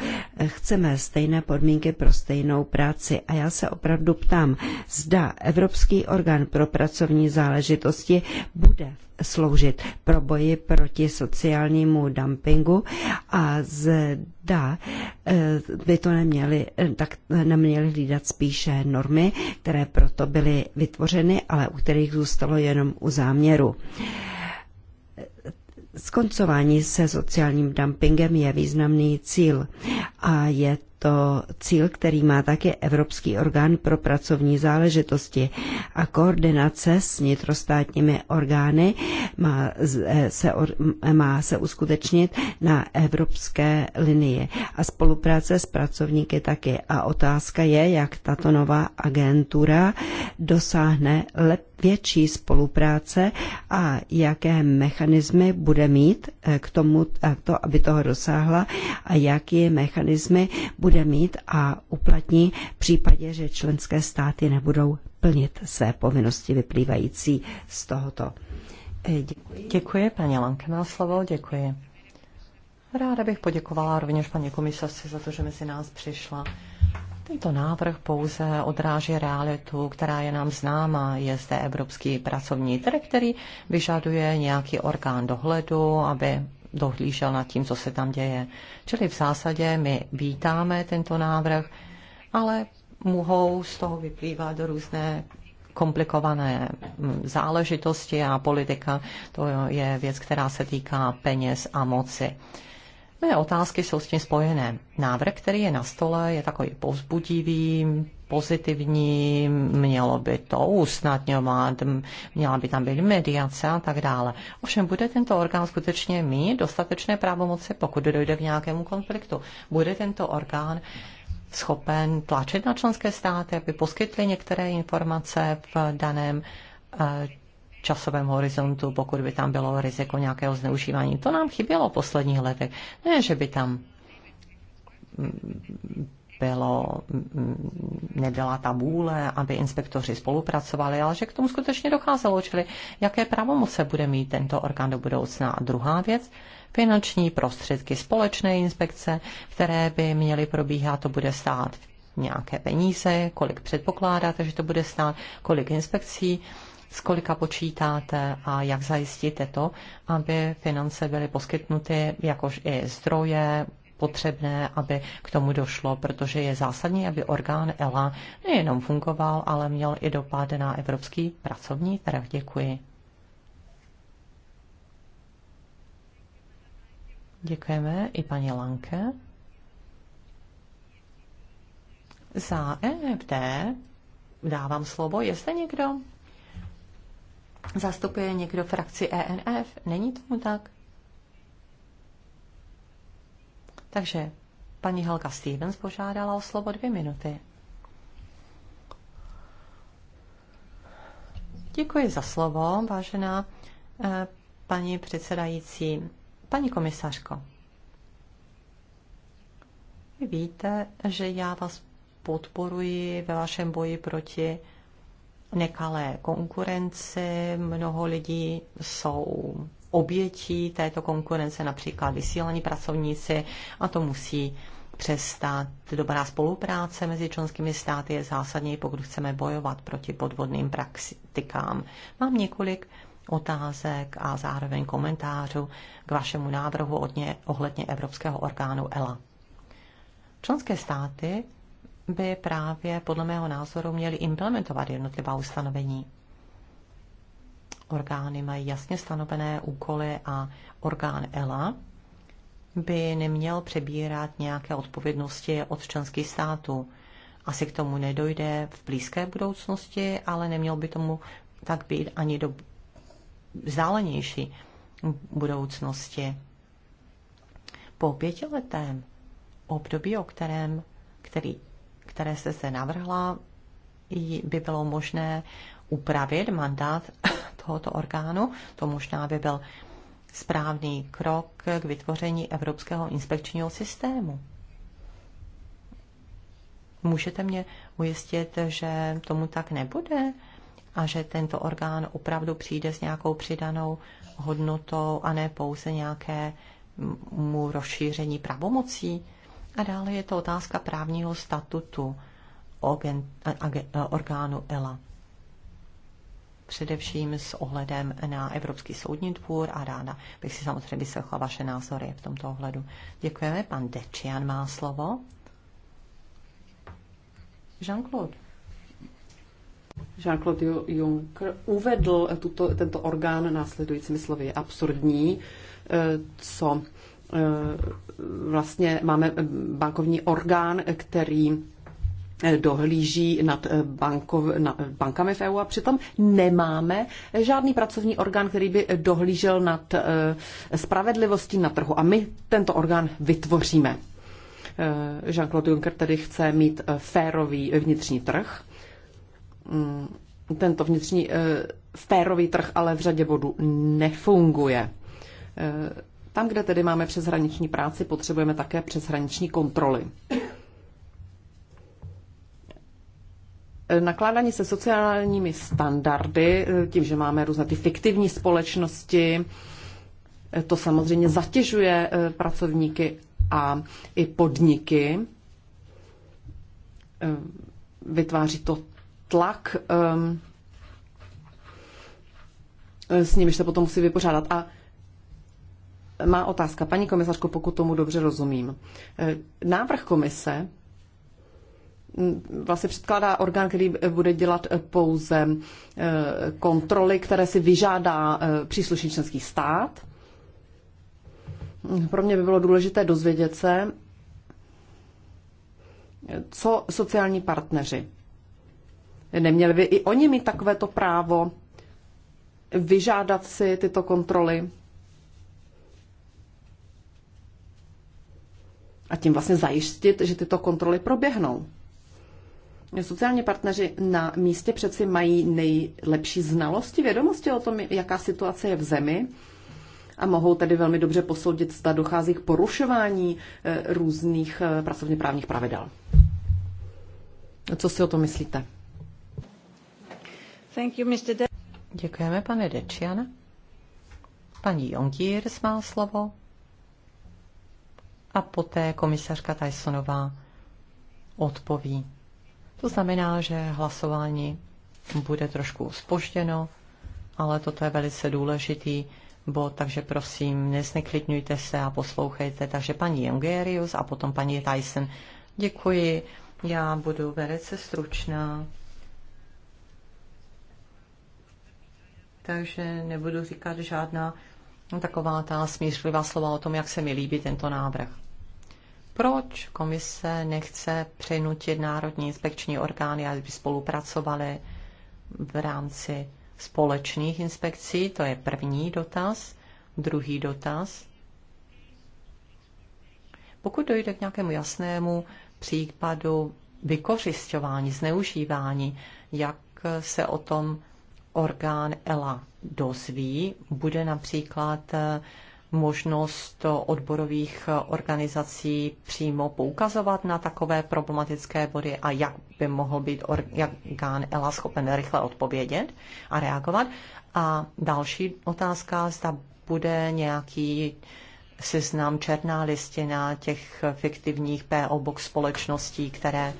Chceme stejné podmínky pro stejnou práci a já se opravdu ptám, zda Evropský orgán pro pracovní záležitosti bude v sloužit pro boji proti sociálnímu dumpingu a zda eh, by to neměly, eh, tak neměly hlídat spíše normy, které proto byly vytvořeny, ale u kterých zůstalo jenom u záměru. Skoncování se sociálním dumpingem je významný cíl a je to cíl, který má také Evropský orgán pro pracovní záležitosti a koordinace s nitrostátními orgány má se, má se uskutečnit na evropské linii a spolupráce s pracovníky taky. A otázka je, jak tato nová agentura dosáhne lep, větší spolupráce a jaké mechanismy bude mít eh, k tomu, eh, to, aby toho dosáhla a jaké mechanismy bude bude mít a uplatní v případě, že členské státy nebudou plnit své povinnosti vyplývající z tohoto. Eh, děkuji. Děkuji, paní Lanke má slovo, děkuji. Ráda bych poděkovala rovněž paní komisaři za to, že mezi nás přišla. Tento návrh pouze odráží realitu, která je nám známa. Je zde evropský pracovní trh, který vyžaduje nějaký orgán dohledu, aby dohlížel nad tím, co se tam děje. Čili v zásadě my vítáme tento návrh, ale mohou z toho vyplývat různé komplikované mm, záležitosti a politika, to je věc, která se týká peněz a moci. Mé otázky jsou s tím spojené. Návrh, který je na stole, je takový povzbudivý, pozitivní, mělo by to usnadňovat, měla by tam být mediace a tak dále. Ovšem, bude tento orgán skutečně mít dostatečné právomoci, pokud dojde k nějakému konfliktu? Bude tento orgán schopen tlačit na členské státy, aby poskytly některé informace v daném eh, časovém horizontu, pokud by tam bylo riziko nějakého zneužívání. To nám chybělo v posledních letech. Ne, že by tam mm, bylo mm, mm, nebyla ta vůle, aby inspektoři spolupracovali, ale že k tomu skutečně docházelo, čili jaké pravomoce bude mít tento orgán do budoucna. A druhá věc, finanční prostředky společné inspekce, které by měly probíhat, to bude stát nějaké peníze, kolik předpokládáte, že to bude stát, kolik inspekcí, z kolika počítáte a jak zajistíte to, aby finance byly poskytnuty jakož i zdroje, potřebné, aby k tomu došlo, protože je zásadní, aby orgán ELA nejenom fungoval, ale měl i dopad na evropský pracovní trh. Děkuji. Děkujeme i paní Lanke. Za EFD dávám slovo. Jestli někdo zastupuje někdo frakci ENF, není tomu tak? Takže paní Helga Stevens požádala o slovo dvě minuty. Děkuji za slovo, vážená eh, paní předsedající. Paní komisařko, vy víte, že já vás podporuji ve vašem boji proti nekalé konkurenci. Mnoho lidí jsou obětí této konkurence, například vysílení pracovníci, a to musí přestat. Dobrá spolupráce mezi členskými státy je zásadní, pokud chceme bojovat proti podvodným praktikám. Mám několik otázek a zároveň komentářů k vašemu návrhu odně, ohledně Evropského orgánu ELA. Členské státy by právě podle mého názoru měly implementovat jednotlivá ustanovení orgány mají jasně stanovené úkoly a orgán ELA by neměl přebírat nějaké odpovědnosti od členských států. Asi k tomu nedojde v blízké budoucnosti, ale neměl by tomu tak být ani do vzdálenější budoucnosti. Po pětiletém období, o kterém, který, které se zde navrhla, by bylo možné upravit mandát <coughs> tohoto orgánu. To možná by byl správný krok k vytvoření Evropského inspekčního systému. Můžete mě ujistit, že tomu tak nebude a že tento orgán opravdu přijde s nějakou přidanou hodnotou a ne pouze nějakému rozšíření pravomocí. A dále je to otázka právního statutu orgánu ELA především s ohledem na Evropský soudní dvůr a ráda bych si samozřejmě vyslechla vaše názory v tomto ohledu. Děkujeme. Pan Dečian má slovo. Jean-Claude. Jean-Claude Juncker uvedl tuto, tento orgán následujícími slovy. Je absurdní, eh, co eh, vlastně máme eh, bankovní orgán, který dohlíží nad, eh, bankov, nad eh, bankami v EU a přitom nemáme žádný pracovní orgán, který by dohlížel nad eh, spravedlivostí na trhu. A my tento orgán vytvoříme. Jean-Claude Juncker tedy chce mít férový vnitřní trh. Mm, tento vnitřní férový trh ale v řadě bodů nefunguje. Tam, kde tedy máme přeshraniční práci, potřebujeme také přeshraniční kontroly. nakládání se sociálními standardy, eh, tím, že máme různé ty fiktivní společnosti, eh, to samozřejmě zatěžuje eh, pracovníky a i podniky. Vytváří to tlak, ehm, s nimiž se potom musí vypořádat. A má otázka, paní komisařko, pokud tomu dobře rozumím. Návrh komise vlastně předkládá orgán, který bude dělat pouze eh, kontroly, které si vyžádá eh, příslušný členský stát. Pro mě by bylo důležité dozvědět se, co sociální partneři. Neměli by i oni mít takovéto právo vyžádat si tyto kontroly a tím vlastně zajistit, že tyto kontroly proběhnou sociální partneři na místě přeci mají nejlepší znalosti, vědomosti o tom, jaká situace je v zemi a mohou tedy velmi dobře posoudit, zda dochází k porušování eh, různých eh, pracovně právních pravidel. Co si o to myslíte? Thank you, Mr. De- Děkujeme, pane Dečiana. Paní Jongiers má slovo a poté komisařka Tysonová odpoví. To znamená, že hlasování bude trošku spožděno, ale toto je velice důležitý bod, takže prosím, nezneklidňujte se a poslouchejte. Takže paní Jungerius a potom paní Tyson. Děkuji, já budu velice stručná. Takže nebudu říkat žádná taková ta smířlivá slova o tom, jak se mi líbí tento návrh. Proč komise nechce přinutit národní inspekční orgány, aby spolupracovali v rámci společných inspekcí? To je první dotaz. Druhý dotaz. Pokud dojde k nějakému jasnému případu vykořišťování, zneužívání, jak se o tom orgán ELA dozví, bude například možnost odborových organizací přímo poukazovat na takové problematické body a jak by mohl být orgán ELA schopen rychle odpovědět a reagovat. A další otázka, zda bude nějaký seznam černá listina těch fiktivních PO Box společností, které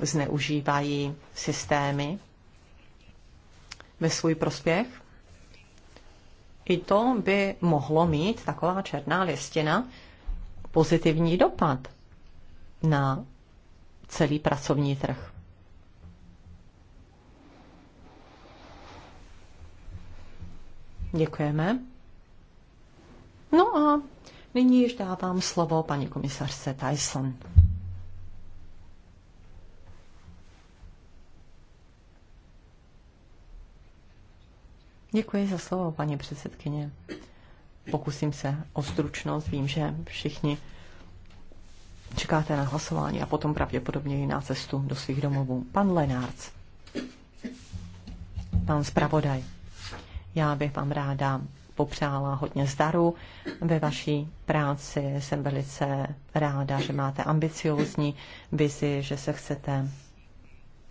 zneužívají systémy ve svůj prospěch. I to by mohlo mít taková černá listina pozitivní dopad na celý pracovní trh. Děkujeme. No a nyní již dávám slovo paní komisařce Tyson. Děkuji za slovo, paní předsedkyně. Pokusím se o stručnost. Vím, že všichni čekáte na hlasování a potom pravděpodobně i na cestu do svých domovů. Pan Lenárc, pan zpravodaj, já bych vám ráda popřála hodně zdaru ve vaší práci. Jsem velice ráda, že máte ambiciózní vizi, že se chcete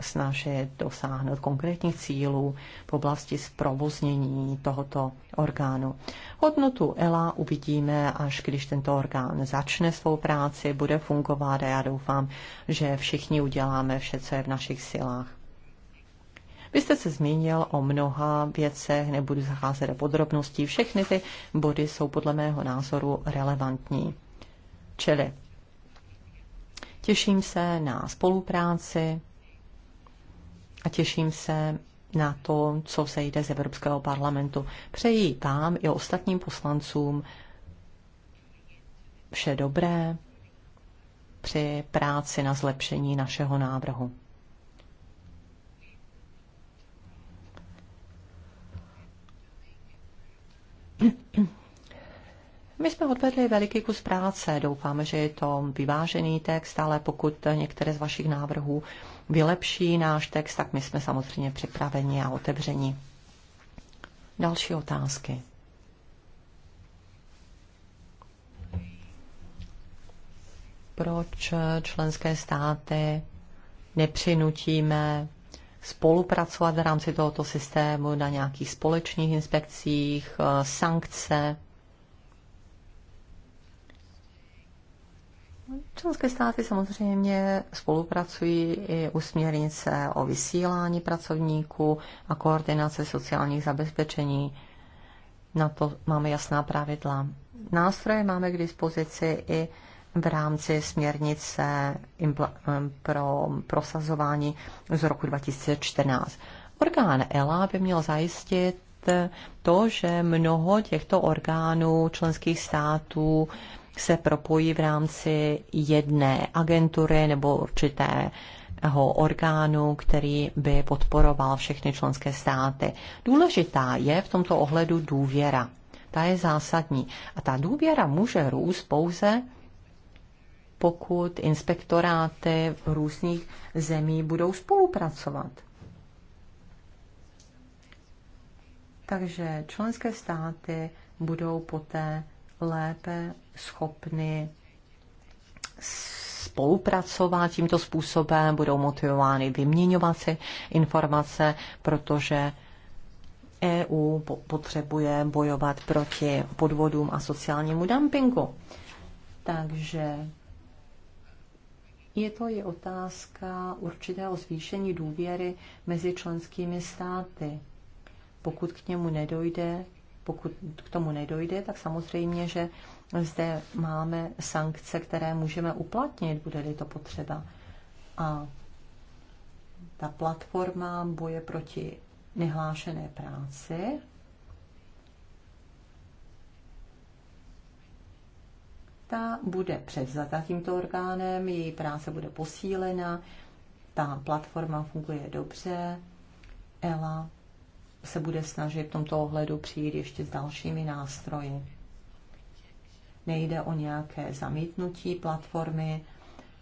snažit dosáhnout konkrétních cílů v oblasti zprovoznění tohoto orgánu. Hodnotu ELA uvidíme, až když tento orgán začne svou práci, bude fungovat a já doufám, že všichni uděláme vše, co je v našich silách. Vy jste se zmínil o mnoha věcech, nebudu zacházet do podrobností, všechny ty body jsou podle mého názoru relevantní. Čili těším se na spolupráci a těším se na to, co se jde z Evropského parlamentu. Přeji vám i ostatním poslancům vše dobré při práci na zlepšení našeho návrhu. My jsme odvedli veliký kus práce. Doufáme, že je to vyvážený text, ale pokud některé z vašich návrhů vylepší náš text, tak my jsme samozřejmě připraveni a otevřeni. Další otázky. Proč členské státy nepřinutíme spolupracovat v rámci tohoto systému na nějakých společných inspekcích, sankce Členské státy samozřejmě spolupracují i u směrnice o vysílání pracovníků a koordinace sociálních zabezpečení. Na to máme jasná pravidla. Nástroje máme k dispozici i v rámci směrnice pro prosazování z roku 2014. Orgán ELA by měl zajistit to, že mnoho těchto orgánů členských států se propojí v rámci jedné agentury nebo určité orgánu, který by podporoval všechny členské státy. Důležitá je v tomto ohledu důvěra. Ta je zásadní. A ta důvěra může růst pouze, pokud inspektoráty v různých zemí budou spolupracovat. Takže členské státy budou poté lépe schopny spolupracovat tímto způsobem, budou motivovány vyměňovat si informace, protože EU potřebuje bojovat proti podvodům a sociálnímu dumpingu. Takže je to i otázka určitého zvýšení důvěry mezi členskými státy. Pokud k němu nedojde, pokud k tomu nedojde, tak samozřejmě, že zde máme sankce, které můžeme uplatnit, bude-li to potřeba. A ta platforma boje proti nehlášené práci ta bude převzata tímto orgánem, její práce bude posílena, ta platforma funguje dobře, ELA se bude snažit v tomto ohledu přijít ještě s dalšími nástroji nejde o nějaké zamítnutí platformy,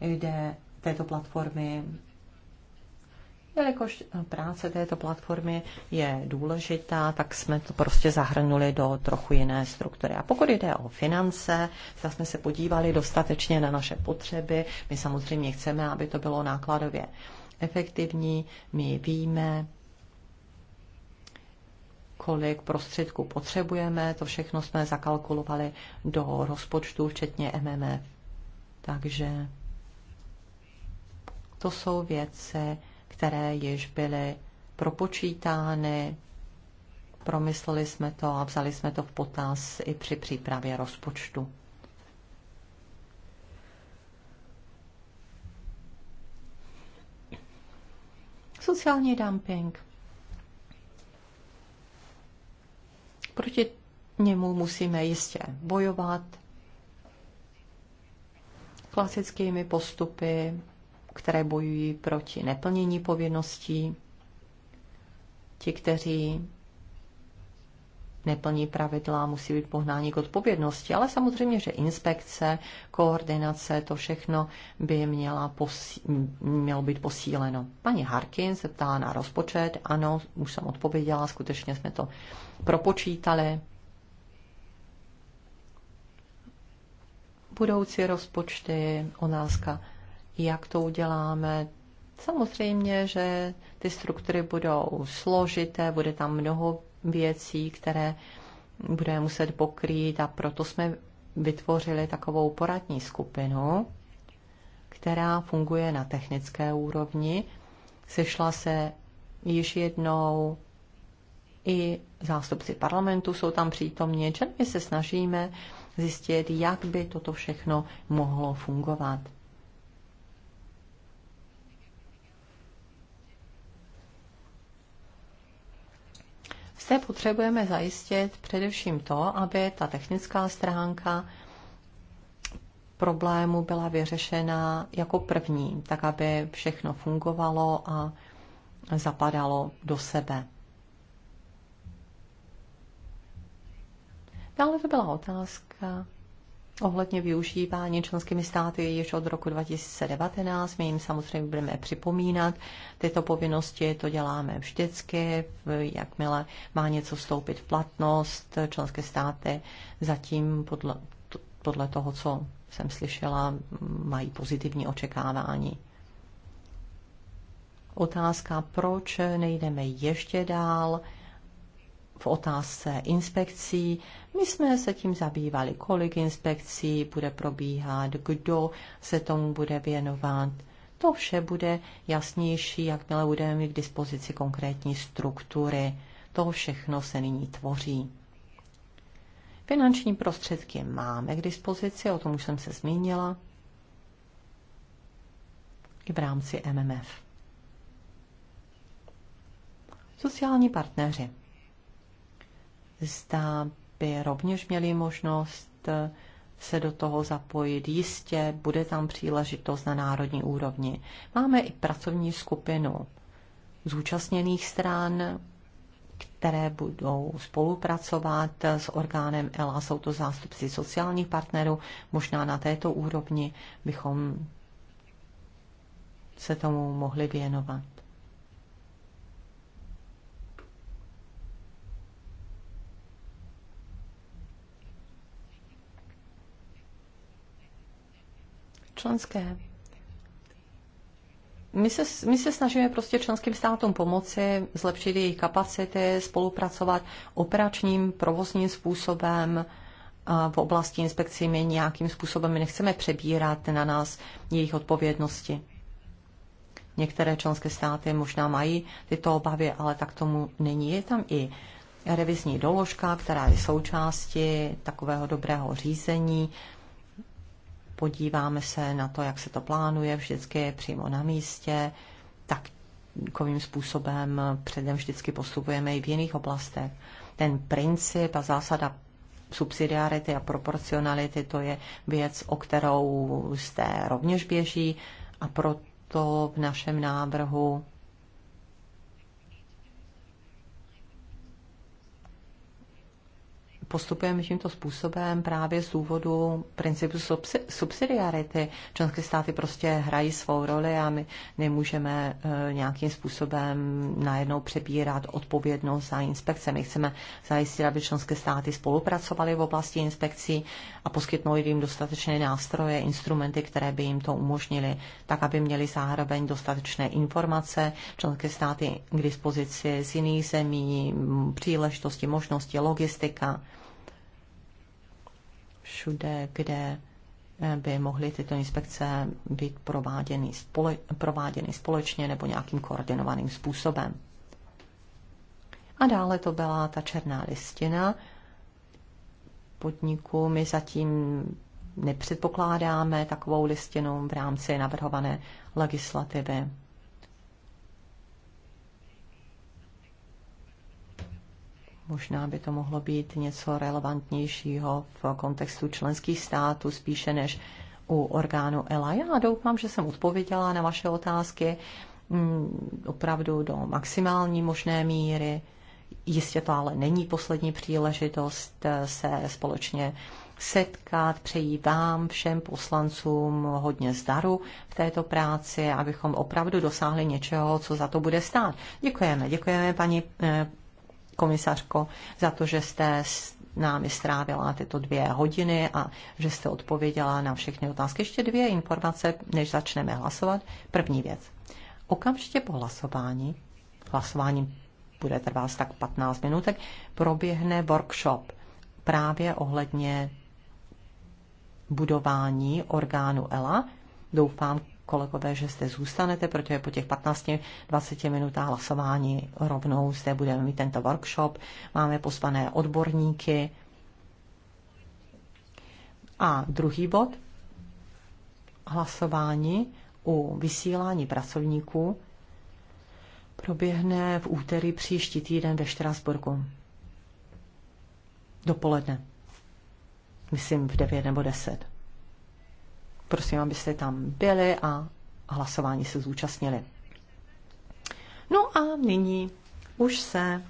jde této platformy, jelikož práce této platformy je důležitá, tak jsme to prostě zahrnuli do trochu jiné struktury. A pokud jde o finance, zda jsme se podívali dostatečně na naše potřeby, my samozřejmě chceme, aby to bylo nákladově efektivní, my víme, kolik prostředků potřebujeme, to všechno jsme zakalkulovali do rozpočtu, včetně MMF. E. Takže to jsou věci, které již byly propočítány, promysleli jsme to a vzali jsme to v potaz i při přípravě rozpočtu. Sociální dumping. Proti němu musíme jistě bojovat klasickými postupy, které bojují proti neplnění povinností. Ti, kteří neplní pravidla, musí být pohnání k odpovědnosti. Ale samozřejmě, že inspekce, koordinace, to všechno by měla posí, mělo být posíleno. Paní Harkin se ptá na rozpočet. Ano, už jsem odpověděla, skutečně jsme to propočítali. Budoucí rozpočty, otázka, jak to uděláme, Samozřejmě, že ty struktury budou složité, bude tam mnoho věcí, které budeme muset pokrýt a proto jsme vytvořili takovou poradní skupinu, která funguje na technické úrovni. Sešla se již jednou i zástupci parlamentu jsou tam přítomně, čili my se snažíme zjistit, jak by toto všechno mohlo fungovat. Zde potřebujeme zajistit především to, aby ta technická stránka problému byla vyřešena jako první, tak aby všechno fungovalo a zapadalo do sebe. Dále to byla otázka ohledně využívání členskými státy již od roku 2019. My jim samozřejmě budeme připomínat tyto povinnosti, to děláme vždycky, jakmile má něco vstoupit v platnost, členské státy zatím podle, podle toho, co jsem slyšela, mají pozitivní očekávání. Otázka, proč nejdeme ještě dál, v otázce inspekcí. My jsme se tím zabývali, kolik inspekcí bude probíhat, kdo se tomu bude věnovat. To vše bude jasnější, jakmile budeme mít k dispozici konkrétní struktury. To všechno se nyní tvoří. Finanční prostředky máme k dispozici, o tom už jsem se zmínila, i v rámci MMF. Sociální partneři zda by rovněž měli možnost eh, se do toho zapojit. Jistě bude tam příležitost na národní úrovni. Máme i pracovní skupinu zúčastněných stran, které budou spolupracovat s orgánem ELA. Jsou to zástupci sociálních partnerů. Možná na této úrovni bychom se tomu mohli věnovat. Členské. My se, my se snažíme prostě členským státům pomoci, zlepšit jejich kapacity, spolupracovat operačním, provozním způsobem v oblasti inspekcí. My nějakým způsobem my nechceme přebírat na nás jejich odpovědnosti. Některé členské státy možná mají tyto obavy, ale tak tomu není. Je tam i revizní doložka, která je součástí takového dobrého řízení, podíváme se na to, jak se to plánuje vždycky přímo na místě, tak takovým způsobem předem vždycky postupujeme i v jiných oblastech. Ten princip a zásada subsidiarity a proporcionality, to je věc, o kterou jste rovněž běží a proto v našem návrhu postupujeme tímto způsobem právě z důvodu principu subsidiarity. Členské státy prostě hrají svou roli a my nemůžeme eh, nějakým způsobem najednou přebírat odpovědnost za inspekce. My chceme zajistit, aby členské státy spolupracovaly v oblasti inspekcí a poskytnout jim dostatečné nástroje, instrumenty, které by jim to umožnily, tak aby měli zároveň dostatečné informace členské státy k dispozici z jiných zemí, příležitosti, možnosti, logistika všude, kde eh, by mohly tyto inspekce být prováděny, spole, prováděny společně nebo nějakým koordinovaným způsobem. A dále to byla ta černá listina podniku. My zatím nepředpokládáme takovou listinu v rámci navrhované legislativy. Možná by to mohlo být něco relevantnějšího v kontextu členských států spíše než u orgánu ELA. Já doufám, že jsem odpověděla na vaše otázky mm, opravdu do maximální možné míry. Jistě to ale není poslední příležitost eh, se společně setkat. Přeji vám, všem poslancům, hodně zdaru v této práci, abychom opravdu dosáhli něčeho, co za to bude stát. Děkujeme, děkujeme paní eh, komisařko, za to, že jste s námi strávila tyto dvě hodiny a že jste odpověděla na všechny otázky. Ještě dvě informace, než začneme hlasovat. První věc. Okamžitě po hlasování, hlasování bude trvat tak 15 minutek, proběhne workshop právě ohledně budování orgánu ELA. Doufám, kolegové, že zde zůstanete, protože po těch 15-20 minutách hlasování rovnou zde budeme mít tento workshop. Máme pozvané odborníky. A druhý bod, hlasování u vysílání pracovníků proběhne v úterý příští týden ve Štrasburku. Dopoledne. Myslím v 9 nebo 10. Prosím, abyste tam byli a hlasování se zúčastnili. No a nyní už se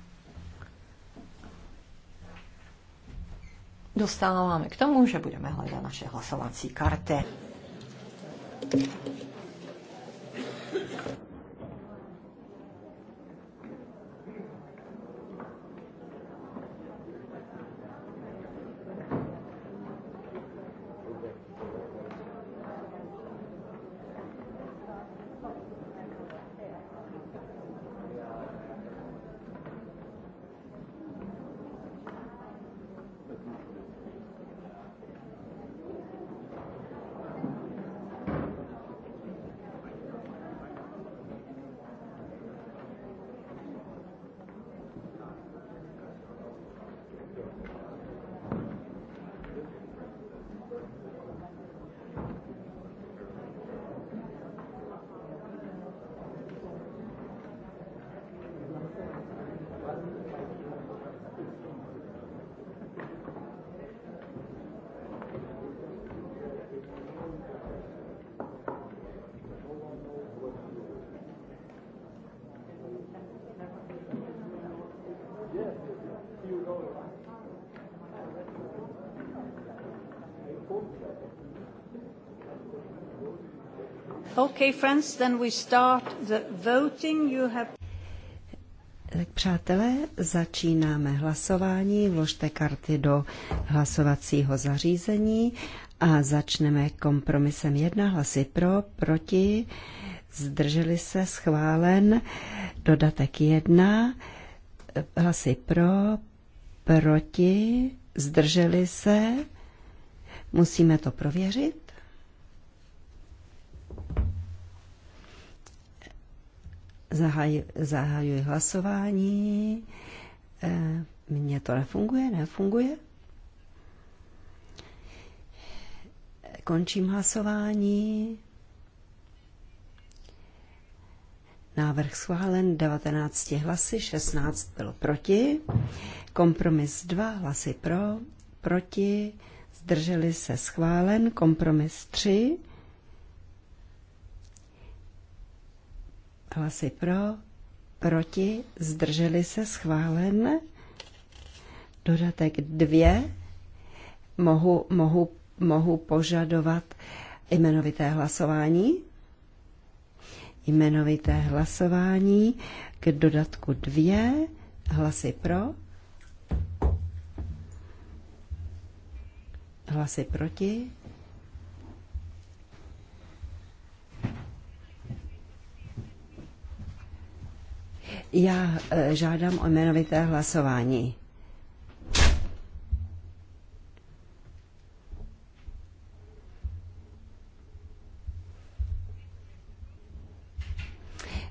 dostáváme k tomu, že budeme hledat naše hlasovací karty. Okay, friends, then we start the voting. You have... Tak přátelé, začínáme hlasování. Vložte karty do hlasovacího zařízení a začneme kompromisem jedna hlasy pro, proti, zdrželi se, schválen, dodatek jedna, hlasy pro, proti, zdrželi se, musíme to prověřit. Zahaj, zahajuji hlasování. E, mně to nefunguje, nefunguje. Končím hlasování. Návrh schválen 19 hlasy, 16 bylo proti. Kompromis 2 hlasy pro, proti. Zdrželi se schválen. Kompromis 3 hlasy pro, proti, zdrželi se, schválen. Dodatek dvě, mohu, mohu, mohu požadovat jmenovité hlasování. Jmenovité hlasování k dodatku dvě, hlasy pro, hlasy proti, Já e, žádám o jmenovité hlasování.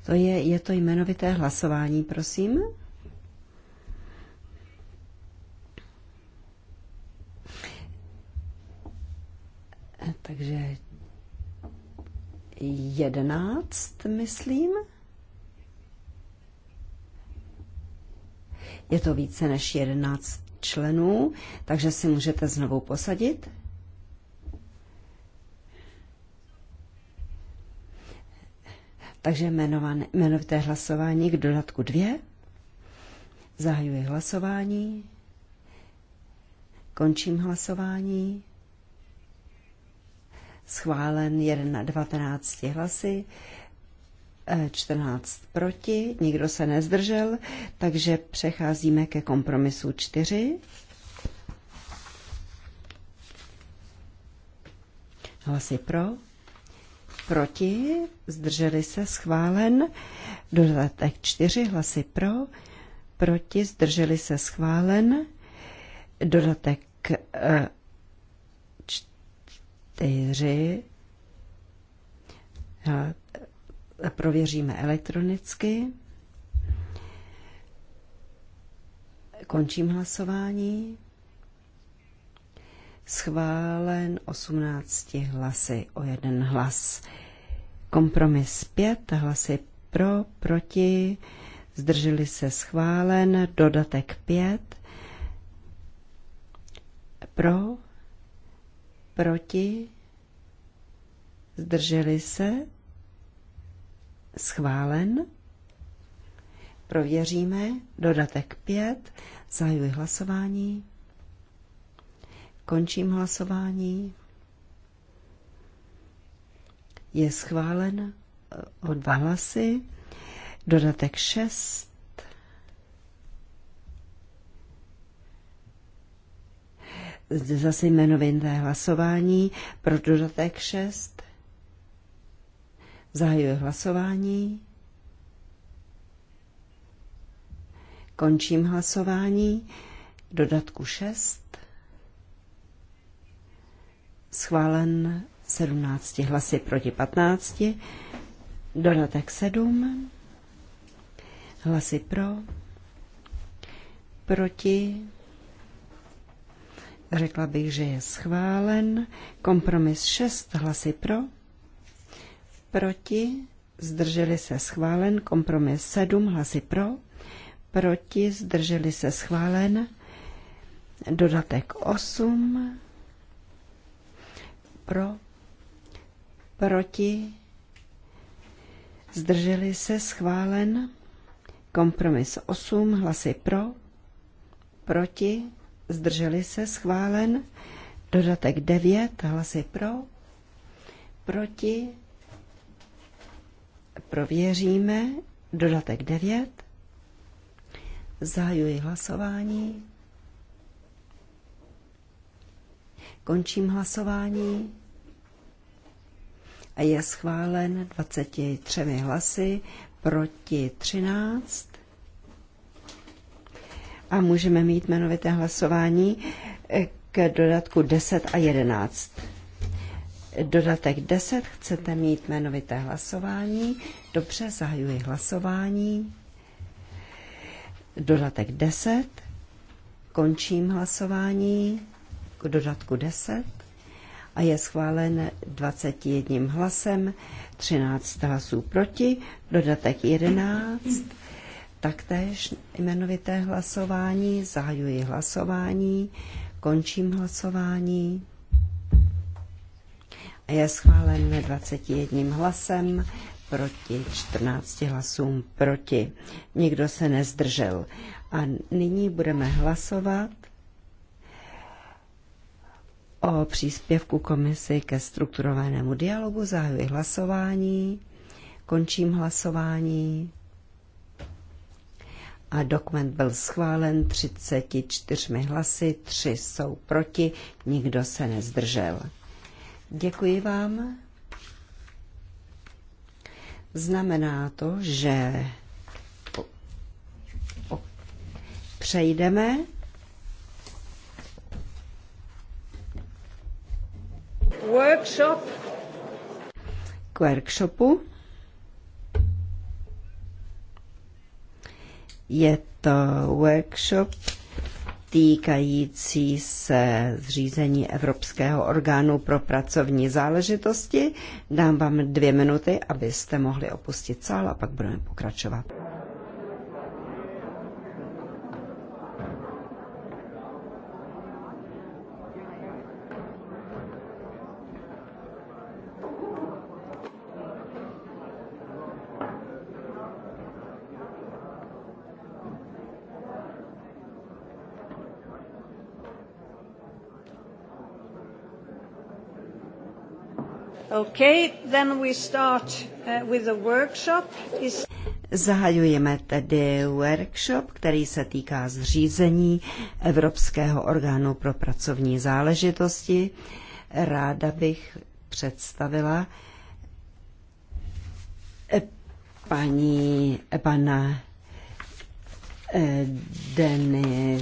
To je, je to jmenovité hlasování, prosím. E, takže jedenáct, myslím. Je to více než 11 členů, takže si můžete znovu posadit. Takže jmenovité hlasování k dodatku 2. Zahajuji hlasování. Končím hlasování. Schválen 1 na 19 hlasy. 14 proti, nikdo se nezdržel, takže přecházíme ke kompromisu 4. Hlasy pro, proti, zdrželi se, schválen. Dodatek 4, hlasy pro, proti, zdrželi se, schválen. Dodatek 4, eh, prověříme elektronicky. Končím hlasování. Schválen 18 hlasy o jeden hlas. Kompromis 5 hlasy pro, proti, zdrželi se schválen, dodatek 5, pro, proti, zdrželi se, Schválen. Prověříme. Dodatek 5. Zahajuji hlasování. Končím hlasování. Je schválen eh, o dva hlasy. Dodatek 6. Zase jmenovité hlasování pro dodatek 6. Zahajuji hlasování. Končím hlasování. Dodatku 6. Schválen 17 hlasy proti 15. Dodatek 7. Hlasy pro. Proti. Řekla bych, že je schválen. Kompromis 6. Hlasy pro proti, zdrželi se schválen, kompromis 7 hlasy pro, proti, zdrželi se schválen, dodatek 8 pro, proti, zdrželi se schválen, kompromis 8 hlasy pro, proti, zdrželi se schválen, dodatek 9 hlasy pro, proti, prověříme dodatek 9. Zahajuji hlasování. Končím hlasování. A je schválen 23 hlasy proti 13. A můžeme mít jmenovité hlasování k dodatku 10 a 11. Dodatek 10 chcete mít jmenovité hlasování. Dobře, zahajuji hlasování. Dodatek 10. Končím hlasování k dodatku 10 a je schválen 21 hlasem, 13 hlasů proti, dodatek 11, taktéž jmenovité hlasování, zahajuji hlasování, končím hlasování je schválen 21 hlasem proti 14 hlasům proti. Nikdo se nezdržel. A nyní budeme hlasovat o příspěvku komisi ke strukturovanému dialogu. Zahajuji hlasování, končím hlasování a dokument byl schválen 34 hlasy, 3 jsou proti, nikdo se nezdržel. Děkuji vám. Znamená to, že přejdeme workshop. k workshopu. Je to workshop týkající se zřízení Evropského orgánu pro pracovní záležitosti. Dám vám dvě minuty, abyste mohli opustit sál a pak budeme pokračovat. Okay, then we start uh, with workshop. Is... Zahajujeme tedy workshop, který se týká zřízení Evropského orgánu pro pracovní záležitosti. Ráda bych představila eh, paní, eh, pana eh, Denise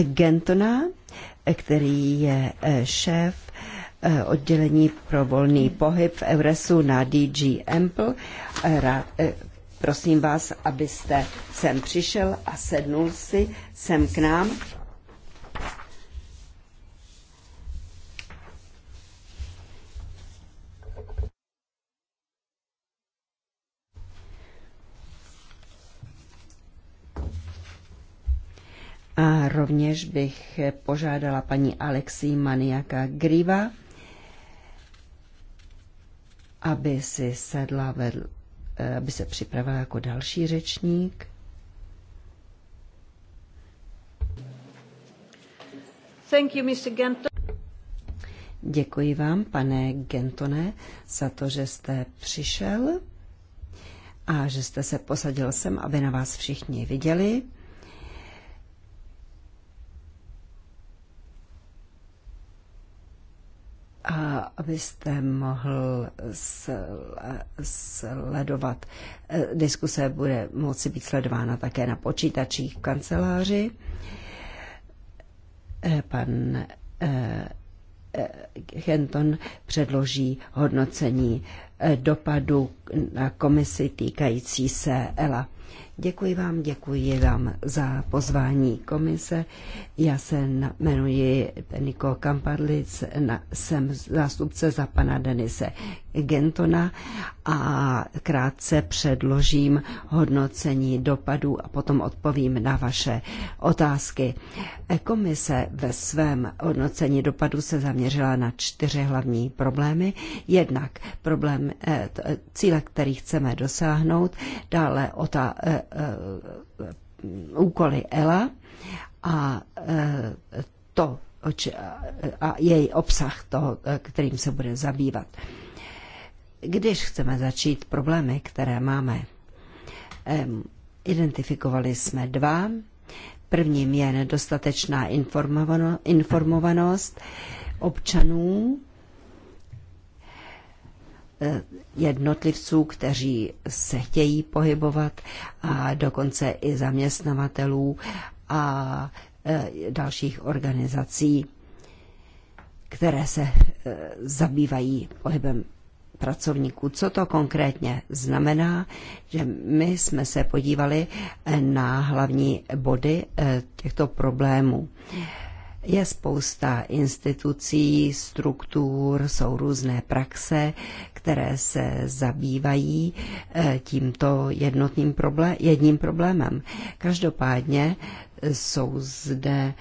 Gentona, který je eh, šéf eh, oddělení pro volný pohyb v Euresu na DG Ample. Eh, Rád, prosím vás, abyste sem přišel a sednul si sem k nám. A rovněž bych požádala paní Alexi Maniaka Griva, aby si sedla vedl, eh, aby se připravila jako další řečník. Thank you, Mr. Gento. Děkuji vám, pane Gentone, za to, že jste přišel a že jste se posadil sem, aby na vás všichni viděli. a abyste mohl sledovat. Eh, diskuse bude moci být sledována také na počítačích v kanceláři. Eh, pan Henton eh, předloží hodnocení dopadu na komisi týkající se ELA. Děkuji vám, děkuji vám za pozvání komise. Já se jmenuji Niko Kampadlic, jsem zástupce za pana Denise Gentona a krátce předložím hodnocení dopadů a potom odpovím na vaše otázky. Komise ve svém hodnocení dopadů se zaměřila na čtyři hlavní problémy. Jednak problém eh, eh, cíle, který chceme dosáhnout, dále o ta, eh, úkoly ELA a to, a její obsah toho, kterým se bude zabývat. Když chceme začít problémy, které máme, identifikovali jsme dva. Prvním je nedostatečná informovanost občanů, e, jednotlivců, kteří se chtějí pohybovat, a dokonce i zaměstnavatelů a e, dalších organizací, které se e, zabývají pohybem pracovníků. Co to konkrétně znamená, že my jsme se podívali eh, na hlavní body eh, těchto problémů. Je spousta institucí, struktur, jsou různé praxe, které se zabývají eh, tímto jednotným problém, jedním problémem. Každopádně jsou zde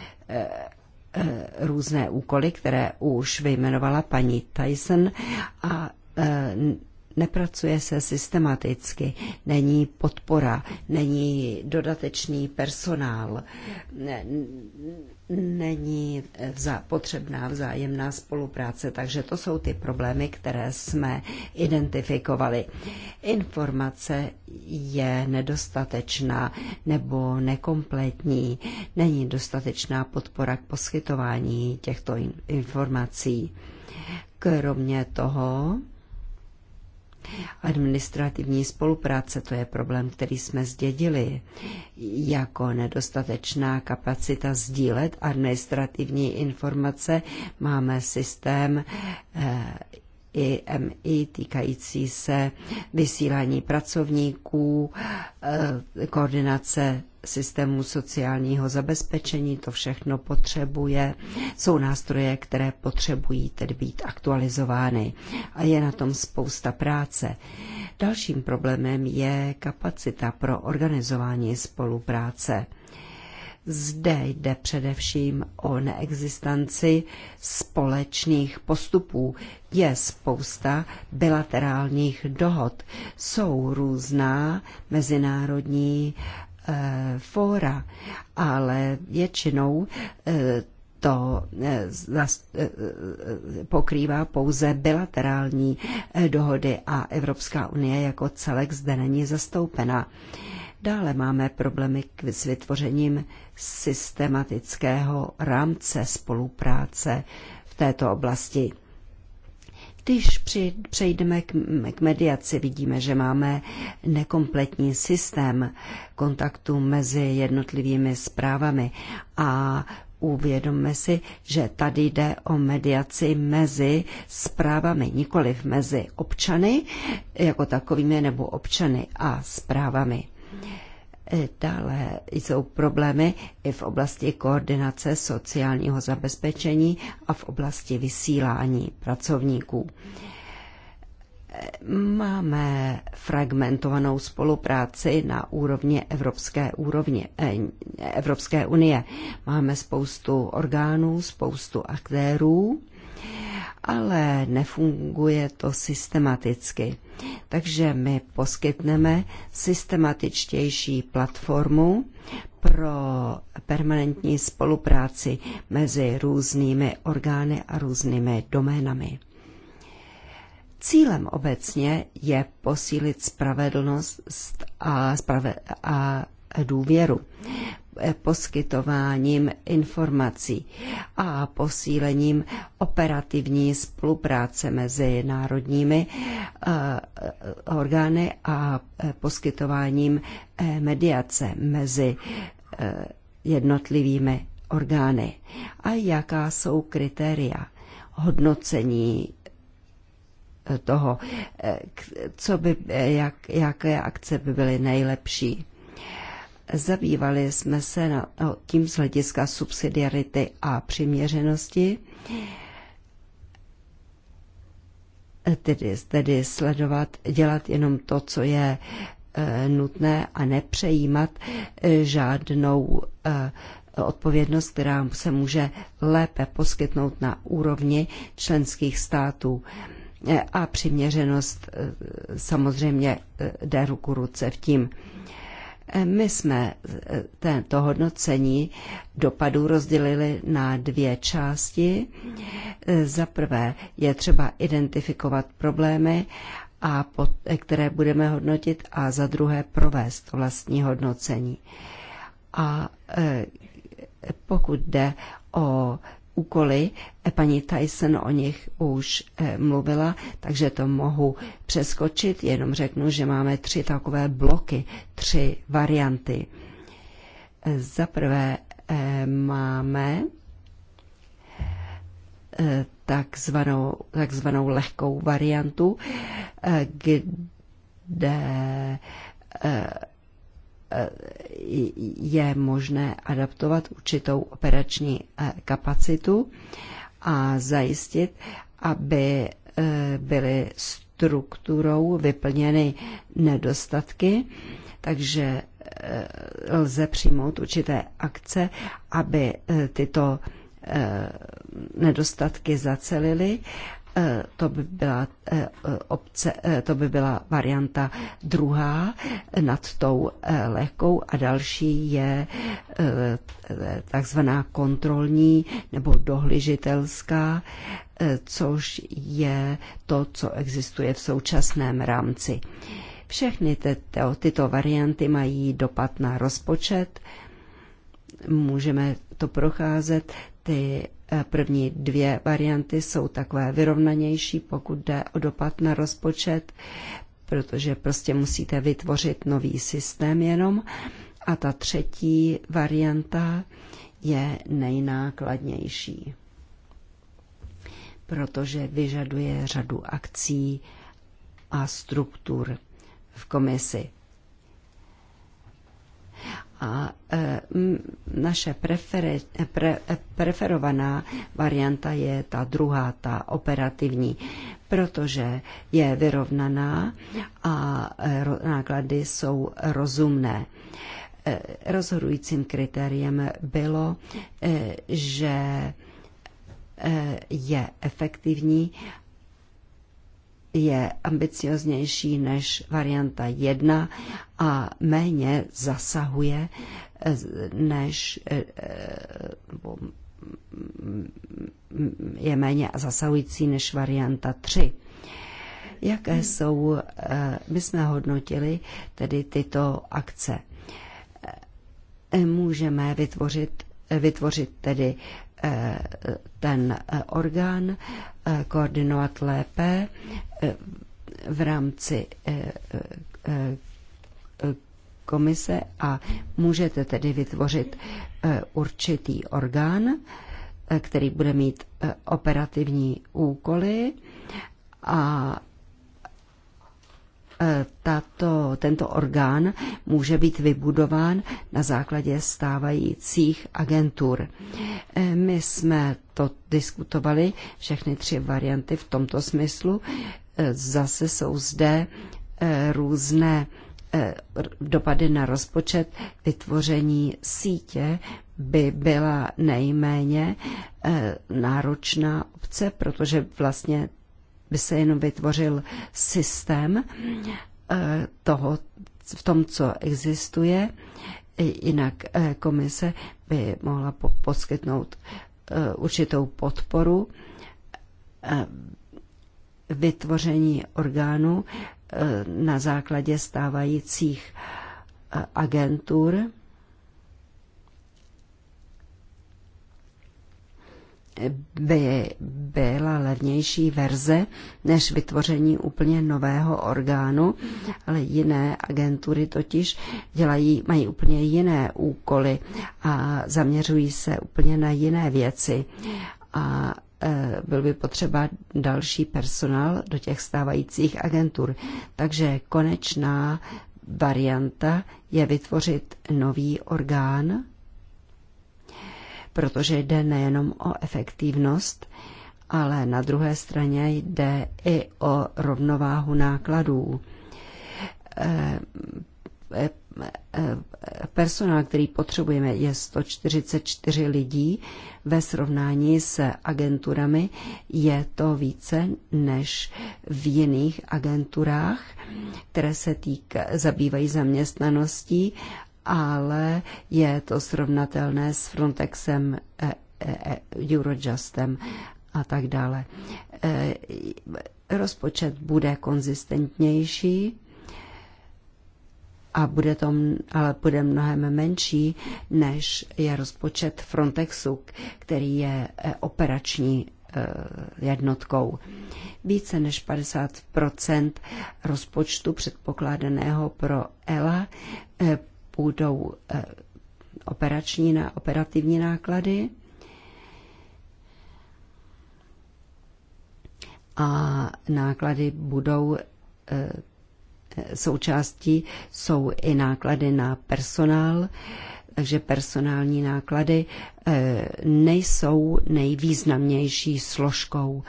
různé úkoly, které už vyjmenovala paní Tyson a Eh, nepracuje se systematicky, není podpora, není dodatečný personál, není potřebná vzájemná spolupráce. Takže to jsou ty problémy, které jsme identifikovali. Informace je nedostatečná nebo nekompletní, není dostatečná podpora k poskytování těchto informací. Kromě toho, Administrativní spolupráce to je problém, který jsme zdědili, jako nedostatečná kapacita sdílet administrativní informace. Máme systém eh, IMI týkající se vysílání pracovníků, eh, koordinace systému sociálního zabezpečení, to všechno potřebuje. Jsou nástroje, které potřebují tedy být aktualizovány a je na tom spousta práce. Dalším problémem je kapacita pro organizování spolupráce. Zde jde především o neexistenci společných postupů. Je spousta bilaterálních dohod. Jsou různá mezinárodní e, fóra, ale většinou e, to eh, pokrývá pouze bilaterální dohody a Evropská unie jako celek zde není zastoupena. E, Dále máme problémy s vytvořením systematického rámce spolupráce v této oblasti. Když přejdeme k, mediaci, vidíme, že máme nekompletní systém kontaktů mezi jednotlivými zprávami a uvědomme si, že tady jde o mediaci mezi zprávami, nikoliv mezi občany jako takovými nebo občany a zprávami. Dále jsou problémy i v oblasti koordinace sociálního zabezpečení a v oblasti vysílání pracovníků. Máme fragmentovanou spolupráci na úrovni Evropské, úrovni. Eh, Evropské unie. Máme spoustu orgánů, spoustu aktérů ale nefunguje to systematicky. Takže my poskytneme systematičtější platformu pro permanentní spolupráci mezi různými orgány a různými doménami. Cílem obecně je posílit spravedlnost a, sprave- a důvěru eh, poskytováním informací a posílením operativní spolupráce mezi národními eh, orgány a eh, poskytováním mediace mezi jednotlivými orgány. A jaká jsou kritéria hodnocení toho, co by, jak, jaké akce by byly nejlepší Zabývali jsme se na, tím z hlediska subsidiarity a přiměřenosti, tedy, tedy sledovat, dělat jenom to, co je e, nutné a nepřejímat e, žádnou e, odpovědnost, která se může lépe poskytnout na úrovni členských států. A přiměřenost samozřejmě jde ruku ruce v tím. My jsme eh, to hodnocení dopadů rozdělili na dvě části. Eh, za prvé je třeba identifikovat problémy, a pod, které budeme hodnotit, a za druhé provést vlastní hodnocení. A eh, pokud jde o úkoly. E, paní Tyson o nich už e, mluvila, takže to mohu přeskočit. Jenom řeknu, že máme tři takové bloky, tři varianty. E, za prvé máme takzvanou, takzvanou lehkou variantu, kde Eh, je možné adaptovat určitou operační eh, kapacitu a zajistit, aby eh, byly strukturou vyplněny nedostatky, takže lze přijmout určité akce, aby tyto nedostatky zacelily Eh, to by byla eh, obce, eh, to by byla varianta druhá nad tou lehkou a další je takzvaná kontrolní nebo dohližitelská, což je to, co existuje v současném rámci. Všechny tyto, tyto varianty mají dopad na rozpočet, můžeme to procházet, ty První dvě varianty jsou takové vyrovnanější, pokud jde o dopad na rozpočet, protože prostě musíte vytvořit nový systém jenom. A ta třetí varianta je nejnákladnější, protože vyžaduje řadu akcí a struktur v komisi. A e, naše pre, preferovaná varianta je ta druhá, ta operativní, protože je vyrovnaná a e, náklady jsou rozumné e, rozhodujícím kritériem bylo, že je efektivní je ambicioznější než varianta 1 a méně zasahuje eh, než eh, eh, je méně zasahující než varianta 3. Jaké jsou, my jsme hodnotili tedy tyto akce. Můžeme vytvořit, vytvořit tedy ten orgán, Eh, koordinovat lépe eh, v rámci eh, komise a můžete tedy vytvořit určitý orgán, který bude mít operativní úkoly a Eh, tato, tento orgán může být vybudován na základě stávajících agentur. Eh, my jsme to diskutovali, všechny tři varianty v tomto smyslu. Eh, zase jsou zde různé dopady na rozpočet. Vytvoření sítě by byla nejméně náročná obce, protože vlastně by se jenom vytvořil systém eh, toho, v tom, co existuje, jinak eh, komise by mohla poskytnout eh, určitou podporu vytvoření orgánu na základě stávajících agentur by byla levnější verze než vytvoření úplně nového orgánu, ale jiné agentury totiž dělají, mají úplně jiné úkoly a zaměřují se úplně na jiné věci. A e, byl by potřeba další personál do těch stávajících agentur. Takže konečná varianta je vytvořit nový orgán, protože jde nejenom o efektivnost, ale na druhé straně jde i o rovnováhu nákladů. Eh, eh, personál, který potřebujeme, je 144 lidí. Ve srovnání s agenturami je to více než v jiných agenturách, které se týk, zabývají zaměstnaností ale je to srovnatelné s Frontexem, e, e, e, Eurojustem a tak dále. Rozpočet bude konzistentnější a bude to, ale bude mnohem menší, než je rozpočet Frontexu, který je operační jednotkou. Více než 50 rozpočtu předpokládaného pro ELA půjdou eh, operační, na operativní náklady. A náklady budou eh, součástí, jsou i náklady na personál, takže personální náklady eh, nejsou nejvýznamnější složkou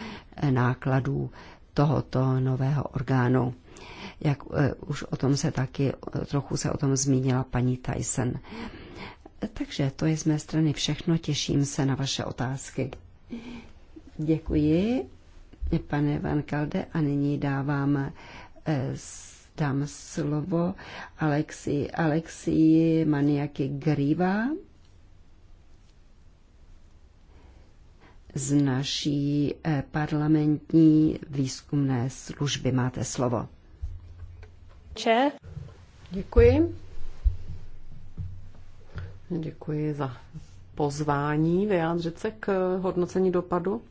nákladů tohoto nového orgánu jak eh, už o tom se taky, eh, trochu se o tom zmínila paní Tyson. Takže to je z mé strany všechno, těším se na vaše otázky. Děkuji, pane Van Kalde, a nyní dávám eh, dám slovo Alexi, Alexi Maniaky Griva z naší parlamentní výzkumné služby. Máte slovo. Če? Děkuji. Děkuji za pozvání vyjádřit se k hodnocení dopadu.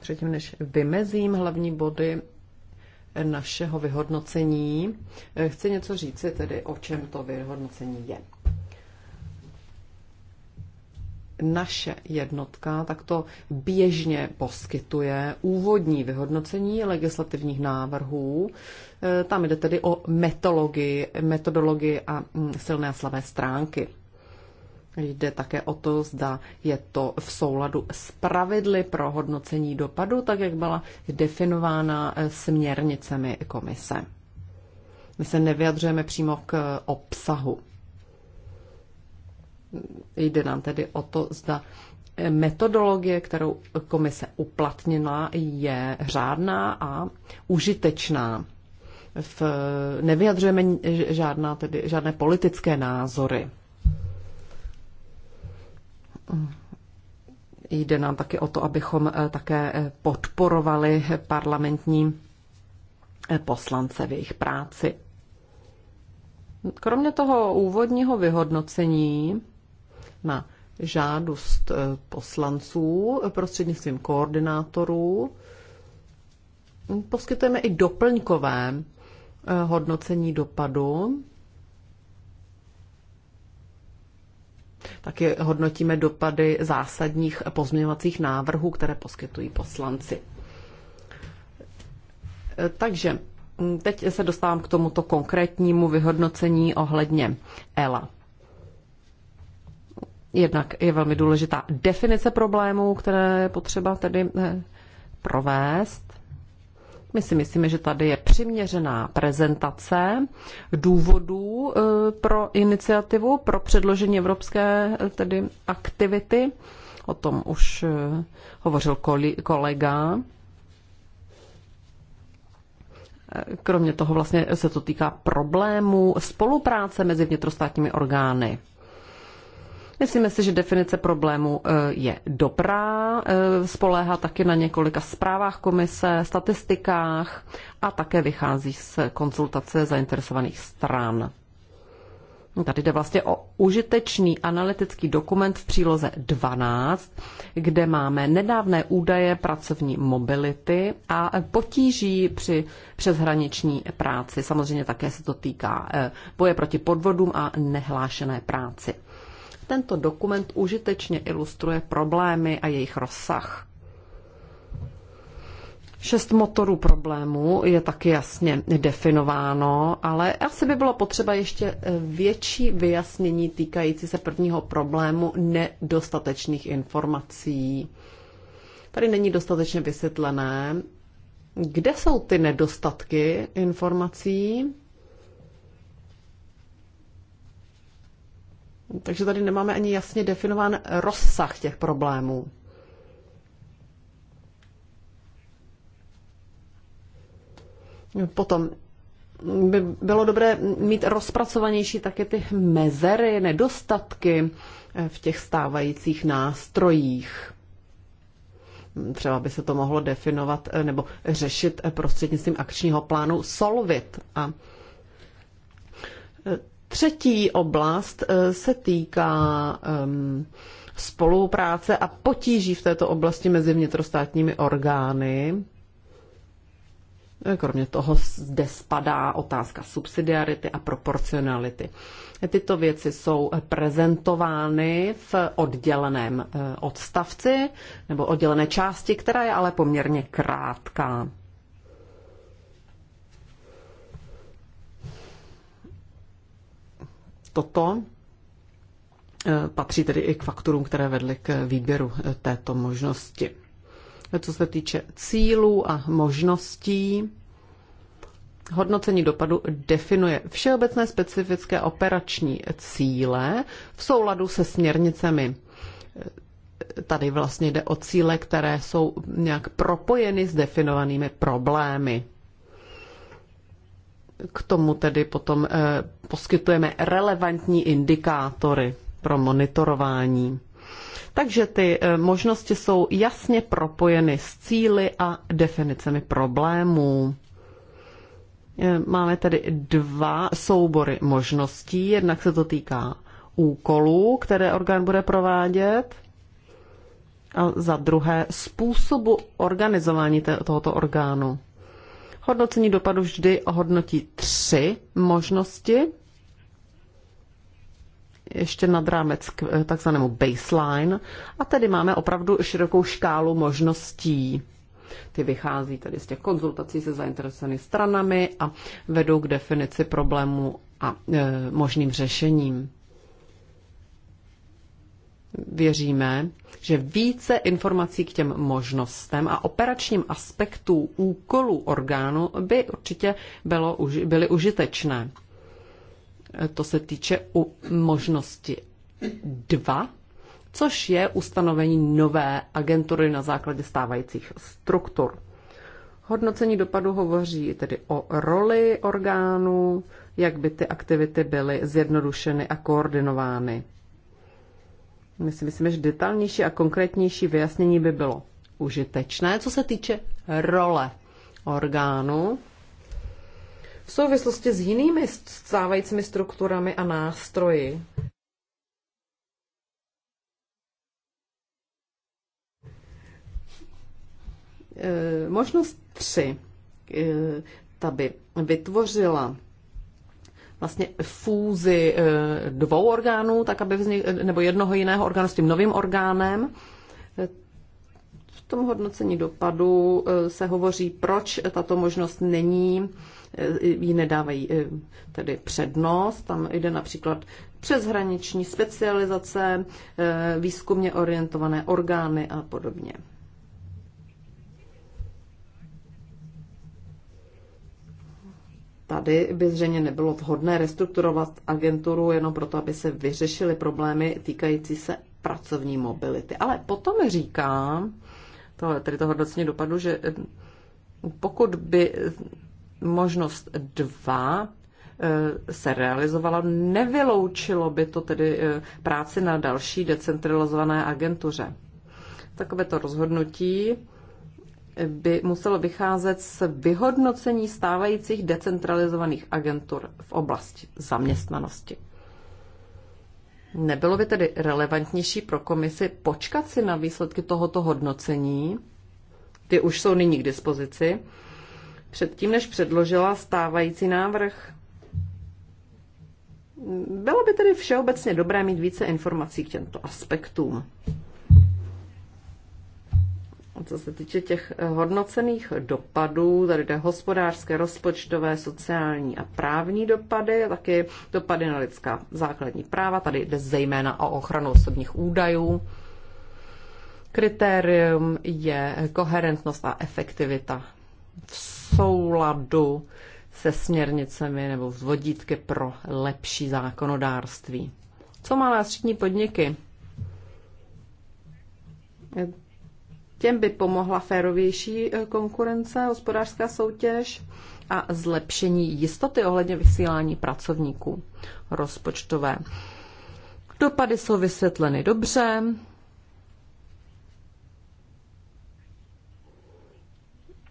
Předtím, než vymezím hlavní body našeho vyhodnocení, chci něco říci tedy, o čem to vyhodnocení je naše jednotka takto běžně poskytuje úvodní vyhodnocení legislativních návrhů. E, tam jde tedy o metodologii, metodologii a mm, silné a slabé stránky. Jde také o to, zda je to v souladu s pravidly pro hodnocení dopadu, tak jak byla definována e, směrnicemi komise. My se nevyjadřujeme přímo k e, obsahu Jde nám tedy o to, zda metodologie, kterou komise uplatnila, je řádná a užitečná. V, nevyjadřujeme žádná, tedy, žádné politické názory. Jde nám taky o to, abychom eh, také eh, podporovali parlamentní eh, poslance v jejich práci. Kromě toho úvodního vyhodnocení na žádost eh, poslanců prostřednictvím koordinátorů. Poskytujeme i doplňkové eh, hodnocení dopadu. Taky hodnotíme dopady zásadních pozměňovacích návrhů, které poskytují poslanci. Eh, takže mm, teď se dostávám k tomuto konkrétnímu vyhodnocení ohledně ELA. Jednak je velmi důležitá definice problémů, které je potřeba tedy eh, provést. My si myslíme, že tady je přiměřená prezentace důvodů eh, pro iniciativu, pro předložení evropské eh, tedy aktivity. O tom už hovořil kolega. Kromě toho vlastně se to týká problémů spolupráce mezi vnitrostátními orgány. Myslíme si, že definice problému e, je dobrá, e, spoléhá taky na několika zprávách komise, statistikách a také vychází z konzultace zainteresovaných stran. Tady jde vlastně o užitečný analytický dokument v příloze 12, kde máme nedávné údaje pracovní mobility a potíží při přeshraniční práci. Samozřejmě také se to týká e, boje proti podvodům a nehlášené práci. Tento dokument užitečně ilustruje problémy a jejich rozsah. Šest motorů problémů je taky jasně definováno, ale asi by bylo potřeba ještě větší vyjasnění týkající se prvního problému nedostatečných informací. Tady není dostatečně vysvětlené, kde jsou ty nedostatky informací Takže tady nemáme ani jasně definován rozsah těch problémů. Potom by bylo dobré mít rozpracovanější také ty mezery, nedostatky v těch stávajících nástrojích. Třeba by se to mohlo definovat eh, nebo řešit eh, prostřednictvím akčního plánu Solvit. A eh, Třetí oblast eh, se týká ehm, spolupráce a potíží v této oblasti mezi vnitrostátními orgány. Eh, kromě toho zde spadá otázka subsidiarity a proporcionality. Tyto věci jsou eh, prezentovány v odděleném odstavci nebo oddělené části, která je ale poměrně krátká. toto eh, patří tedy i k faktorům, které vedly k výběru eh, této možnosti. Co se týče cílů a možností, Hodnocení dopadu definuje všeobecné specifické operační cíle v souladu se směrnicemi. Eh, tady vlastně jde o cíle, které jsou nějak propojeny s definovanými problémy. K tomu tedy potom eh, poskytujeme relevantní indikátory pro monitorování. Takže ty eh, možnosti jsou jasně propojeny s cíly a definicemi problémů. Eh, máme tedy dva soubory možností. Jednak se to týká úkolů, které orgán bude provádět, a za druhé způsobu organizování tohoto orgánu. Hodnocení dopadu vždy hodnotí tři možnosti, ještě nad rámec k eh, takzvanému baseline. A tedy máme opravdu širokou škálu možností. Ty vychází tedy z těch konzultací se zainteresovanými stranami a vedou k definici problému a e, možným řešením. Věříme, že více informací k těm možnostem a operačním aspektům úkolů orgánu by určitě bylo, byly užitečné. To se týče u možnosti 2, což je ustanovení nové agentury na základě stávajících struktur. Hodnocení dopadu hovoří tedy o roli orgánu, jak by ty aktivity byly zjednodušeny a koordinovány. My si myslíme, že detailnější a konkrétnější vyjasnění by bylo užitečné, co se týče role orgánu v souvislosti s jinými stávajícími strukturami a nástroji. E, možnost tři, e, Ta by vytvořila vlastně fúzi eh, dvou orgánů, tak aby vznik, eh, nebo jednoho jiného orgánu s tím novým orgánem. V tom hodnocení dopadu eh, se hovoří, proč tato možnost není, ji nedávají tedy přednost. Tam jde například přeshraniční specializace, výzkumně orientované orgány a podobně. Tady by zřejmě nebylo vhodné restrukturovat agenturu jenom proto, aby se vyřešily problémy týkající se pracovní mobility. Ale potom říkám, to, tedy to hodnocení dopadu, že eh, pokud by eh, možnost dva eh, se realizovala, nevyloučilo by to tedy práci na další decentralizované agentuře. to rozhodnutí by muselo vycházet z vyhodnocení stávajících decentralizovaných agentur v oblasti zaměstnanosti. Nebylo by tedy relevantnější pro komisi počkat si na výsledky tohoto hodnocení, ty už jsou nyní k dispozici, předtím, než předložila stávající návrh? Bylo by tedy všeobecně dobré mít více informací k těmto aspektům co se týče těch eh, hodnocených dopadů, tady jde hospodářské, rozpočtové, sociální a právní dopady, taky dopady na lidská základní práva, tady jde zejména o ochranu osobních údajů. Kritérium je koherentnost a efektivita v souladu se směrnicemi nebo s vodítky pro lepší zákonodárství. Co má a střední podniky? Těm by pomohla férovější e, konkurence, hospodářská soutěž a zlepšení jistoty ohledně vysílání pracovníků rozpočtové. Dopady jsou vysvětleny dobře.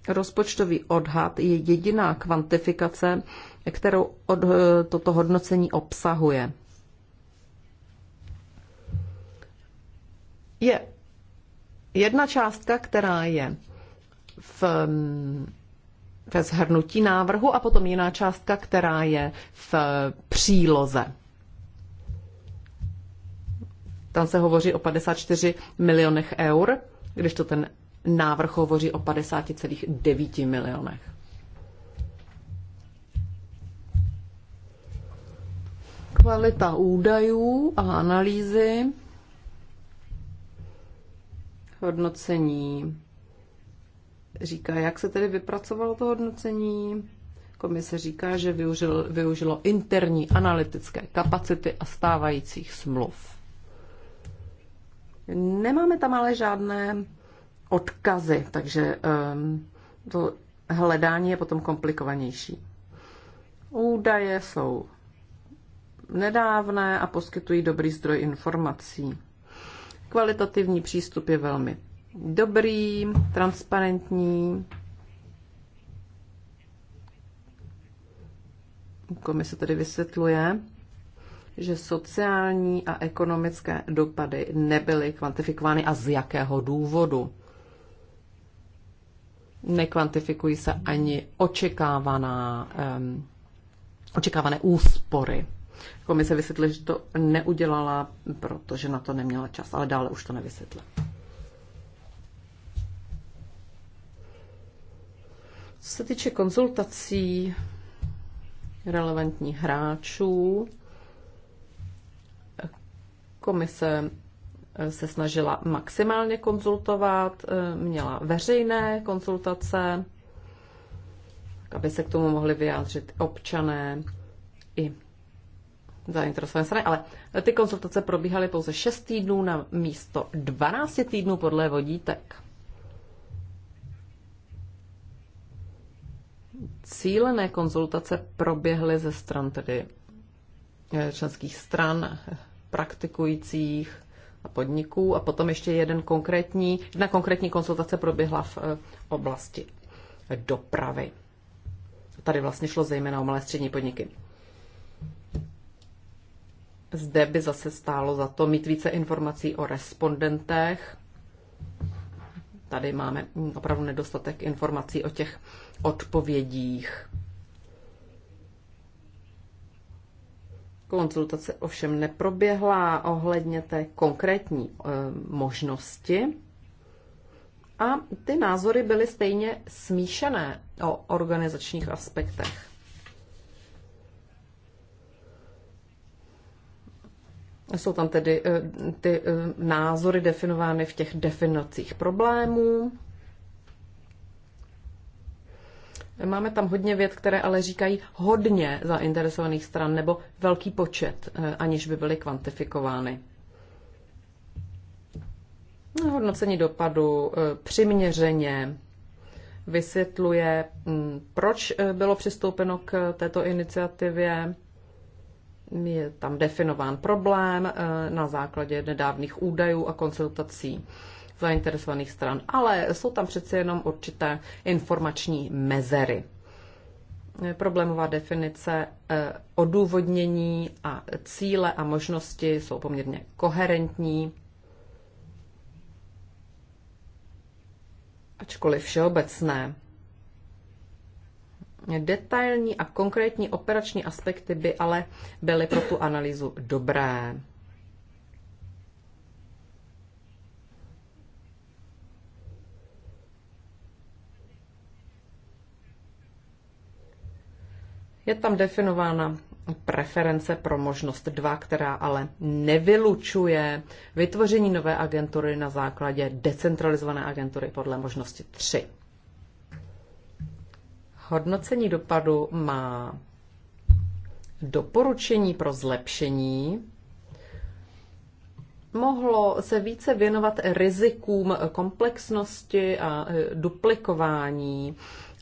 Rozpočtový odhad je jediná kvantifikace, kterou od, e, toto hodnocení obsahuje. Je Jedna částka, která je v, mm, ve zhrnutí návrhu a potom jiná částka, která je v příloze. Tam se hovoří o 54 milionech eur, když to ten návrh hovoří o 50,9 milionech. Kvalita údajů a analýzy hodnocení říká, jak se tedy vypracovalo to hodnocení. Komise říká, že využil, využilo interní analytické kapacity a stávajících smluv. Nemáme tam ale žádné odkazy, takže um, to hledání je potom komplikovanější. Údaje jsou nedávné a poskytují dobrý zdroj informací. Kvalitativní přístup je velmi dobrý, transparentní. Komise tedy vysvětluje, že sociální a ekonomické dopady nebyly kvantifikovány a z jakého důvodu. Nekvantifikují se ani očekávaná, um, očekávané úspory Komise vysvětlila, že to neudělala, protože na to neměla čas, ale dále už to nevysvětlila. Co se týče konzultací relevantních hráčů, komise se snažila maximálně konzultovat, měla veřejné konzultace, aby se k tomu mohli vyjádřit občané i zainteresované strany, ale ty konzultace probíhaly pouze 6 týdnů na místo 12 týdnů podle vodítek. Cílené konzultace proběhly ze stran tedy eh, členských stran, eh, praktikujících a podniků a potom ještě jeden konkrétní, jedna konkrétní konzultace proběhla v eh, oblasti dopravy. Tady vlastně šlo zejména o malé střední podniky. Zde by zase stálo za to mít více informací o respondentech. Tady máme opravdu nedostatek informací o těch odpovědích. Konzultace ovšem neproběhla ohledně té konkrétní e, možnosti a ty názory byly stejně smíšené o organizačních aspektech. Jsou tam tedy eh, ty eh, názory definovány v těch definacích problémů. Máme tam hodně věd, které ale říkají hodně zainteresovaných stran nebo velký počet, eh, aniž by byly kvantifikovány. No, hodnocení dopadu přiměřeně vysvětluje, hm, proč bylo přistoupeno k této iniciativě je tam definován problém eh, na základě nedávných údajů a konzultací zainteresovaných stran, ale jsou tam přece jenom určité informační mezery. Eh, problémová definice eh, odůvodnění a cíle a možnosti jsou poměrně koherentní, ačkoliv všeobecné. Detailní a konkrétní operační aspekty by ale byly pro tu analýzu dobré. Je tam definována preference pro možnost 2, která ale nevylučuje vytvoření nové agentury na základě decentralizované agentury podle možnosti 3. Hodnocení dopadu má doporučení pro zlepšení. Mohlo se více věnovat rizikům komplexnosti a e, duplikování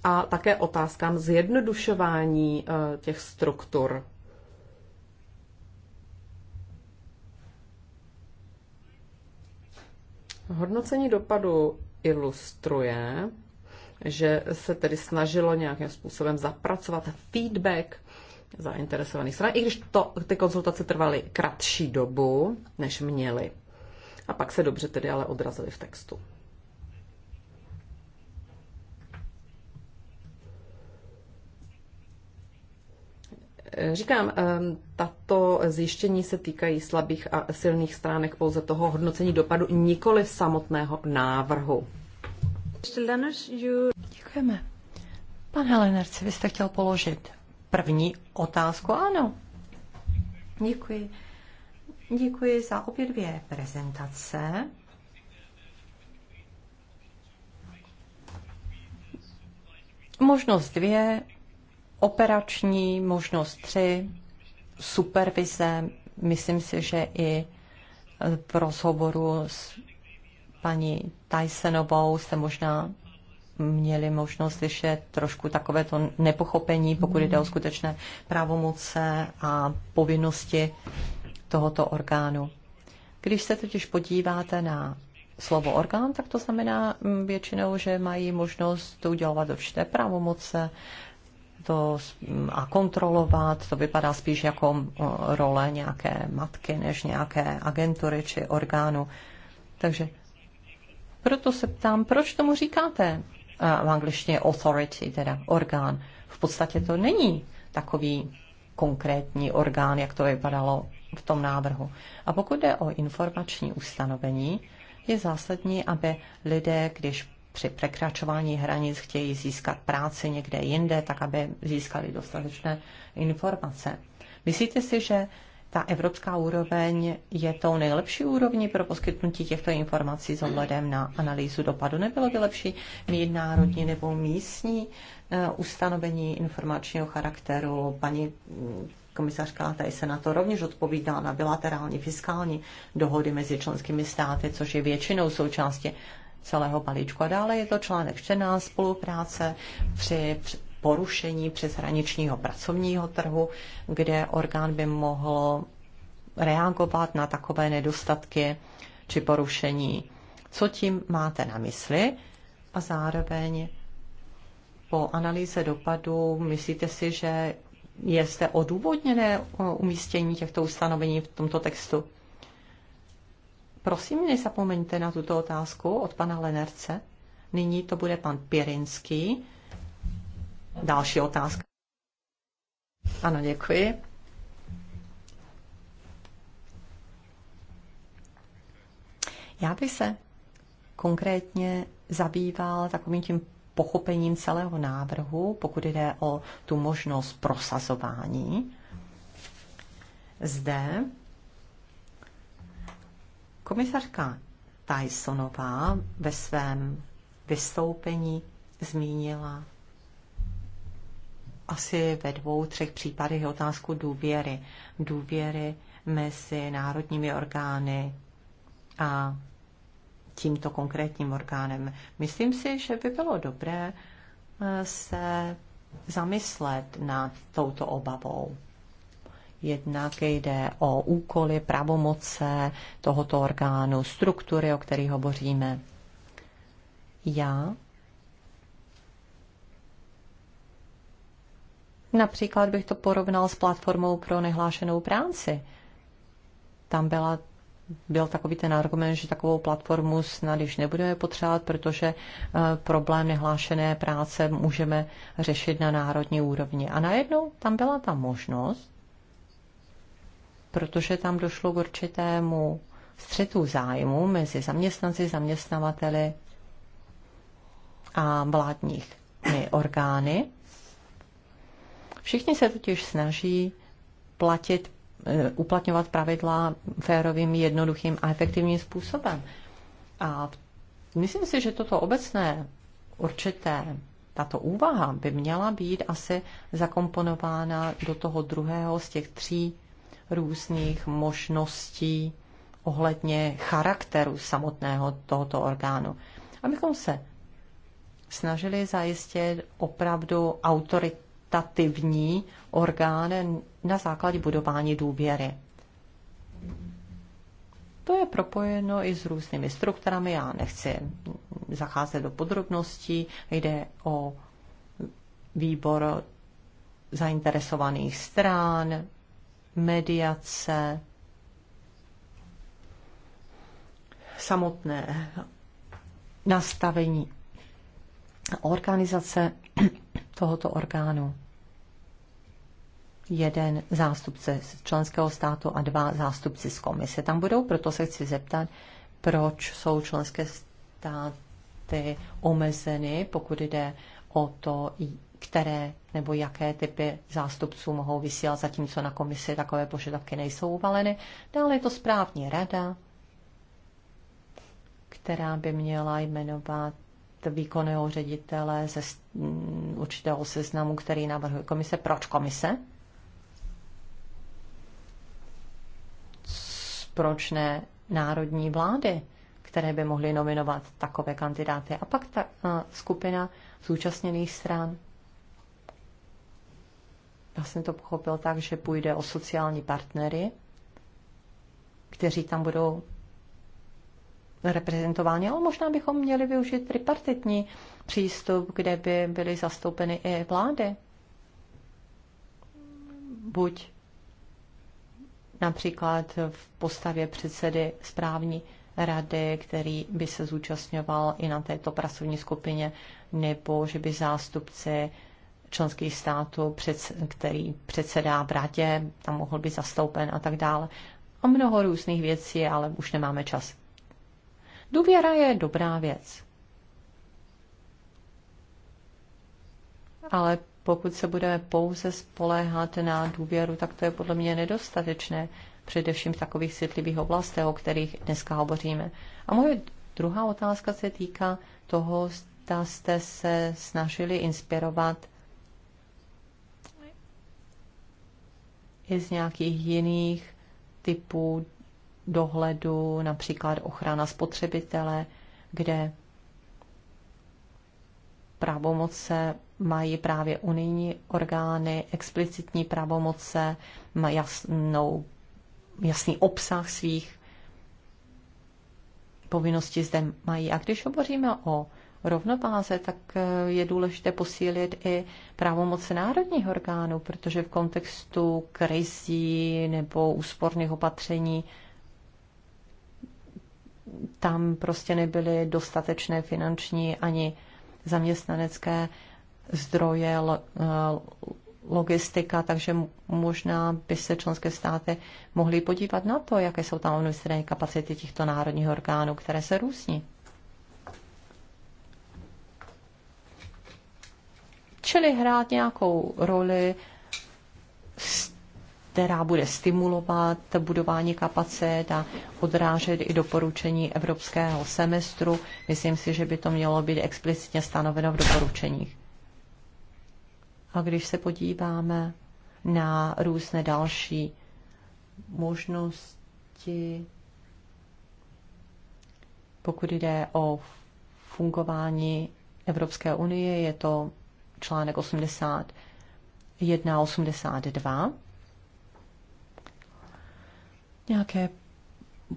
a také otázkám zjednodušování e, těch struktur. Hodnocení dopadu ilustruje, že se tedy snažilo nějakým způsobem zapracovat feedback zainteresovaných stran, i když to, ty konzultace trvaly kratší dobu, než měly. A pak se dobře tedy ale odrazily v textu. Říkám, ehm, tato zjištění se týkají slabých a silných stránek pouze toho hodnocení dopadu, nikoli samotného návrhu. Děkujeme. Pan Helenerci, vy jste chtěl položit první otázku? Ano. Děkuji. Děkuji za obě dvě prezentace. Možnost dvě, operační, možnost tři, supervize. Myslím si, že i v rozhovoru s paní Tysonovou jste možná měli možnost slyšet trošku takové to nepochopení, pokud jde o skutečné právomoce a povinnosti tohoto orgánu. Když se totiž podíváte na slovo orgán, tak to znamená mm, většinou, že mají možnost to udělovat určité právomoce to mm, a kontrolovat. To vypadá spíš jako mm, role nějaké matky než nějaké agentury či orgánu. Takže proto se ptám, proč tomu říkáte v angličtině authority, teda orgán. V podstatě to není takový konkrétní orgán, jak to vypadalo v tom návrhu. A pokud jde o informační ustanovení, je zásadní, aby lidé, když při překračování hranic chtějí získat práci někde jinde, tak aby získali dostatečné informace. Myslíte si, že ta evropská úroveň je tou nejlepší úrovní pro poskytnutí těchto informací s ohledem na analýzu dopadu. Nebylo by lepší mít národní nebo místní eh, ustanovení informačního charakteru. Paní mm, komisařka tady se na to rovněž odpovídá na bilaterální fiskální dohody mezi členskými státy, což je většinou součástí celého balíčku. A dále je to článek 14 spolupráce při porušení přeshraničního pracovního trhu, kde orgán by mohl reagovat na takové nedostatky či porušení. Co tím máte na mysli? A zároveň po analýze dopadu myslíte si, že je zde odůvodněné eh, umístění těchto ustanovení v tomto textu? Prosím, nezapomeňte na tuto otázku od pana Lenerce. Nyní to bude pan Pěrinský Další otázka. Ano, děkuji. Já bych se konkrétně zabýval takovým tím pochopením celého návrhu, pokud jde o tu možnost prosazování. Zde komisařka Tysonová ve svém vystoupení zmínila asi ve dvou, třech případech je otázku důvěry. Důvěry mezi národními orgány a tímto konkrétním orgánem. Myslím si, že by bylo dobré eh, se zamyslet nad touto obavou. Jednak jde o úkoly, pravomoce tohoto orgánu, struktury, o kterých hovoříme. Já Například bych to porovnal s platformou pro nehlášenou práci. Tam byla, byl takový ten argument, že takovou platformu snad již nebudeme potřebovat, protože eh, problém nehlášené práce můžeme řešit na národní úrovni. A najednou tam byla ta možnost, protože tam došlo k určitému střetu zájmu mezi zaměstnanci, zaměstnavateli a vládních orgány. Všichni se totiž snaží platit, eh, uplatňovat pravidla férovým, jednoduchým a efektivním způsobem. A myslím si, že toto obecné určité tato úvaha by měla být asi zakomponována do toho druhého z těch tří různých možností ohledně charakteru samotného tohoto orgánu. Abychom se snažili zajistit opravdu autoritu, autoritativní orgán na základě budování důvěry. To je propojeno i s různými strukturami, já nechci zacházet do podrobností, jde o výbor zainteresovaných strán, mediace, samotné nastavení organizace tohoto orgánu jeden zástupce z členského státu a dva zástupci z komise tam budou, proto se chci zeptat, proč jsou členské státy omezeny, pokud jde o to, které nebo jaké typy zástupců mohou vysílat, zatímco na komisi takové požadavky nejsou uvaleny. Dále je to správní rada, která by měla jmenovat výkonného ředitele ze určitého seznamu, který navrhuje komise. Proč komise? proč ne národní vlády, které by mohly nominovat takové kandidáty. A pak ta uh, skupina zúčastněných stran. Já jsem to pochopil tak, že půjde o sociální partnery, kteří tam budou reprezentováni, ale možná bychom měli využít tripartitní přístup, kde by byly zastoupeny i vlády. Buď například v postavě předsedy správní rady, který by se zúčastňoval i na této pracovní skupině, nebo že by zástupci členských států, který předsedá v radě, tam mohl být zastoupen a tak dále. A mnoho různých věcí, ale už nemáme čas. Důvěra je dobrá věc. Ale pokud se budeme pouze spoléhat na důvěru, tak to je podle mě nedostatečné, především v takových citlivých oblastech, o kterých dneska hovoříme. A moje druhá otázka se týká toho, zda jste se snažili inspirovat i z nějakých jiných typů dohledu, například ochrana spotřebitele, kde se mají právě unijní orgány explicitní pravomoce, mají jasnou, jasný obsah svých povinností zde mají. A když hovoříme o rovnováze, tak eh, je důležité posílit i právomoce národních orgánů, protože v kontextu krizí nebo úsporných opatření tam prostě nebyly dostatečné finanční ani zaměstnanecké zdroje, eh, logistika, takže možná by se členské státy mohly podívat na to, jaké jsou tam administrativní kapacity těchto národních orgánů, které se různí. Čili hrát nějakou roli, která bude stimulovat budování kapacit a odrážet i doporučení evropského semestru. Myslím si, že by to mělo být explicitně stanoveno v doporučeních. A když se podíváme na různé další možnosti, pokud jde o fungování Evropské unie, je to článek 81 82. Nějaké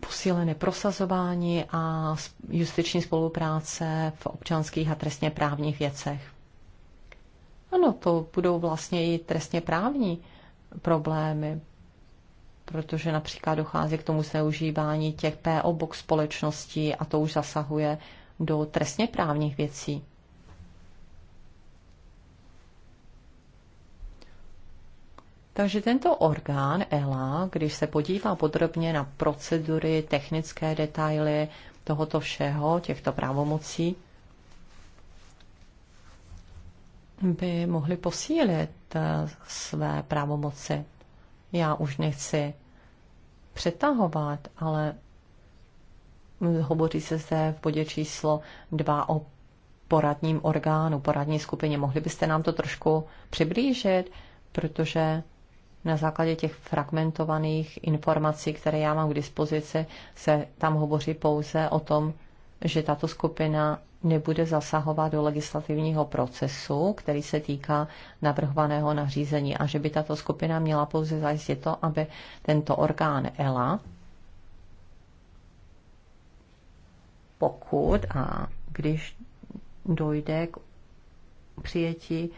posílené prosazování a justiční spolupráce v občanských a trestně právních věcech. Ano, to budou vlastně i trestně právní problémy, protože například dochází k tomu zneužívání těch PO box společností a to už zasahuje do trestně právních věcí. Takže tento orgán ELA, když se podívá podrobně na procedury, technické detaily tohoto všeho, těchto právomocí, by mohli posílit eh, své právomoci. Já už nechci přetahovat, ale hovoří se zde v bodě číslo 2 o poradním orgánu, poradní skupině. Mohli byste nám to trošku přiblížit, protože na základě těch fragmentovaných informací, které já mám k dispozici, se tam hovoří pouze o tom, že tato skupina nebude zasahovat do legislativního procesu, který se týká navrhovaného nařízení a že by tato skupina měla pouze zajistit to, aby tento orgán ELA, pokud a když dojde k přijetí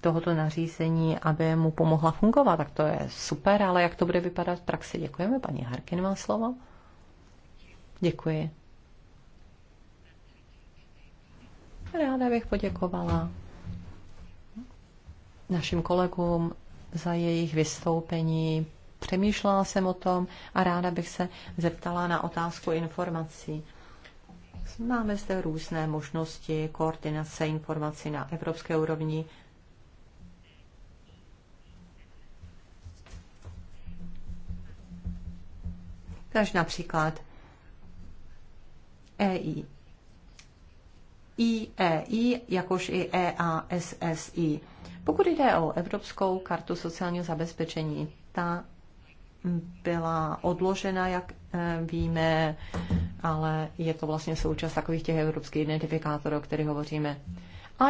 tohoto nařízení, aby mu pomohla fungovat. Tak to je super, ale jak to bude vypadat v praxi? Děkujeme, paní Harkin má slovo. Děkuji. Ráda bych poděkovala našim kolegům za jejich vystoupení. Přemýšlela jsem o tom a ráda bych se zeptala na otázku informací. Máme zde různé možnosti koordinace informací na evropské úrovni. Takže například EI, IEI, e jakož i EASSI. Pokud jde o Evropskou kartu sociálního zabezpečení, ta byla odložena, jak eh, víme, ale je to vlastně součást takových těch evropských identifikátorů, o kterých hovoříme.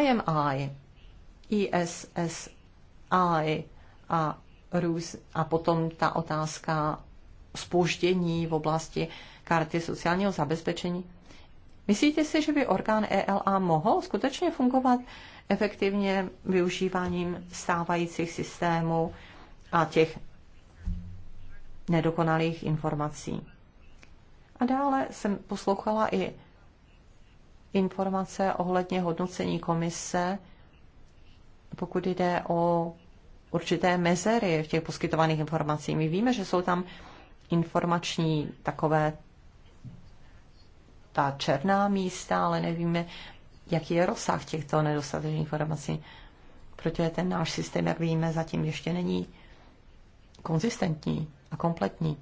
IMI, ISSI a, růz, a potom ta otázka spoždění v oblasti karty sociálního zabezpečení. Myslíte si, že by orgán ELA mohl skutečně fungovat efektivně využíváním stávajících systémů a těch nedokonalých informací? A dále jsem poslouchala i informace ohledně hodnocení komise, pokud jde o určité mezery v těch poskytovaných informacích. My víme, že jsou tam informační takové ta černá místa, ale nevíme, jaký je rozsah těchto nedostatečných informací, protože ten náš systém, jak víme, zatím ještě není konzistentní a kompletní.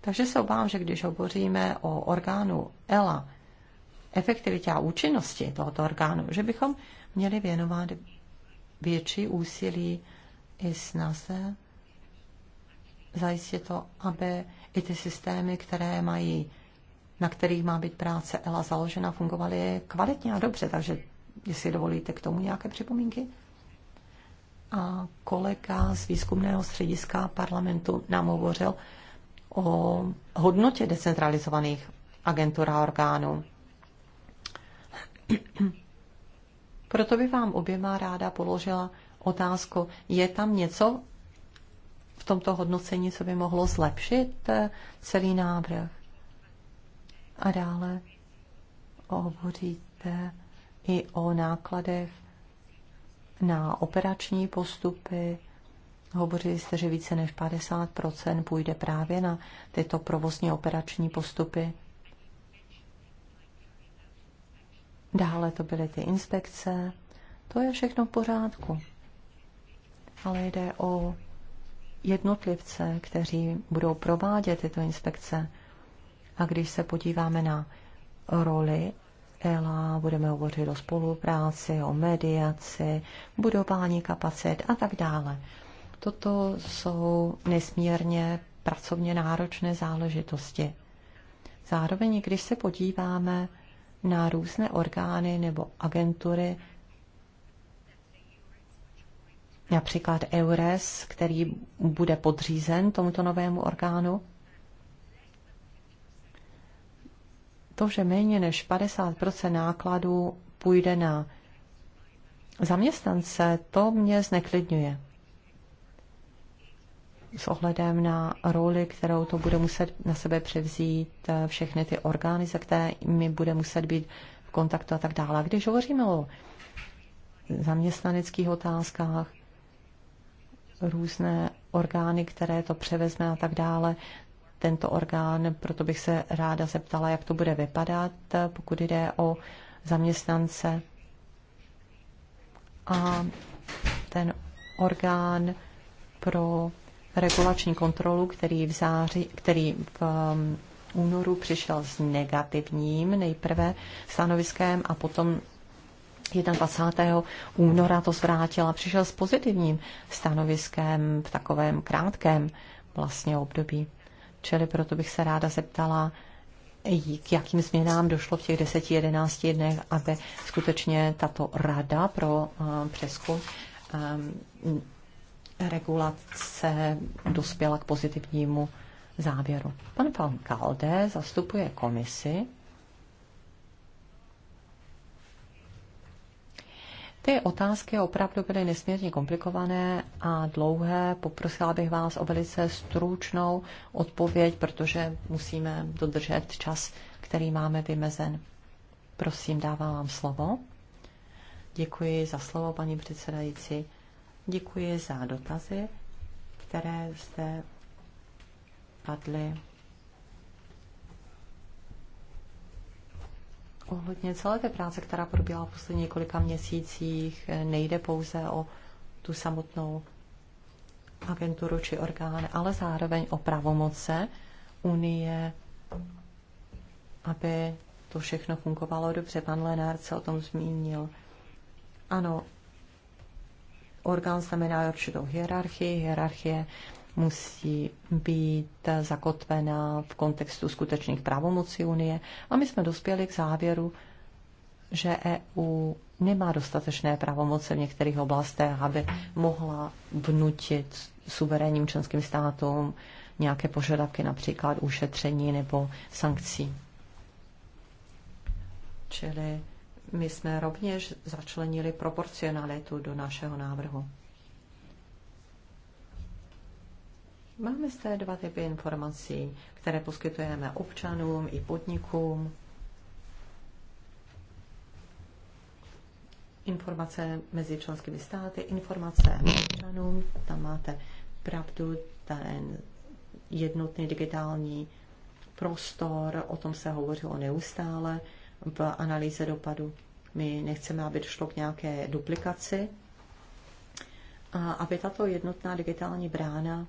Takže se obávám, že když hovoříme o orgánu ELA, efektivitě a účinnosti tohoto orgánu, že bychom měli věnovat větší úsilí i snaze zajistit to, aby i ty systémy, které mají na kterých má být práce ELA založena, fungovaly kvalitně a dobře. Takže jestli dovolíte k tomu nějaké připomínky? A kolega z výzkumného střediska parlamentu nám hovořil o hodnotě decentralizovaných agentur a orgánů. Proto by vám oběma ráda položila otázku, je tam něco v tomto hodnocení, co by mohlo zlepšit eh, celý návrh? A dále hovoříte i o nákladech na operační postupy. Hovořili jste, že více než 50 půjde právě na tyto provozní operační postupy. Dále to byly ty inspekce. To je všechno v pořádku. Ale jde o jednotlivce, kteří budou provádět tyto inspekce. A když se podíváme na roli ELA, budeme hovořit o spolupráci, o mediaci, budování kapacit a tak dále. Toto jsou nesmírně pracovně náročné záležitosti. Zároveň, když se podíváme na různé orgány nebo agentury, například EURES, který bude podřízen tomuto novému orgánu, to, že méně než 50 nákladů půjde na zaměstnance, to mě zneklidňuje. S ohledem na roli, kterou to bude muset na sebe převzít eh, všechny ty orgány, se kterými bude muset být v kontaktu a tak dále. Když hovoříme o zaměstnaneckých otázkách, různé orgány, které to převezme a tak dále, tento orgán, proto bych se ráda zeptala, jak to bude vypadat, pokud jde o zaměstnance. A ten orgán pro regulační kontrolu, který v, září, který v um, únoru přišel s negativním nejprve stanoviskem a potom 21. února to zvrátil a přišel s pozitivním stanoviskem v takovém krátkém vlastně období. Čili proto bych se ráda zeptala, k jakým změnám došlo v těch 10-11 dnech, aby skutečně tato rada pro eh, přeskum um, regulace dospěla k pozitivnímu závěru. Pan Van Kalde zastupuje komisi Ty otázky opravdu byly nesmírně komplikované a dlouhé. Poprosila bych vás o velice stručnou odpověď, protože musíme dodržet čas, který máme vymezen. Prosím, dávám vám slovo. Děkuji za slovo, paní předsedající. Děkuji za dotazy, které jste padly. ohledně celé té práce, která probíhala v posledních několika měsících, nejde pouze o tu samotnou agenturu či orgán, ale zároveň o pravomoce Unie, aby to všechno fungovalo dobře. Pan Lenár se o tom zmínil. Ano, orgán znamená určitou hierarchii, hierarchie musí být zakotvená v kontextu skutečných pravomocí Unie. A my jsme dospěli k závěru, že EU nemá dostatečné pravomoce v některých oblastech, aby mohla vnutit suverénním členským státům nějaké požadavky, například ušetření nebo sankcí. Čili my jsme rovněž začlenili proporcionalitu do našeho návrhu. Máme zde dva typy informací, které poskytujeme občanům i podnikům. Informace mezi členskými státy, informace občanům, tam máte pravdu, ten jednotný digitální prostor, o tom se hovořilo neustále v analýze dopadu. My nechceme, aby došlo k nějaké duplikaci a aby tato jednotná digitální brána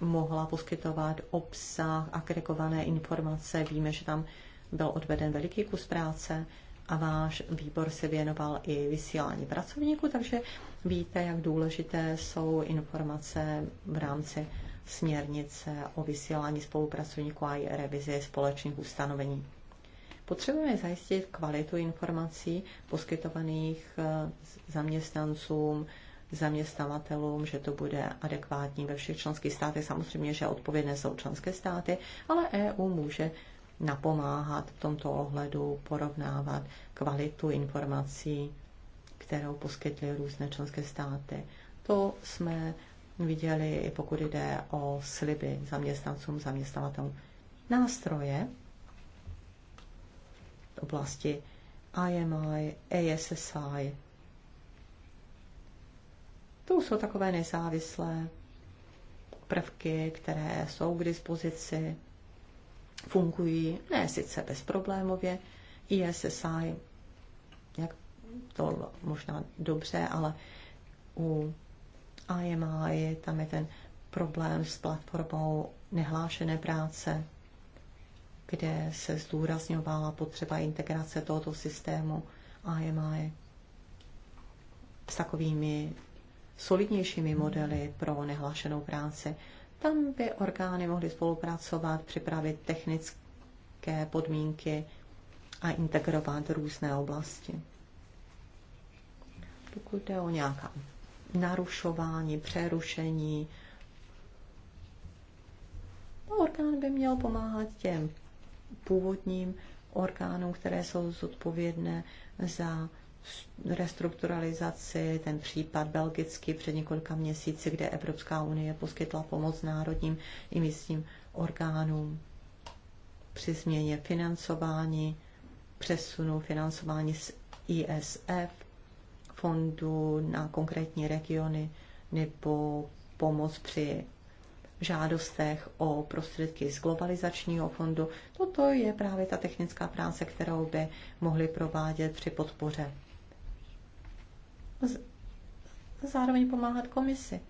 mohla poskytovat obsah, agregované informace. Víme, že tam byl odveden veliký kus práce a váš výbor se věnoval i vysílání pracovníků, takže víte, jak důležité jsou informace v rámci směrnice o vysílání spolupracovníků a i revizi společných ustanovení. Potřebujeme zajistit kvalitu informací poskytovaných eh, zaměstnancům, zaměstnavatelům, že to bude adekvátní ve všech členských státech. Samozřejmě, že odpovědné jsou členské státy, ale EU může napomáhat v tomto ohledu, porovnávat kvalitu informací, kterou poskytly různé členské státy. To jsme viděli, i pokud jde o sliby zaměstnancům, zaměstnavatelům. Nástroje v oblasti IMI, ASSI, to už jsou takové nezávislé prvky, které jsou k dispozici, fungují, ne sice bezproblémově, ISSI, jak to možná dobře, ale u IMI tam je ten problém s platformou nehlášené práce, kde se zdůrazňovala potřeba integrace tohoto systému IMI s takovými solidnějšími modely pro nehlášenou práci. Tam by orgány mohly spolupracovat, připravit technické podmínky a integrovat různé oblasti. Pokud jde o nějaká narušování, přerušení, no, orgán by měl pomáhat těm původním orgánům, které jsou zodpovědné za restrukturalizaci, ten případ belgický před několika měsíci, kde Evropská unie poskytla pomoc národním i místním orgánům při změně financování, přesunu financování z ISF fondu na konkrétní regiony nebo pomoc při žádostech o prostředky z globalizačního fondu. Toto je právě ta technická práce, kterou by mohli provádět při podpoře zároveň pomáhat komisi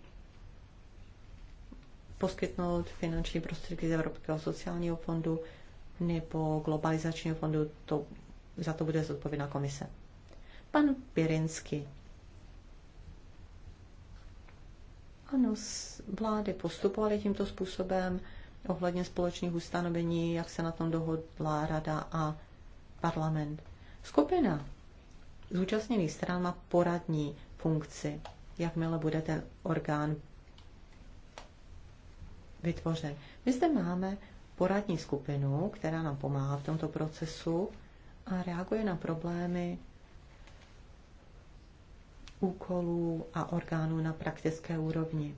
poskytnout finanční prostředky z Evropského sociálního fondu nebo globalizačního fondu, to, za to bude zodpovědná komise. Pan Pirinsky. Ano, vlády postupovaly tímto způsobem ohledně společných ustanovení, jak se na tom dohodla Rada a parlament. Skupina zúčastněných stran má poradní funkci, jakmile bude ten orgán vytvořen. My zde máme poradní skupinu, která nám pomáhá v tomto procesu a reaguje na problémy úkolů a orgánů na praktické úrovni.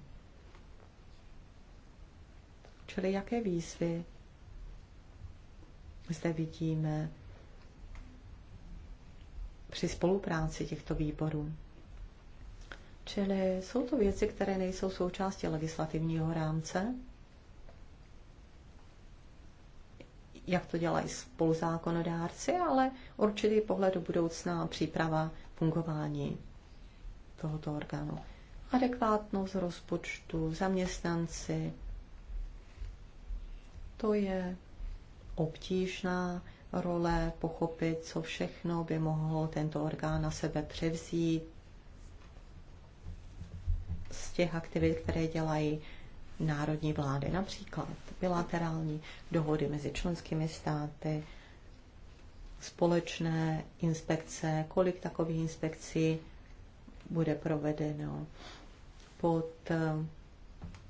Čili jaké výzvy zde vidíme při spolupráci těchto výborů. Čili jsou to věci, které nejsou součástí legislativního rámce, jak to dělají spoluzákonodárci, ale určitý pohled do budoucna příprava fungování tohoto orgánu. Adekvátnost rozpočtu, zaměstnanci, to je obtížná role, pochopit, co všechno by mohlo tento orgán na sebe převzít z těch aktivit, které dělají národní vlády, například bilaterální dohody mezi členskými státy, společné inspekce, kolik takových inspekcí bude provedeno pod eh,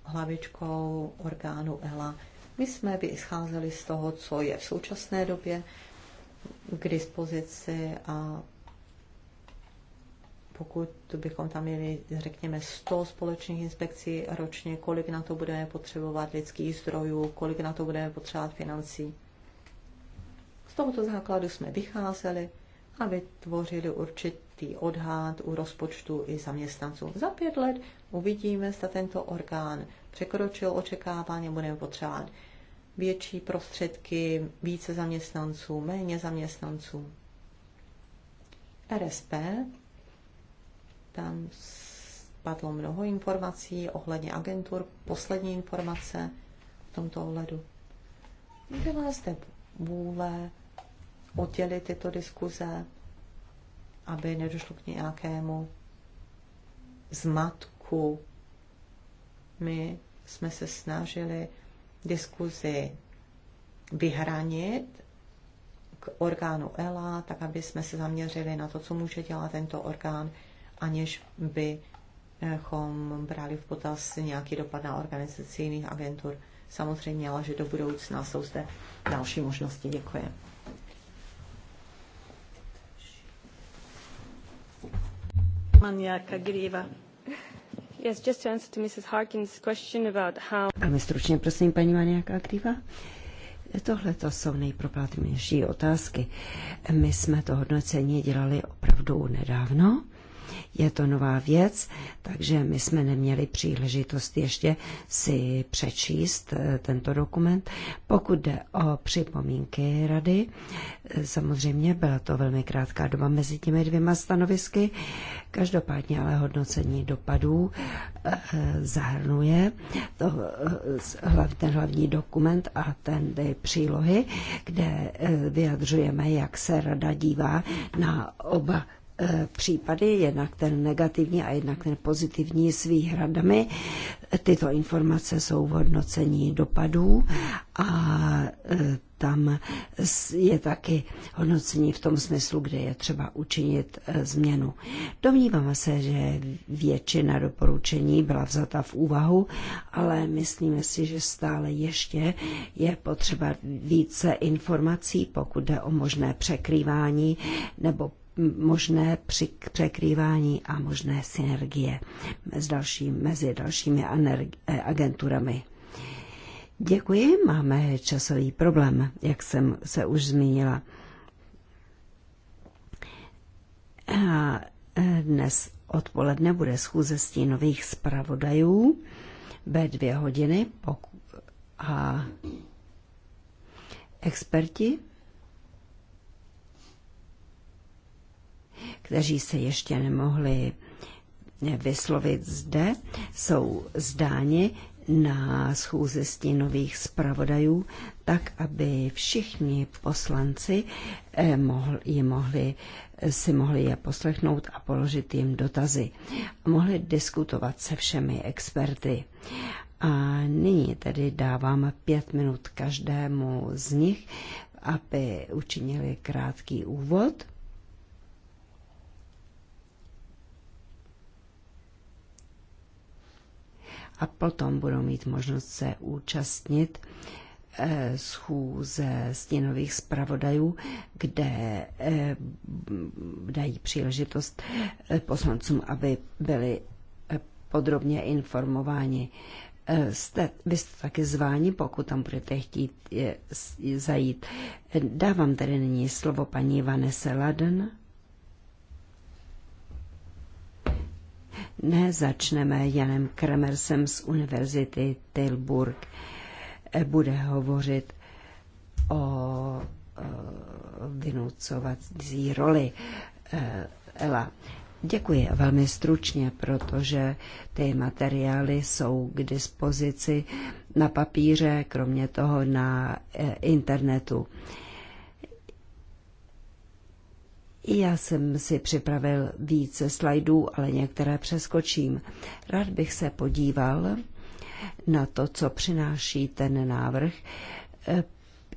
hlavičkou orgánu ELA my jsme vycházeli z toho, co je v současné době k dispozici a pokud bychom tam měli, řekněme, 100 společných inspekcí ročně, kolik na to budeme potřebovat lidských zdrojů, kolik na to budeme potřebovat financí. Z tohoto základu jsme vycházeli a vytvořili určitý odhad u rozpočtu i zaměstnanců. Za pět let uvidíme, zda tento orgán překročil očekávání, budeme potřebovat větší prostředky, více zaměstnanců, méně zaměstnanců. RSP, tam spadlo mnoho informací ohledně agentur, poslední informace v tomto ohledu. Byla zde vůle oddělit tyto diskuze, aby nedošlo k nějakému zmatku. My jsme se snažili diskuzi vyhranit k orgánu ELA, tak aby jsme se zaměřili na to, co může dělat tento orgán, aniž bychom brali v potaz nějaký dopad na organizaci jiných agentur. Samozřejmě, ale že do budoucna jsou zde další možnosti. Děkuji. nějaká Griva. Yes, just to answer to Mrs. Harkin's question about how... stručně, prosím, paní Maniáka Krýva. Tohle to jsou nejproplatnější otázky. My jsme to hodnocení dělali opravdu nedávno je to nová věc, takže my jsme neměli příležitost ještě si přečíst eh, tento dokument. Pokud jde o připomínky rady, eh, samozřejmě byla to velmi krátká doba mezi těmi dvěma stanovisky, každopádně ale hodnocení dopadů eh, zahrnuje to, ten hlavní dokument a ten přílohy, kde vyjadřujeme, jak se rada dívá na oba případy, jednak ten negativní a jednak ten pozitivní s výhradami. Tyto informace jsou v hodnocení dopadů a e, tam je taky hodnocení v tom smyslu, kde je třeba učinit e, změnu. Domníváme se, že většina doporučení byla vzata v úvahu, ale myslíme si, že stále ještě je potřeba více informací, pokud jde o možné překrývání nebo možné překrývání a možné synergie s další, mezi dalšími eh, agenturami. Děkuji, máme časový problém, jak jsem se už zmínila. A eh, dnes odpoledne bude schůze stínových zpravodajů ve dvě hodiny a experti kteří se ještě nemohli vyslovit zde, jsou zdáni na schůzi stínových zpravodajů, tak aby všichni poslanci eh, je mohli, si mohli je poslechnout a položit jim dotazy. mohli diskutovat se všemi experty. A nyní tedy dávám pět minut každému z nich, aby učinili krátký úvod – a potom budou mít možnost se účastnit eh, schůze stěnových zpravodajů, kde eh, dají příležitost eh, poslancům, aby byli podrobně informováni. Jste, vy jste taky zváni, pokud tam budete chtít je, je, zajít. Dávám tedy nyní slovo paní Vanese Laden Ne, začneme Janem Kremersem z Univerzity Tilburg. Bude hovořit o eh, vynucovací roli eh, Ela. Děkuji velmi stručně, protože ty materiály jsou k dispozici na papíře, kromě toho na eh, internetu. Já jsem si připravil více slajdů, ale některé přeskočím. Rád bych se podíval na to, co přináší ten návrh eh,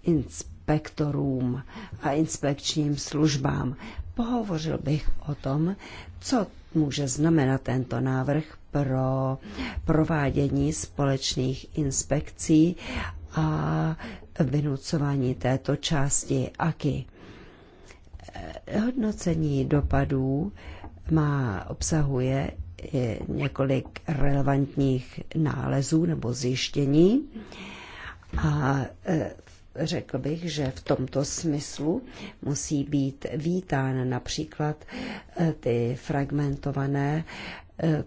inspektorům a inspekčním službám. Pohovořil bych o tom, co může znamenat tento návrh pro provádění společných inspekcí a vynucování této části AKI. Hodnocení dopadů má, obsahuje několik relevantních nálezů nebo zjištění a e, řekl bych, že v tomto smyslu musí být vítán například e, ty fragmentované e,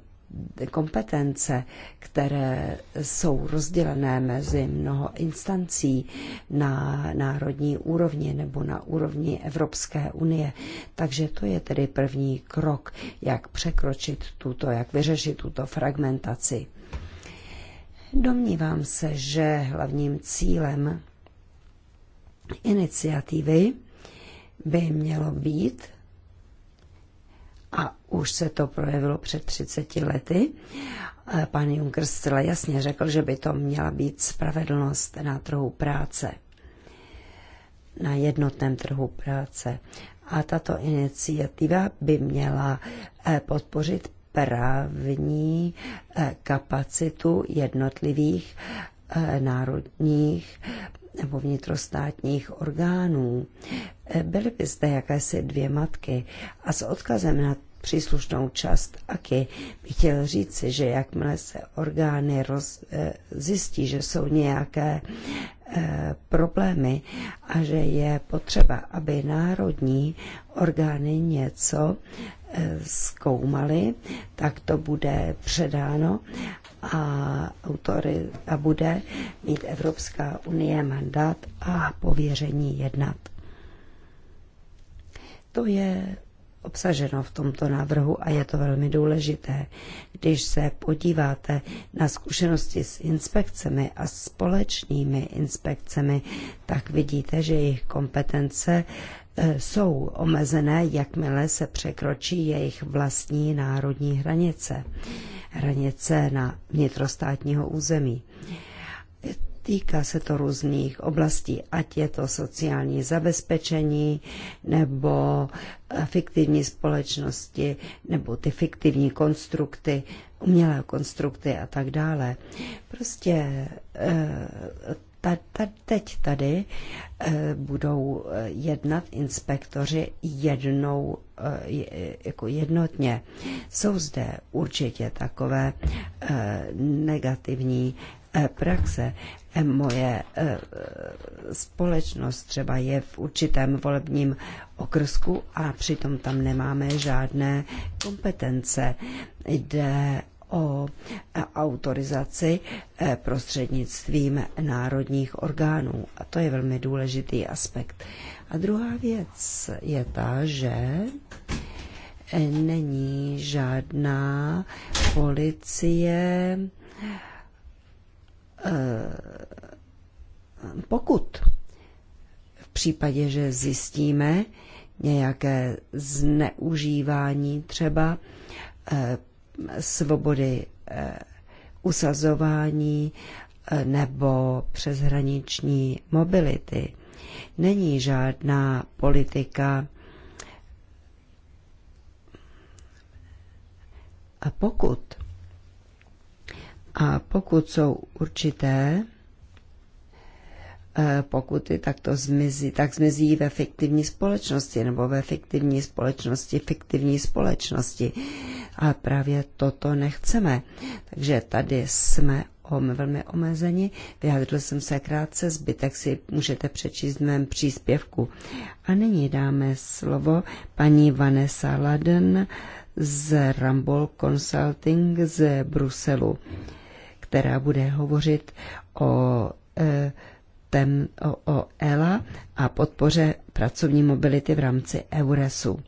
kompetence, které jsou rozdělené mezi mnoho instancí na národní úrovni nebo na úrovni Evropské unie. Takže to je tedy první krok, jak překročit tuto, jak vyřešit tuto fragmentaci. Domnívám se, že hlavním cílem iniciativy by mělo být už se to projevilo před 30 lety. Eh, Pan Juncker zcela jasně řekl, že by to měla být spravedlnost na trhu práce, na jednotném trhu práce. A tato iniciativa by měla eh, podpořit právní eh, kapacitu jednotlivých národních nebo vnitrostátních orgánů. Byly by zde jakési dvě matky a s odkazem na příslušnou část AKY. Bych chtěl říct, že jakmile se orgány roz, eh, zjistí, že jsou nějaké eh, problémy a že je potřeba, aby národní orgány něco eh, zkoumaly, tak to bude předáno a, autory, a bude mít Evropská unie mandát a pověření jednat. To je obsaženo v tomto návrhu a je to velmi důležité. Když se podíváte na zkušenosti s inspekcemi a společnými inspekcemi, tak vidíte, že jejich kompetence eh, jsou omezené, jakmile se překročí jejich vlastní národní hranice, hranice na vnitrostátního území. Týká se to různých oblastí, ať je to sociální zabezpečení, nebo eh, fiktivní společnosti, nebo ty fiktivní konstrukty, umělé konstrukty a tak dále. Prostě eh, ta, ta, teď tady eh, budou jednat inspektoři jednou, jako jednotně. Jsou zde určitě takové negativní praxe, moje eh, společnost třeba je v určitém volebním okrsku a přitom tam nemáme žádné kompetence. Jde o eh, autorizaci eh, prostřednictvím národních orgánů. A to je velmi důležitý aspekt. A druhá věc je ta, že není žádná policie, Eh, pokud v případě, že zjistíme nějaké zneužívání třeba eh, svobody eh, usazování nebo přeshraniční mobility, není žádná politika a pokud a pokud jsou určité eh, pokuty, tak to zmizí, tak zmizí ve fiktivní společnosti nebo ve fiktivní společnosti, fiktivní společnosti. A právě toto nechceme. Takže tady jsme velmi omezeni. Vyjádřil jsem se krátce, zbytek si můžete přečíst v mém příspěvku. A nyní dáme slovo paní Vanessa Laden z Rambol Consulting z Bruselu která bude hovořit o e, ten o ELA a podpoře pracovní mobility v rámci EURESu.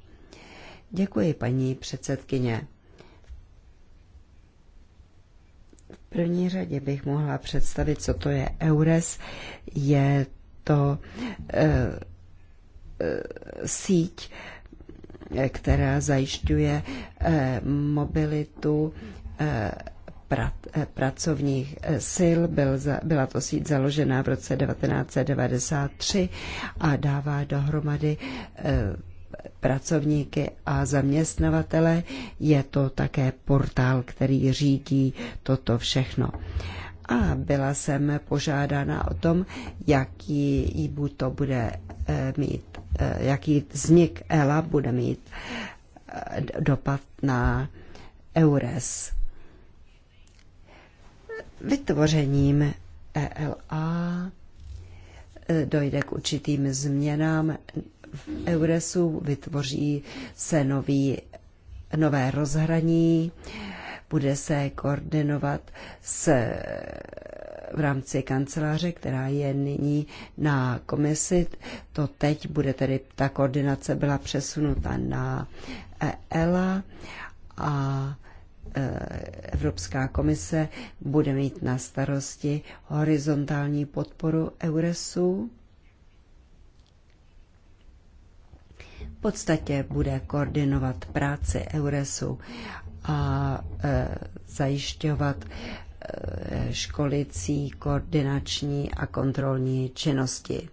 Děkuji, paní předsedkyně. V první řadě bych mohla představit, co to je EURES. Je to e, e, síť, e, která zajišťuje e, mobilitu e, Eh, pracovních eh, sil. Byl za, byla to síť založená v roce 1993 a dává dohromady eh, pracovníky a zaměstnavatele. Je to také portál, který řídí toto všechno. A byla jsem požádána o tom, jaký IBU to bude mít, jaký vznik ELA bude mít dopad na EURES Vytvořením ELA e, dojde k určitým změnám v Euresu, vytvoří se nový, nové rozhraní, bude se koordinovat s, e, v rámci kanceláře, která je nyní na komisi. To teď bude tedy, ta koordinace byla přesunuta na ELA a Eh, Evropská komise bude mít na starosti horizontální podporu Euresu. V podstatě bude koordinovat práci Euresu a eh, zajišťovat eh, školicí, koordinační a kontrolní činnosti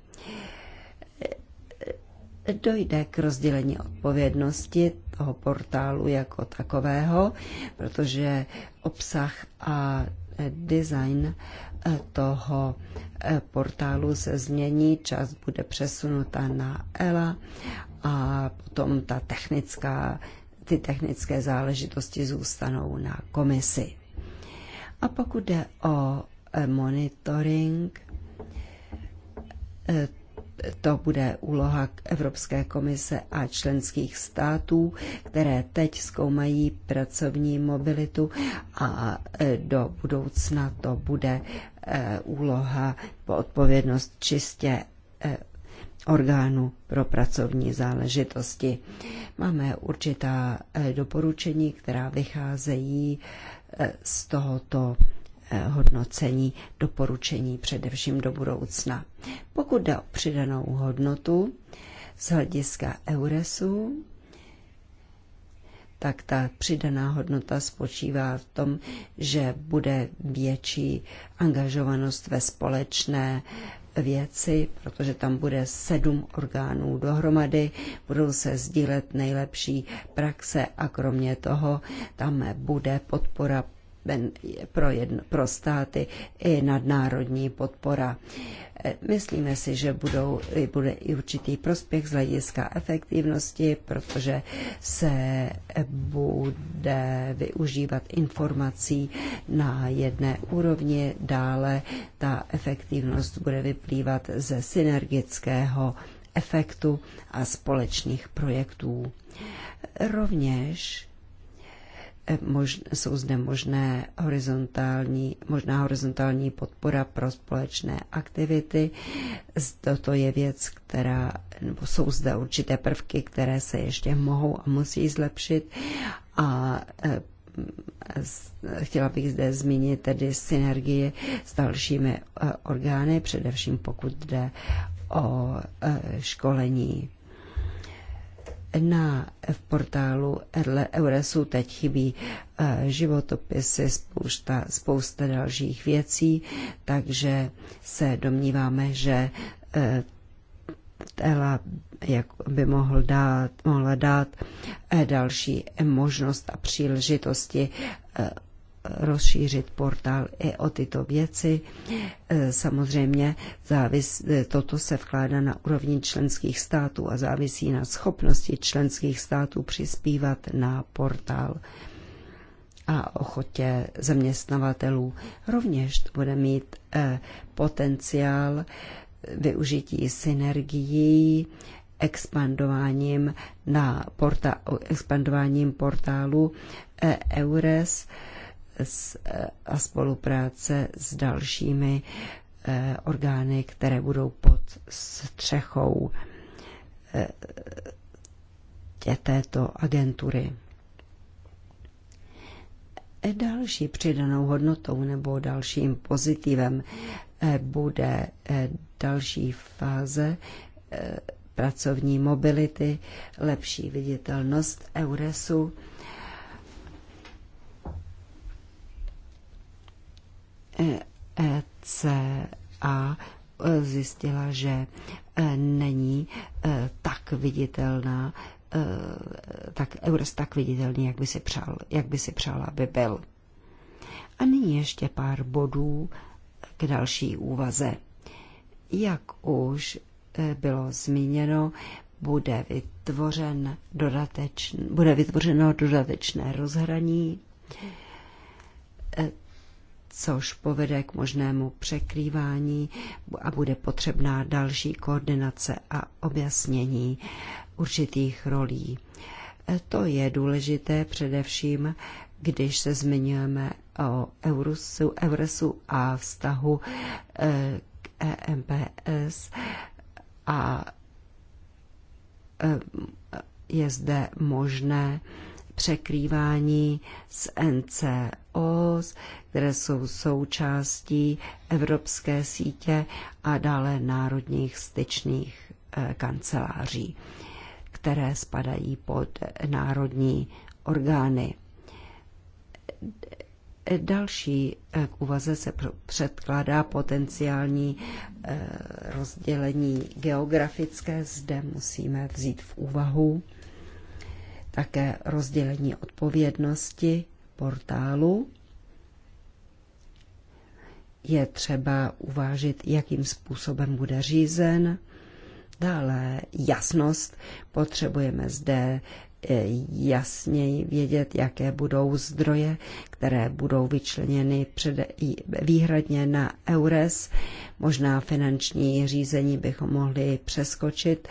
dojde k rozdělení odpovědnosti toho portálu jako takového, protože obsah a design eh, toho eh, portálu se změní, část bude přesunuta na ELA a potom ta technická, ty technické záležitosti zůstanou na komisi. A pokud jde o eh, monitoring, to bude úloha Evropské komise a členských států, které teď zkoumají pracovní mobilitu a e, do budoucna to bude e, úloha po odpovědnost čistě e, orgánu pro pracovní záležitosti. Máme určitá doporučení, která vycházejí z tohoto Eh, hodnocení doporučení především do budoucna. Pokud jde o přidanou hodnotu z hlediska Euresu, tak ta přidaná hodnota spočívá v tom, že bude větší angažovanost ve společné věci, protože tam bude sedm orgánů dohromady, budou se sdílet nejlepší praxe a kromě toho tam bude podpora pro, jedno, pro státy i nadnárodní podpora. E, myslíme si, že budou, bude i určitý prospěch z hlediska efektivnosti, protože se bude využívat informací na jedné úrovni. Dále ta efektivnost bude vyplývat ze synergického efektu a společných projektů. Rovněž jsou zde možné horizontální, možná horizontální podpora pro společné aktivity. Toto je věc, která, nebo jsou zde určité prvky, které se ještě mohou a musí zlepšit a e, chtěla bych zde zmínit tedy synergie s dalšími e, orgány, především pokud jde o e, školení na, v portálu Euresu teď chybí eh, životopisy, spousta, spousta dalších věcí, takže se domníváme, že Ela eh, jak by mohl dát, mohla dát eh, další možnost a příležitosti rozšířit portál i o tyto věci. E, samozřejmě závis, e, toto se vkládá na úrovni členských států a závisí na schopnosti členských států přispívat na portál a ochotě zaměstnavatelů. Rovněž bude mít e, potenciál využití synergií expandováním, na porta, expandováním portálu EURES Eh, a spolupráce s dalšími eh, orgány, které budou pod střechou eh, této agentury. E, další přidanou hodnotou nebo dalším pozitivem bude další fáze pracovní mobility, lepší viditelnost Euresu ECA e e, zjistila, že e, není tak viditelná, tak Eures tak viditelný, jak by si, přál, jak by si přál aby byl. A nyní ještě pár bodů k další úvaze. Jak už bylo zmíněno, bude, vytvořen dodatečn, bude vytvořeno dodatečné rozhraní což povede k možnému překrývání a bude potřebná další koordinace a objasnění určitých rolí. To je důležité především, když se zmiňujeme o Eurusu, Euresu a vztahu eh, k EMPS a eh, je zde možné překrývání s NC OS, které jsou součástí evropské sítě a dále národních styčných eh, kanceláří, které spadají pod národní orgány. Další eh, k úvaze se předkládá potenciální eh, rozdělení geografické. Zde musíme vzít v úvahu také rozdělení odpovědnosti portálu je třeba uvážit, jakým způsobem bude řízen. Dále jasnost. Potřebujeme zde eh, jasněji vědět, jaké budou zdroje, které budou vyčleněny před, výhradně na EURES. Možná finanční řízení bychom mohli přeskočit.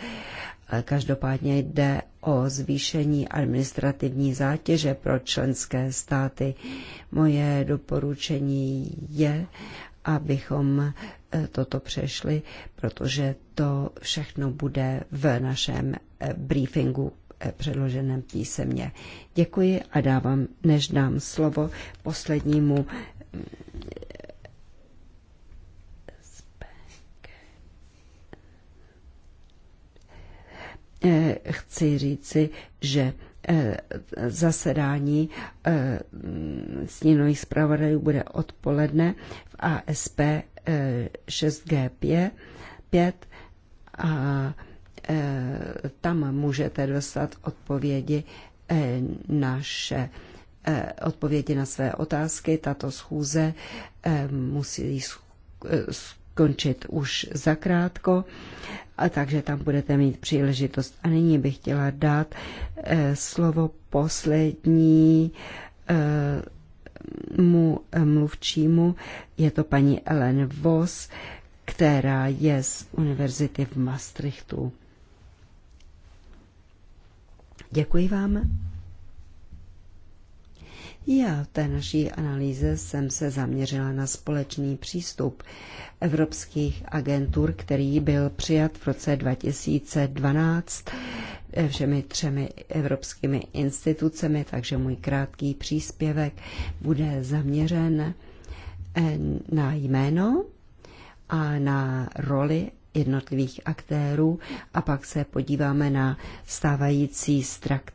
Eh, každopádně jde o zvýšení administrativní zátěže pro členské státy. Moje doporučení je, abychom eh, toto přešli, protože to všechno bude v našem eh, briefingu eh, předloženém písemně. Děkuji a dávám, než dám slovo poslednímu E, chci říci, že e, zasedání e, stínových zpravodajů bude odpoledne v ASP 6G5 a tam můžete dostat odpovědi naše odpovědi na své otázky. Tato schůze musí skončit už zakrátko a takže tam budete mít příležitost. A nyní bych chtěla dát eh, slovo poslední eh, mu eh, mluvčímu. Je to paní Ellen Vos, která je z univerzity v Maastrichtu. Děkuji vám. Já v té naší analýze jsem se zaměřila na společný přístup evropských agentur, který byl přijat v roce 2012 všemi třemi evropskými institucemi, takže můj krátký příspěvek bude zaměřen eh, na jméno a na roli jednotlivých aktérů a pak se podíváme na stávající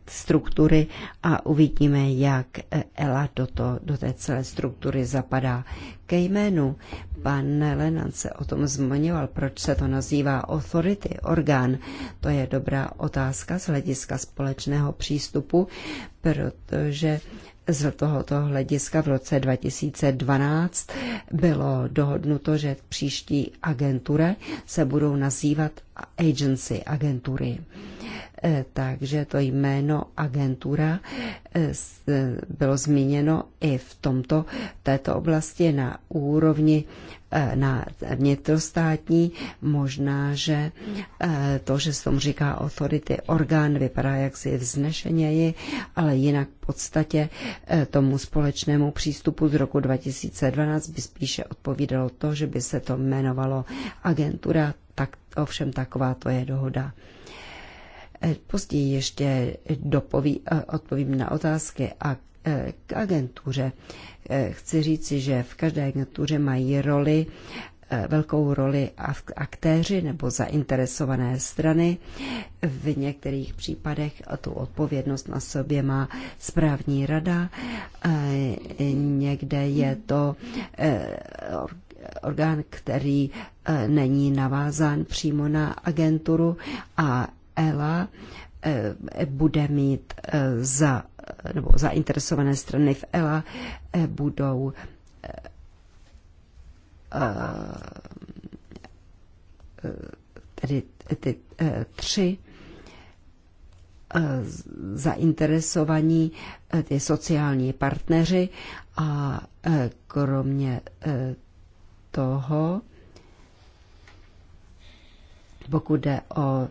struktury a uvidíme, jak Ela do, to, do té celé struktury zapadá. Ke jménu pan Lenan se o tom zmiňoval, proč se to nazývá authority, orgán. To je dobrá otázka z hlediska společného přístupu, protože z tohoto hlediska v roce 2012 bylo dohodnuto, že příští agentury se budou nazývat agency, agentury. Eh, takže to jméno agentura eh, bylo zmíněno i v tomto, této oblasti na úrovni eh, na vnitrostátní, možná, že to, že se tomu říká authority orgán, vypadá jaksi vznešeněji, ale jinak v podstatě tomu společnému přístupu z roku 2012 by spíše odpovídalo to, že by se to jmenovalo agentura, tak ovšem taková to je dohoda. Později ještě dopoví, eh, odpovím na otázky a eh, k agentuře. Eh, chci říci, že v každé agentuře mají roli, velkou roli aktéři nebo zainteresované strany. V některých případech tu odpovědnost na sobě má správní rada, někde je to orgán, který není navázán přímo na agenturu a ELA e, bude mít e, za, nebo zainteresované strany v ELA e, budou tedy ty tři zainteresovaní, ty sociální partneři a kromě toho, pokud jde o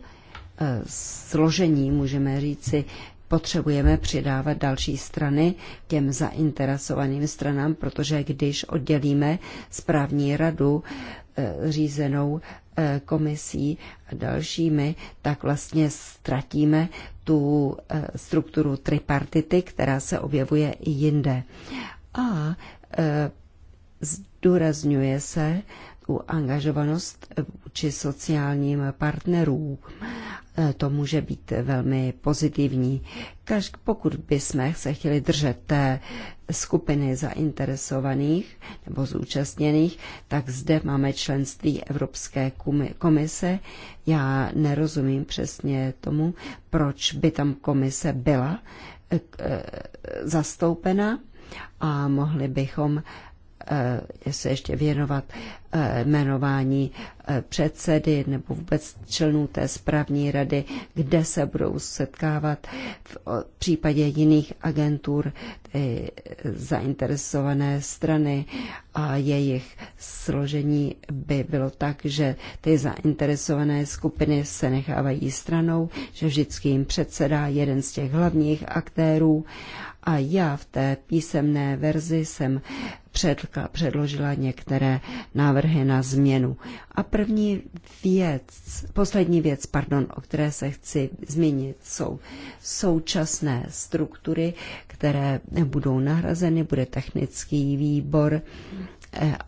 složení, můžeme říci, potřebujeme přidávat další strany těm zainteresovaným stranám, protože když oddělíme správní radu eh, řízenou eh, komisí a dalšími, tak vlastně ztratíme tu eh, strukturu tripartity, která se objevuje i jinde. A zdůrazňuje se u angažovanost eh, či sociálním partnerům. Eh, to může být velmi pozitivní. Kaž, pokud bychom se chtěli držet té skupiny zainteresovaných nebo zúčastněných, tak zde máme členství Evropské komise. Já nerozumím přesně tomu, proč by tam komise byla eh, zastoupena a mohli bychom Eh, se ještě věnovat eh, jmenování eh, předsedy nebo vůbec členů té správní rady, kde se budou setkávat v případě jiných agentur zainteresované strany a jejich složení by bylo tak, že ty zainteresované skupiny se nechávají stranou, že vždycky jim předsedá jeden z těch hlavních aktérů a já v té písemné verzi jsem předložila některé návrhy na změnu. A první věc, poslední věc, pardon, o které se chci zmínit, jsou současné struktury, které budou nahrazeny, bude technický výbor,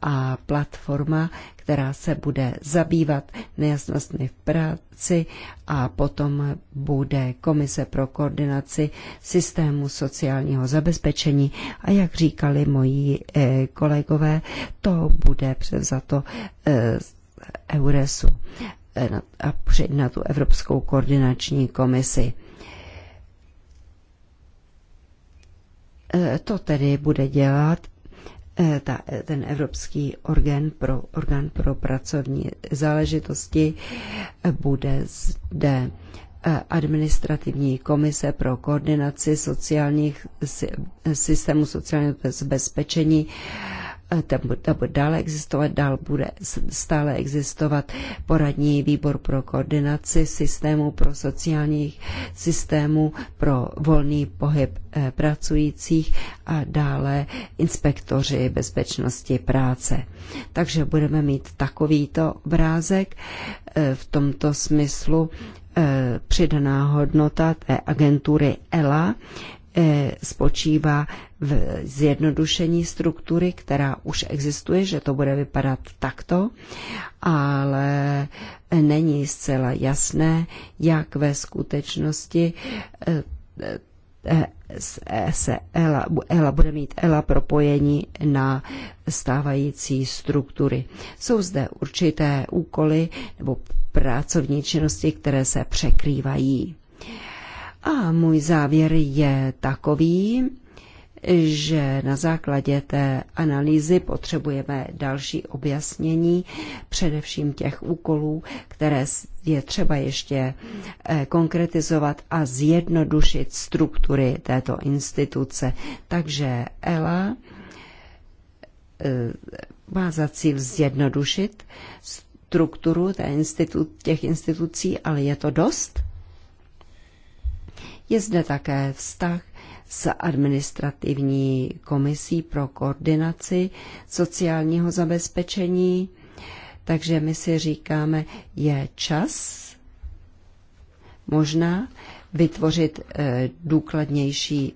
a platforma, která se bude zabývat nejasnostmi v práci a potom bude komise pro koordinaci systému sociálního zabezpečení a jak říkali moji eh, kolegové, to bude převzato eh, z EURESu eh, a na tu Evropskou koordinační komisi. To tedy bude dělat Eh, ta, ten Evropský orgán pro, orgán pro pracovní záležitosti eh, bude zde eh, administrativní komise pro koordinaci sociálních systémů sociálního zabezpečení ten bude dále existovat, dál bude stále existovat poradní výbor pro koordinaci systému pro sociálních systémů pro volný pohyb eh, pracujících a dále inspektoři bezpečnosti práce. Takže budeme mít takovýto obrázek eh, v tomto smyslu eh, přidaná hodnota té agentury ELA Eh, spočívá v zjednodušení struktury, která už existuje, že to bude vypadat takto, ale není zcela jasné, jak ve skutečnosti eh, eh, se ELA, ELA bude mít ELA propojení na stávající struktury. Jsou zde určité úkoly nebo pracovní činnosti, které se překrývají. A můj závěr je takový, že na základě té analýzy potřebujeme další objasnění, především těch úkolů, které je třeba ještě eh, konkretizovat a zjednodušit struktury této instituce. Takže ELA eh, má za cíl zjednodušit strukturu té institu- těch institucí, ale je to dost? Je zde také vztah s administrativní komisí pro koordinaci sociálního zabezpečení, takže my si říkáme, je čas možná vytvořit eh, důkladnější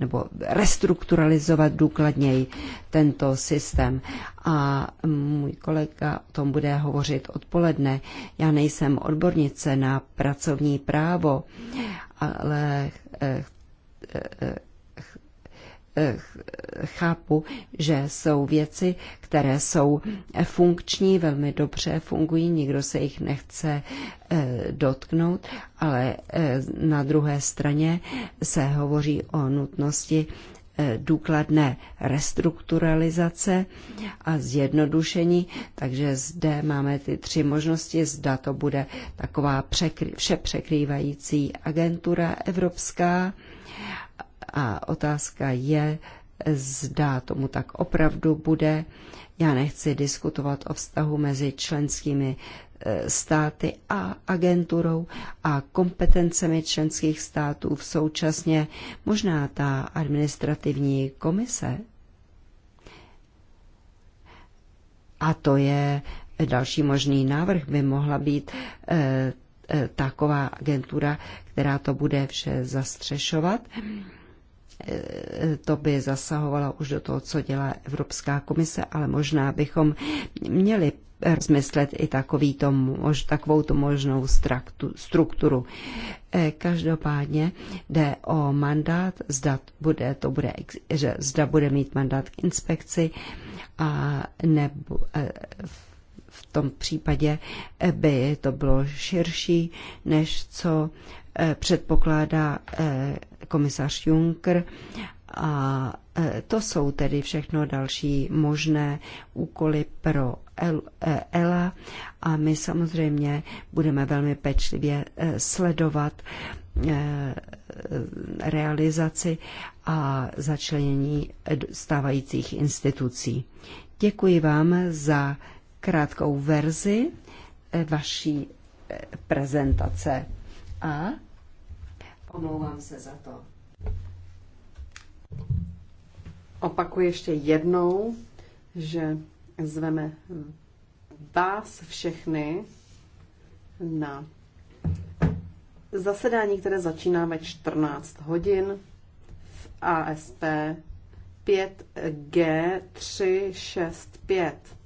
nebo restrukturalizovat důkladněji tento systém. A můj kolega o tom bude hovořit odpoledne. Já nejsem odbornice na pracovní právo, ale eh, eh, chápu, že jsou věci, které jsou funkční, velmi dobře fungují, nikdo se jich nechce eh, dotknout, ale eh, na druhé straně se hovoří o nutnosti eh, důkladné restrukturalizace a zjednodušení, takže zde máme ty tři možnosti, zda to bude taková překry, vše překrývající agentura evropská, a otázka je, zda tomu tak opravdu bude. Já nechci diskutovat o vztahu mezi členskými eh, státy a agenturou a kompetencemi členských států v současně možná ta administrativní komise. A to je další možný návrh, by mohla být e, e, taková agentura, která to bude vše zastřešovat to by zasahovalo už do toho, co dělá Evropská komise, ale možná bychom měli rozmyslet i takovýto, mož, takovou tu možnou strukturu. E, každopádně jde o mandát, zda, bude, to bude, že zda bude mít mandát k inspekci a nebo e, v tom případě e, by to bylo širší, než co předpokládá komisař Juncker. A e, to jsou tedy všechno další možné úkoly pro e, ELA a my samozřejmě budeme velmi pečlivě e, sledovat realizaci a začlenění stávajících institucí. Děkuji vám za krátkou verzi vaší prezentace. A Omlouvám se za to. Opakuji ještě jednou, že zveme vás všechny na zasedání, které začíná ve 14 hodin v ASP 5G 365.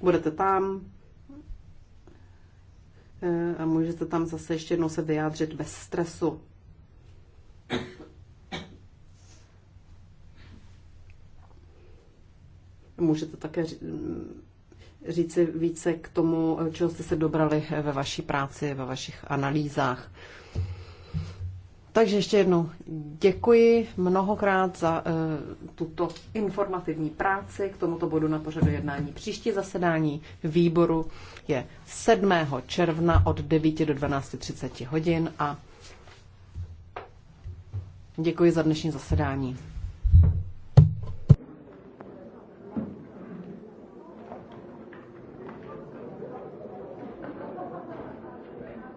Budete tam, Eh, a můžete tam zase ještě jednou se vyjádřit bez stresu. Můžete také mm, říci více k tomu, eh, čeho jste se dobrali eh, ve vaší práci, ve vašich analýzách. Takže ještě jednou děkuji mnohokrát za uh, tuto informativní práci. K tomuto bodu na pořadu jednání příští zasedání výboru je 7. června od 9 do 12.30 hodin a děkuji za dnešní zasedání.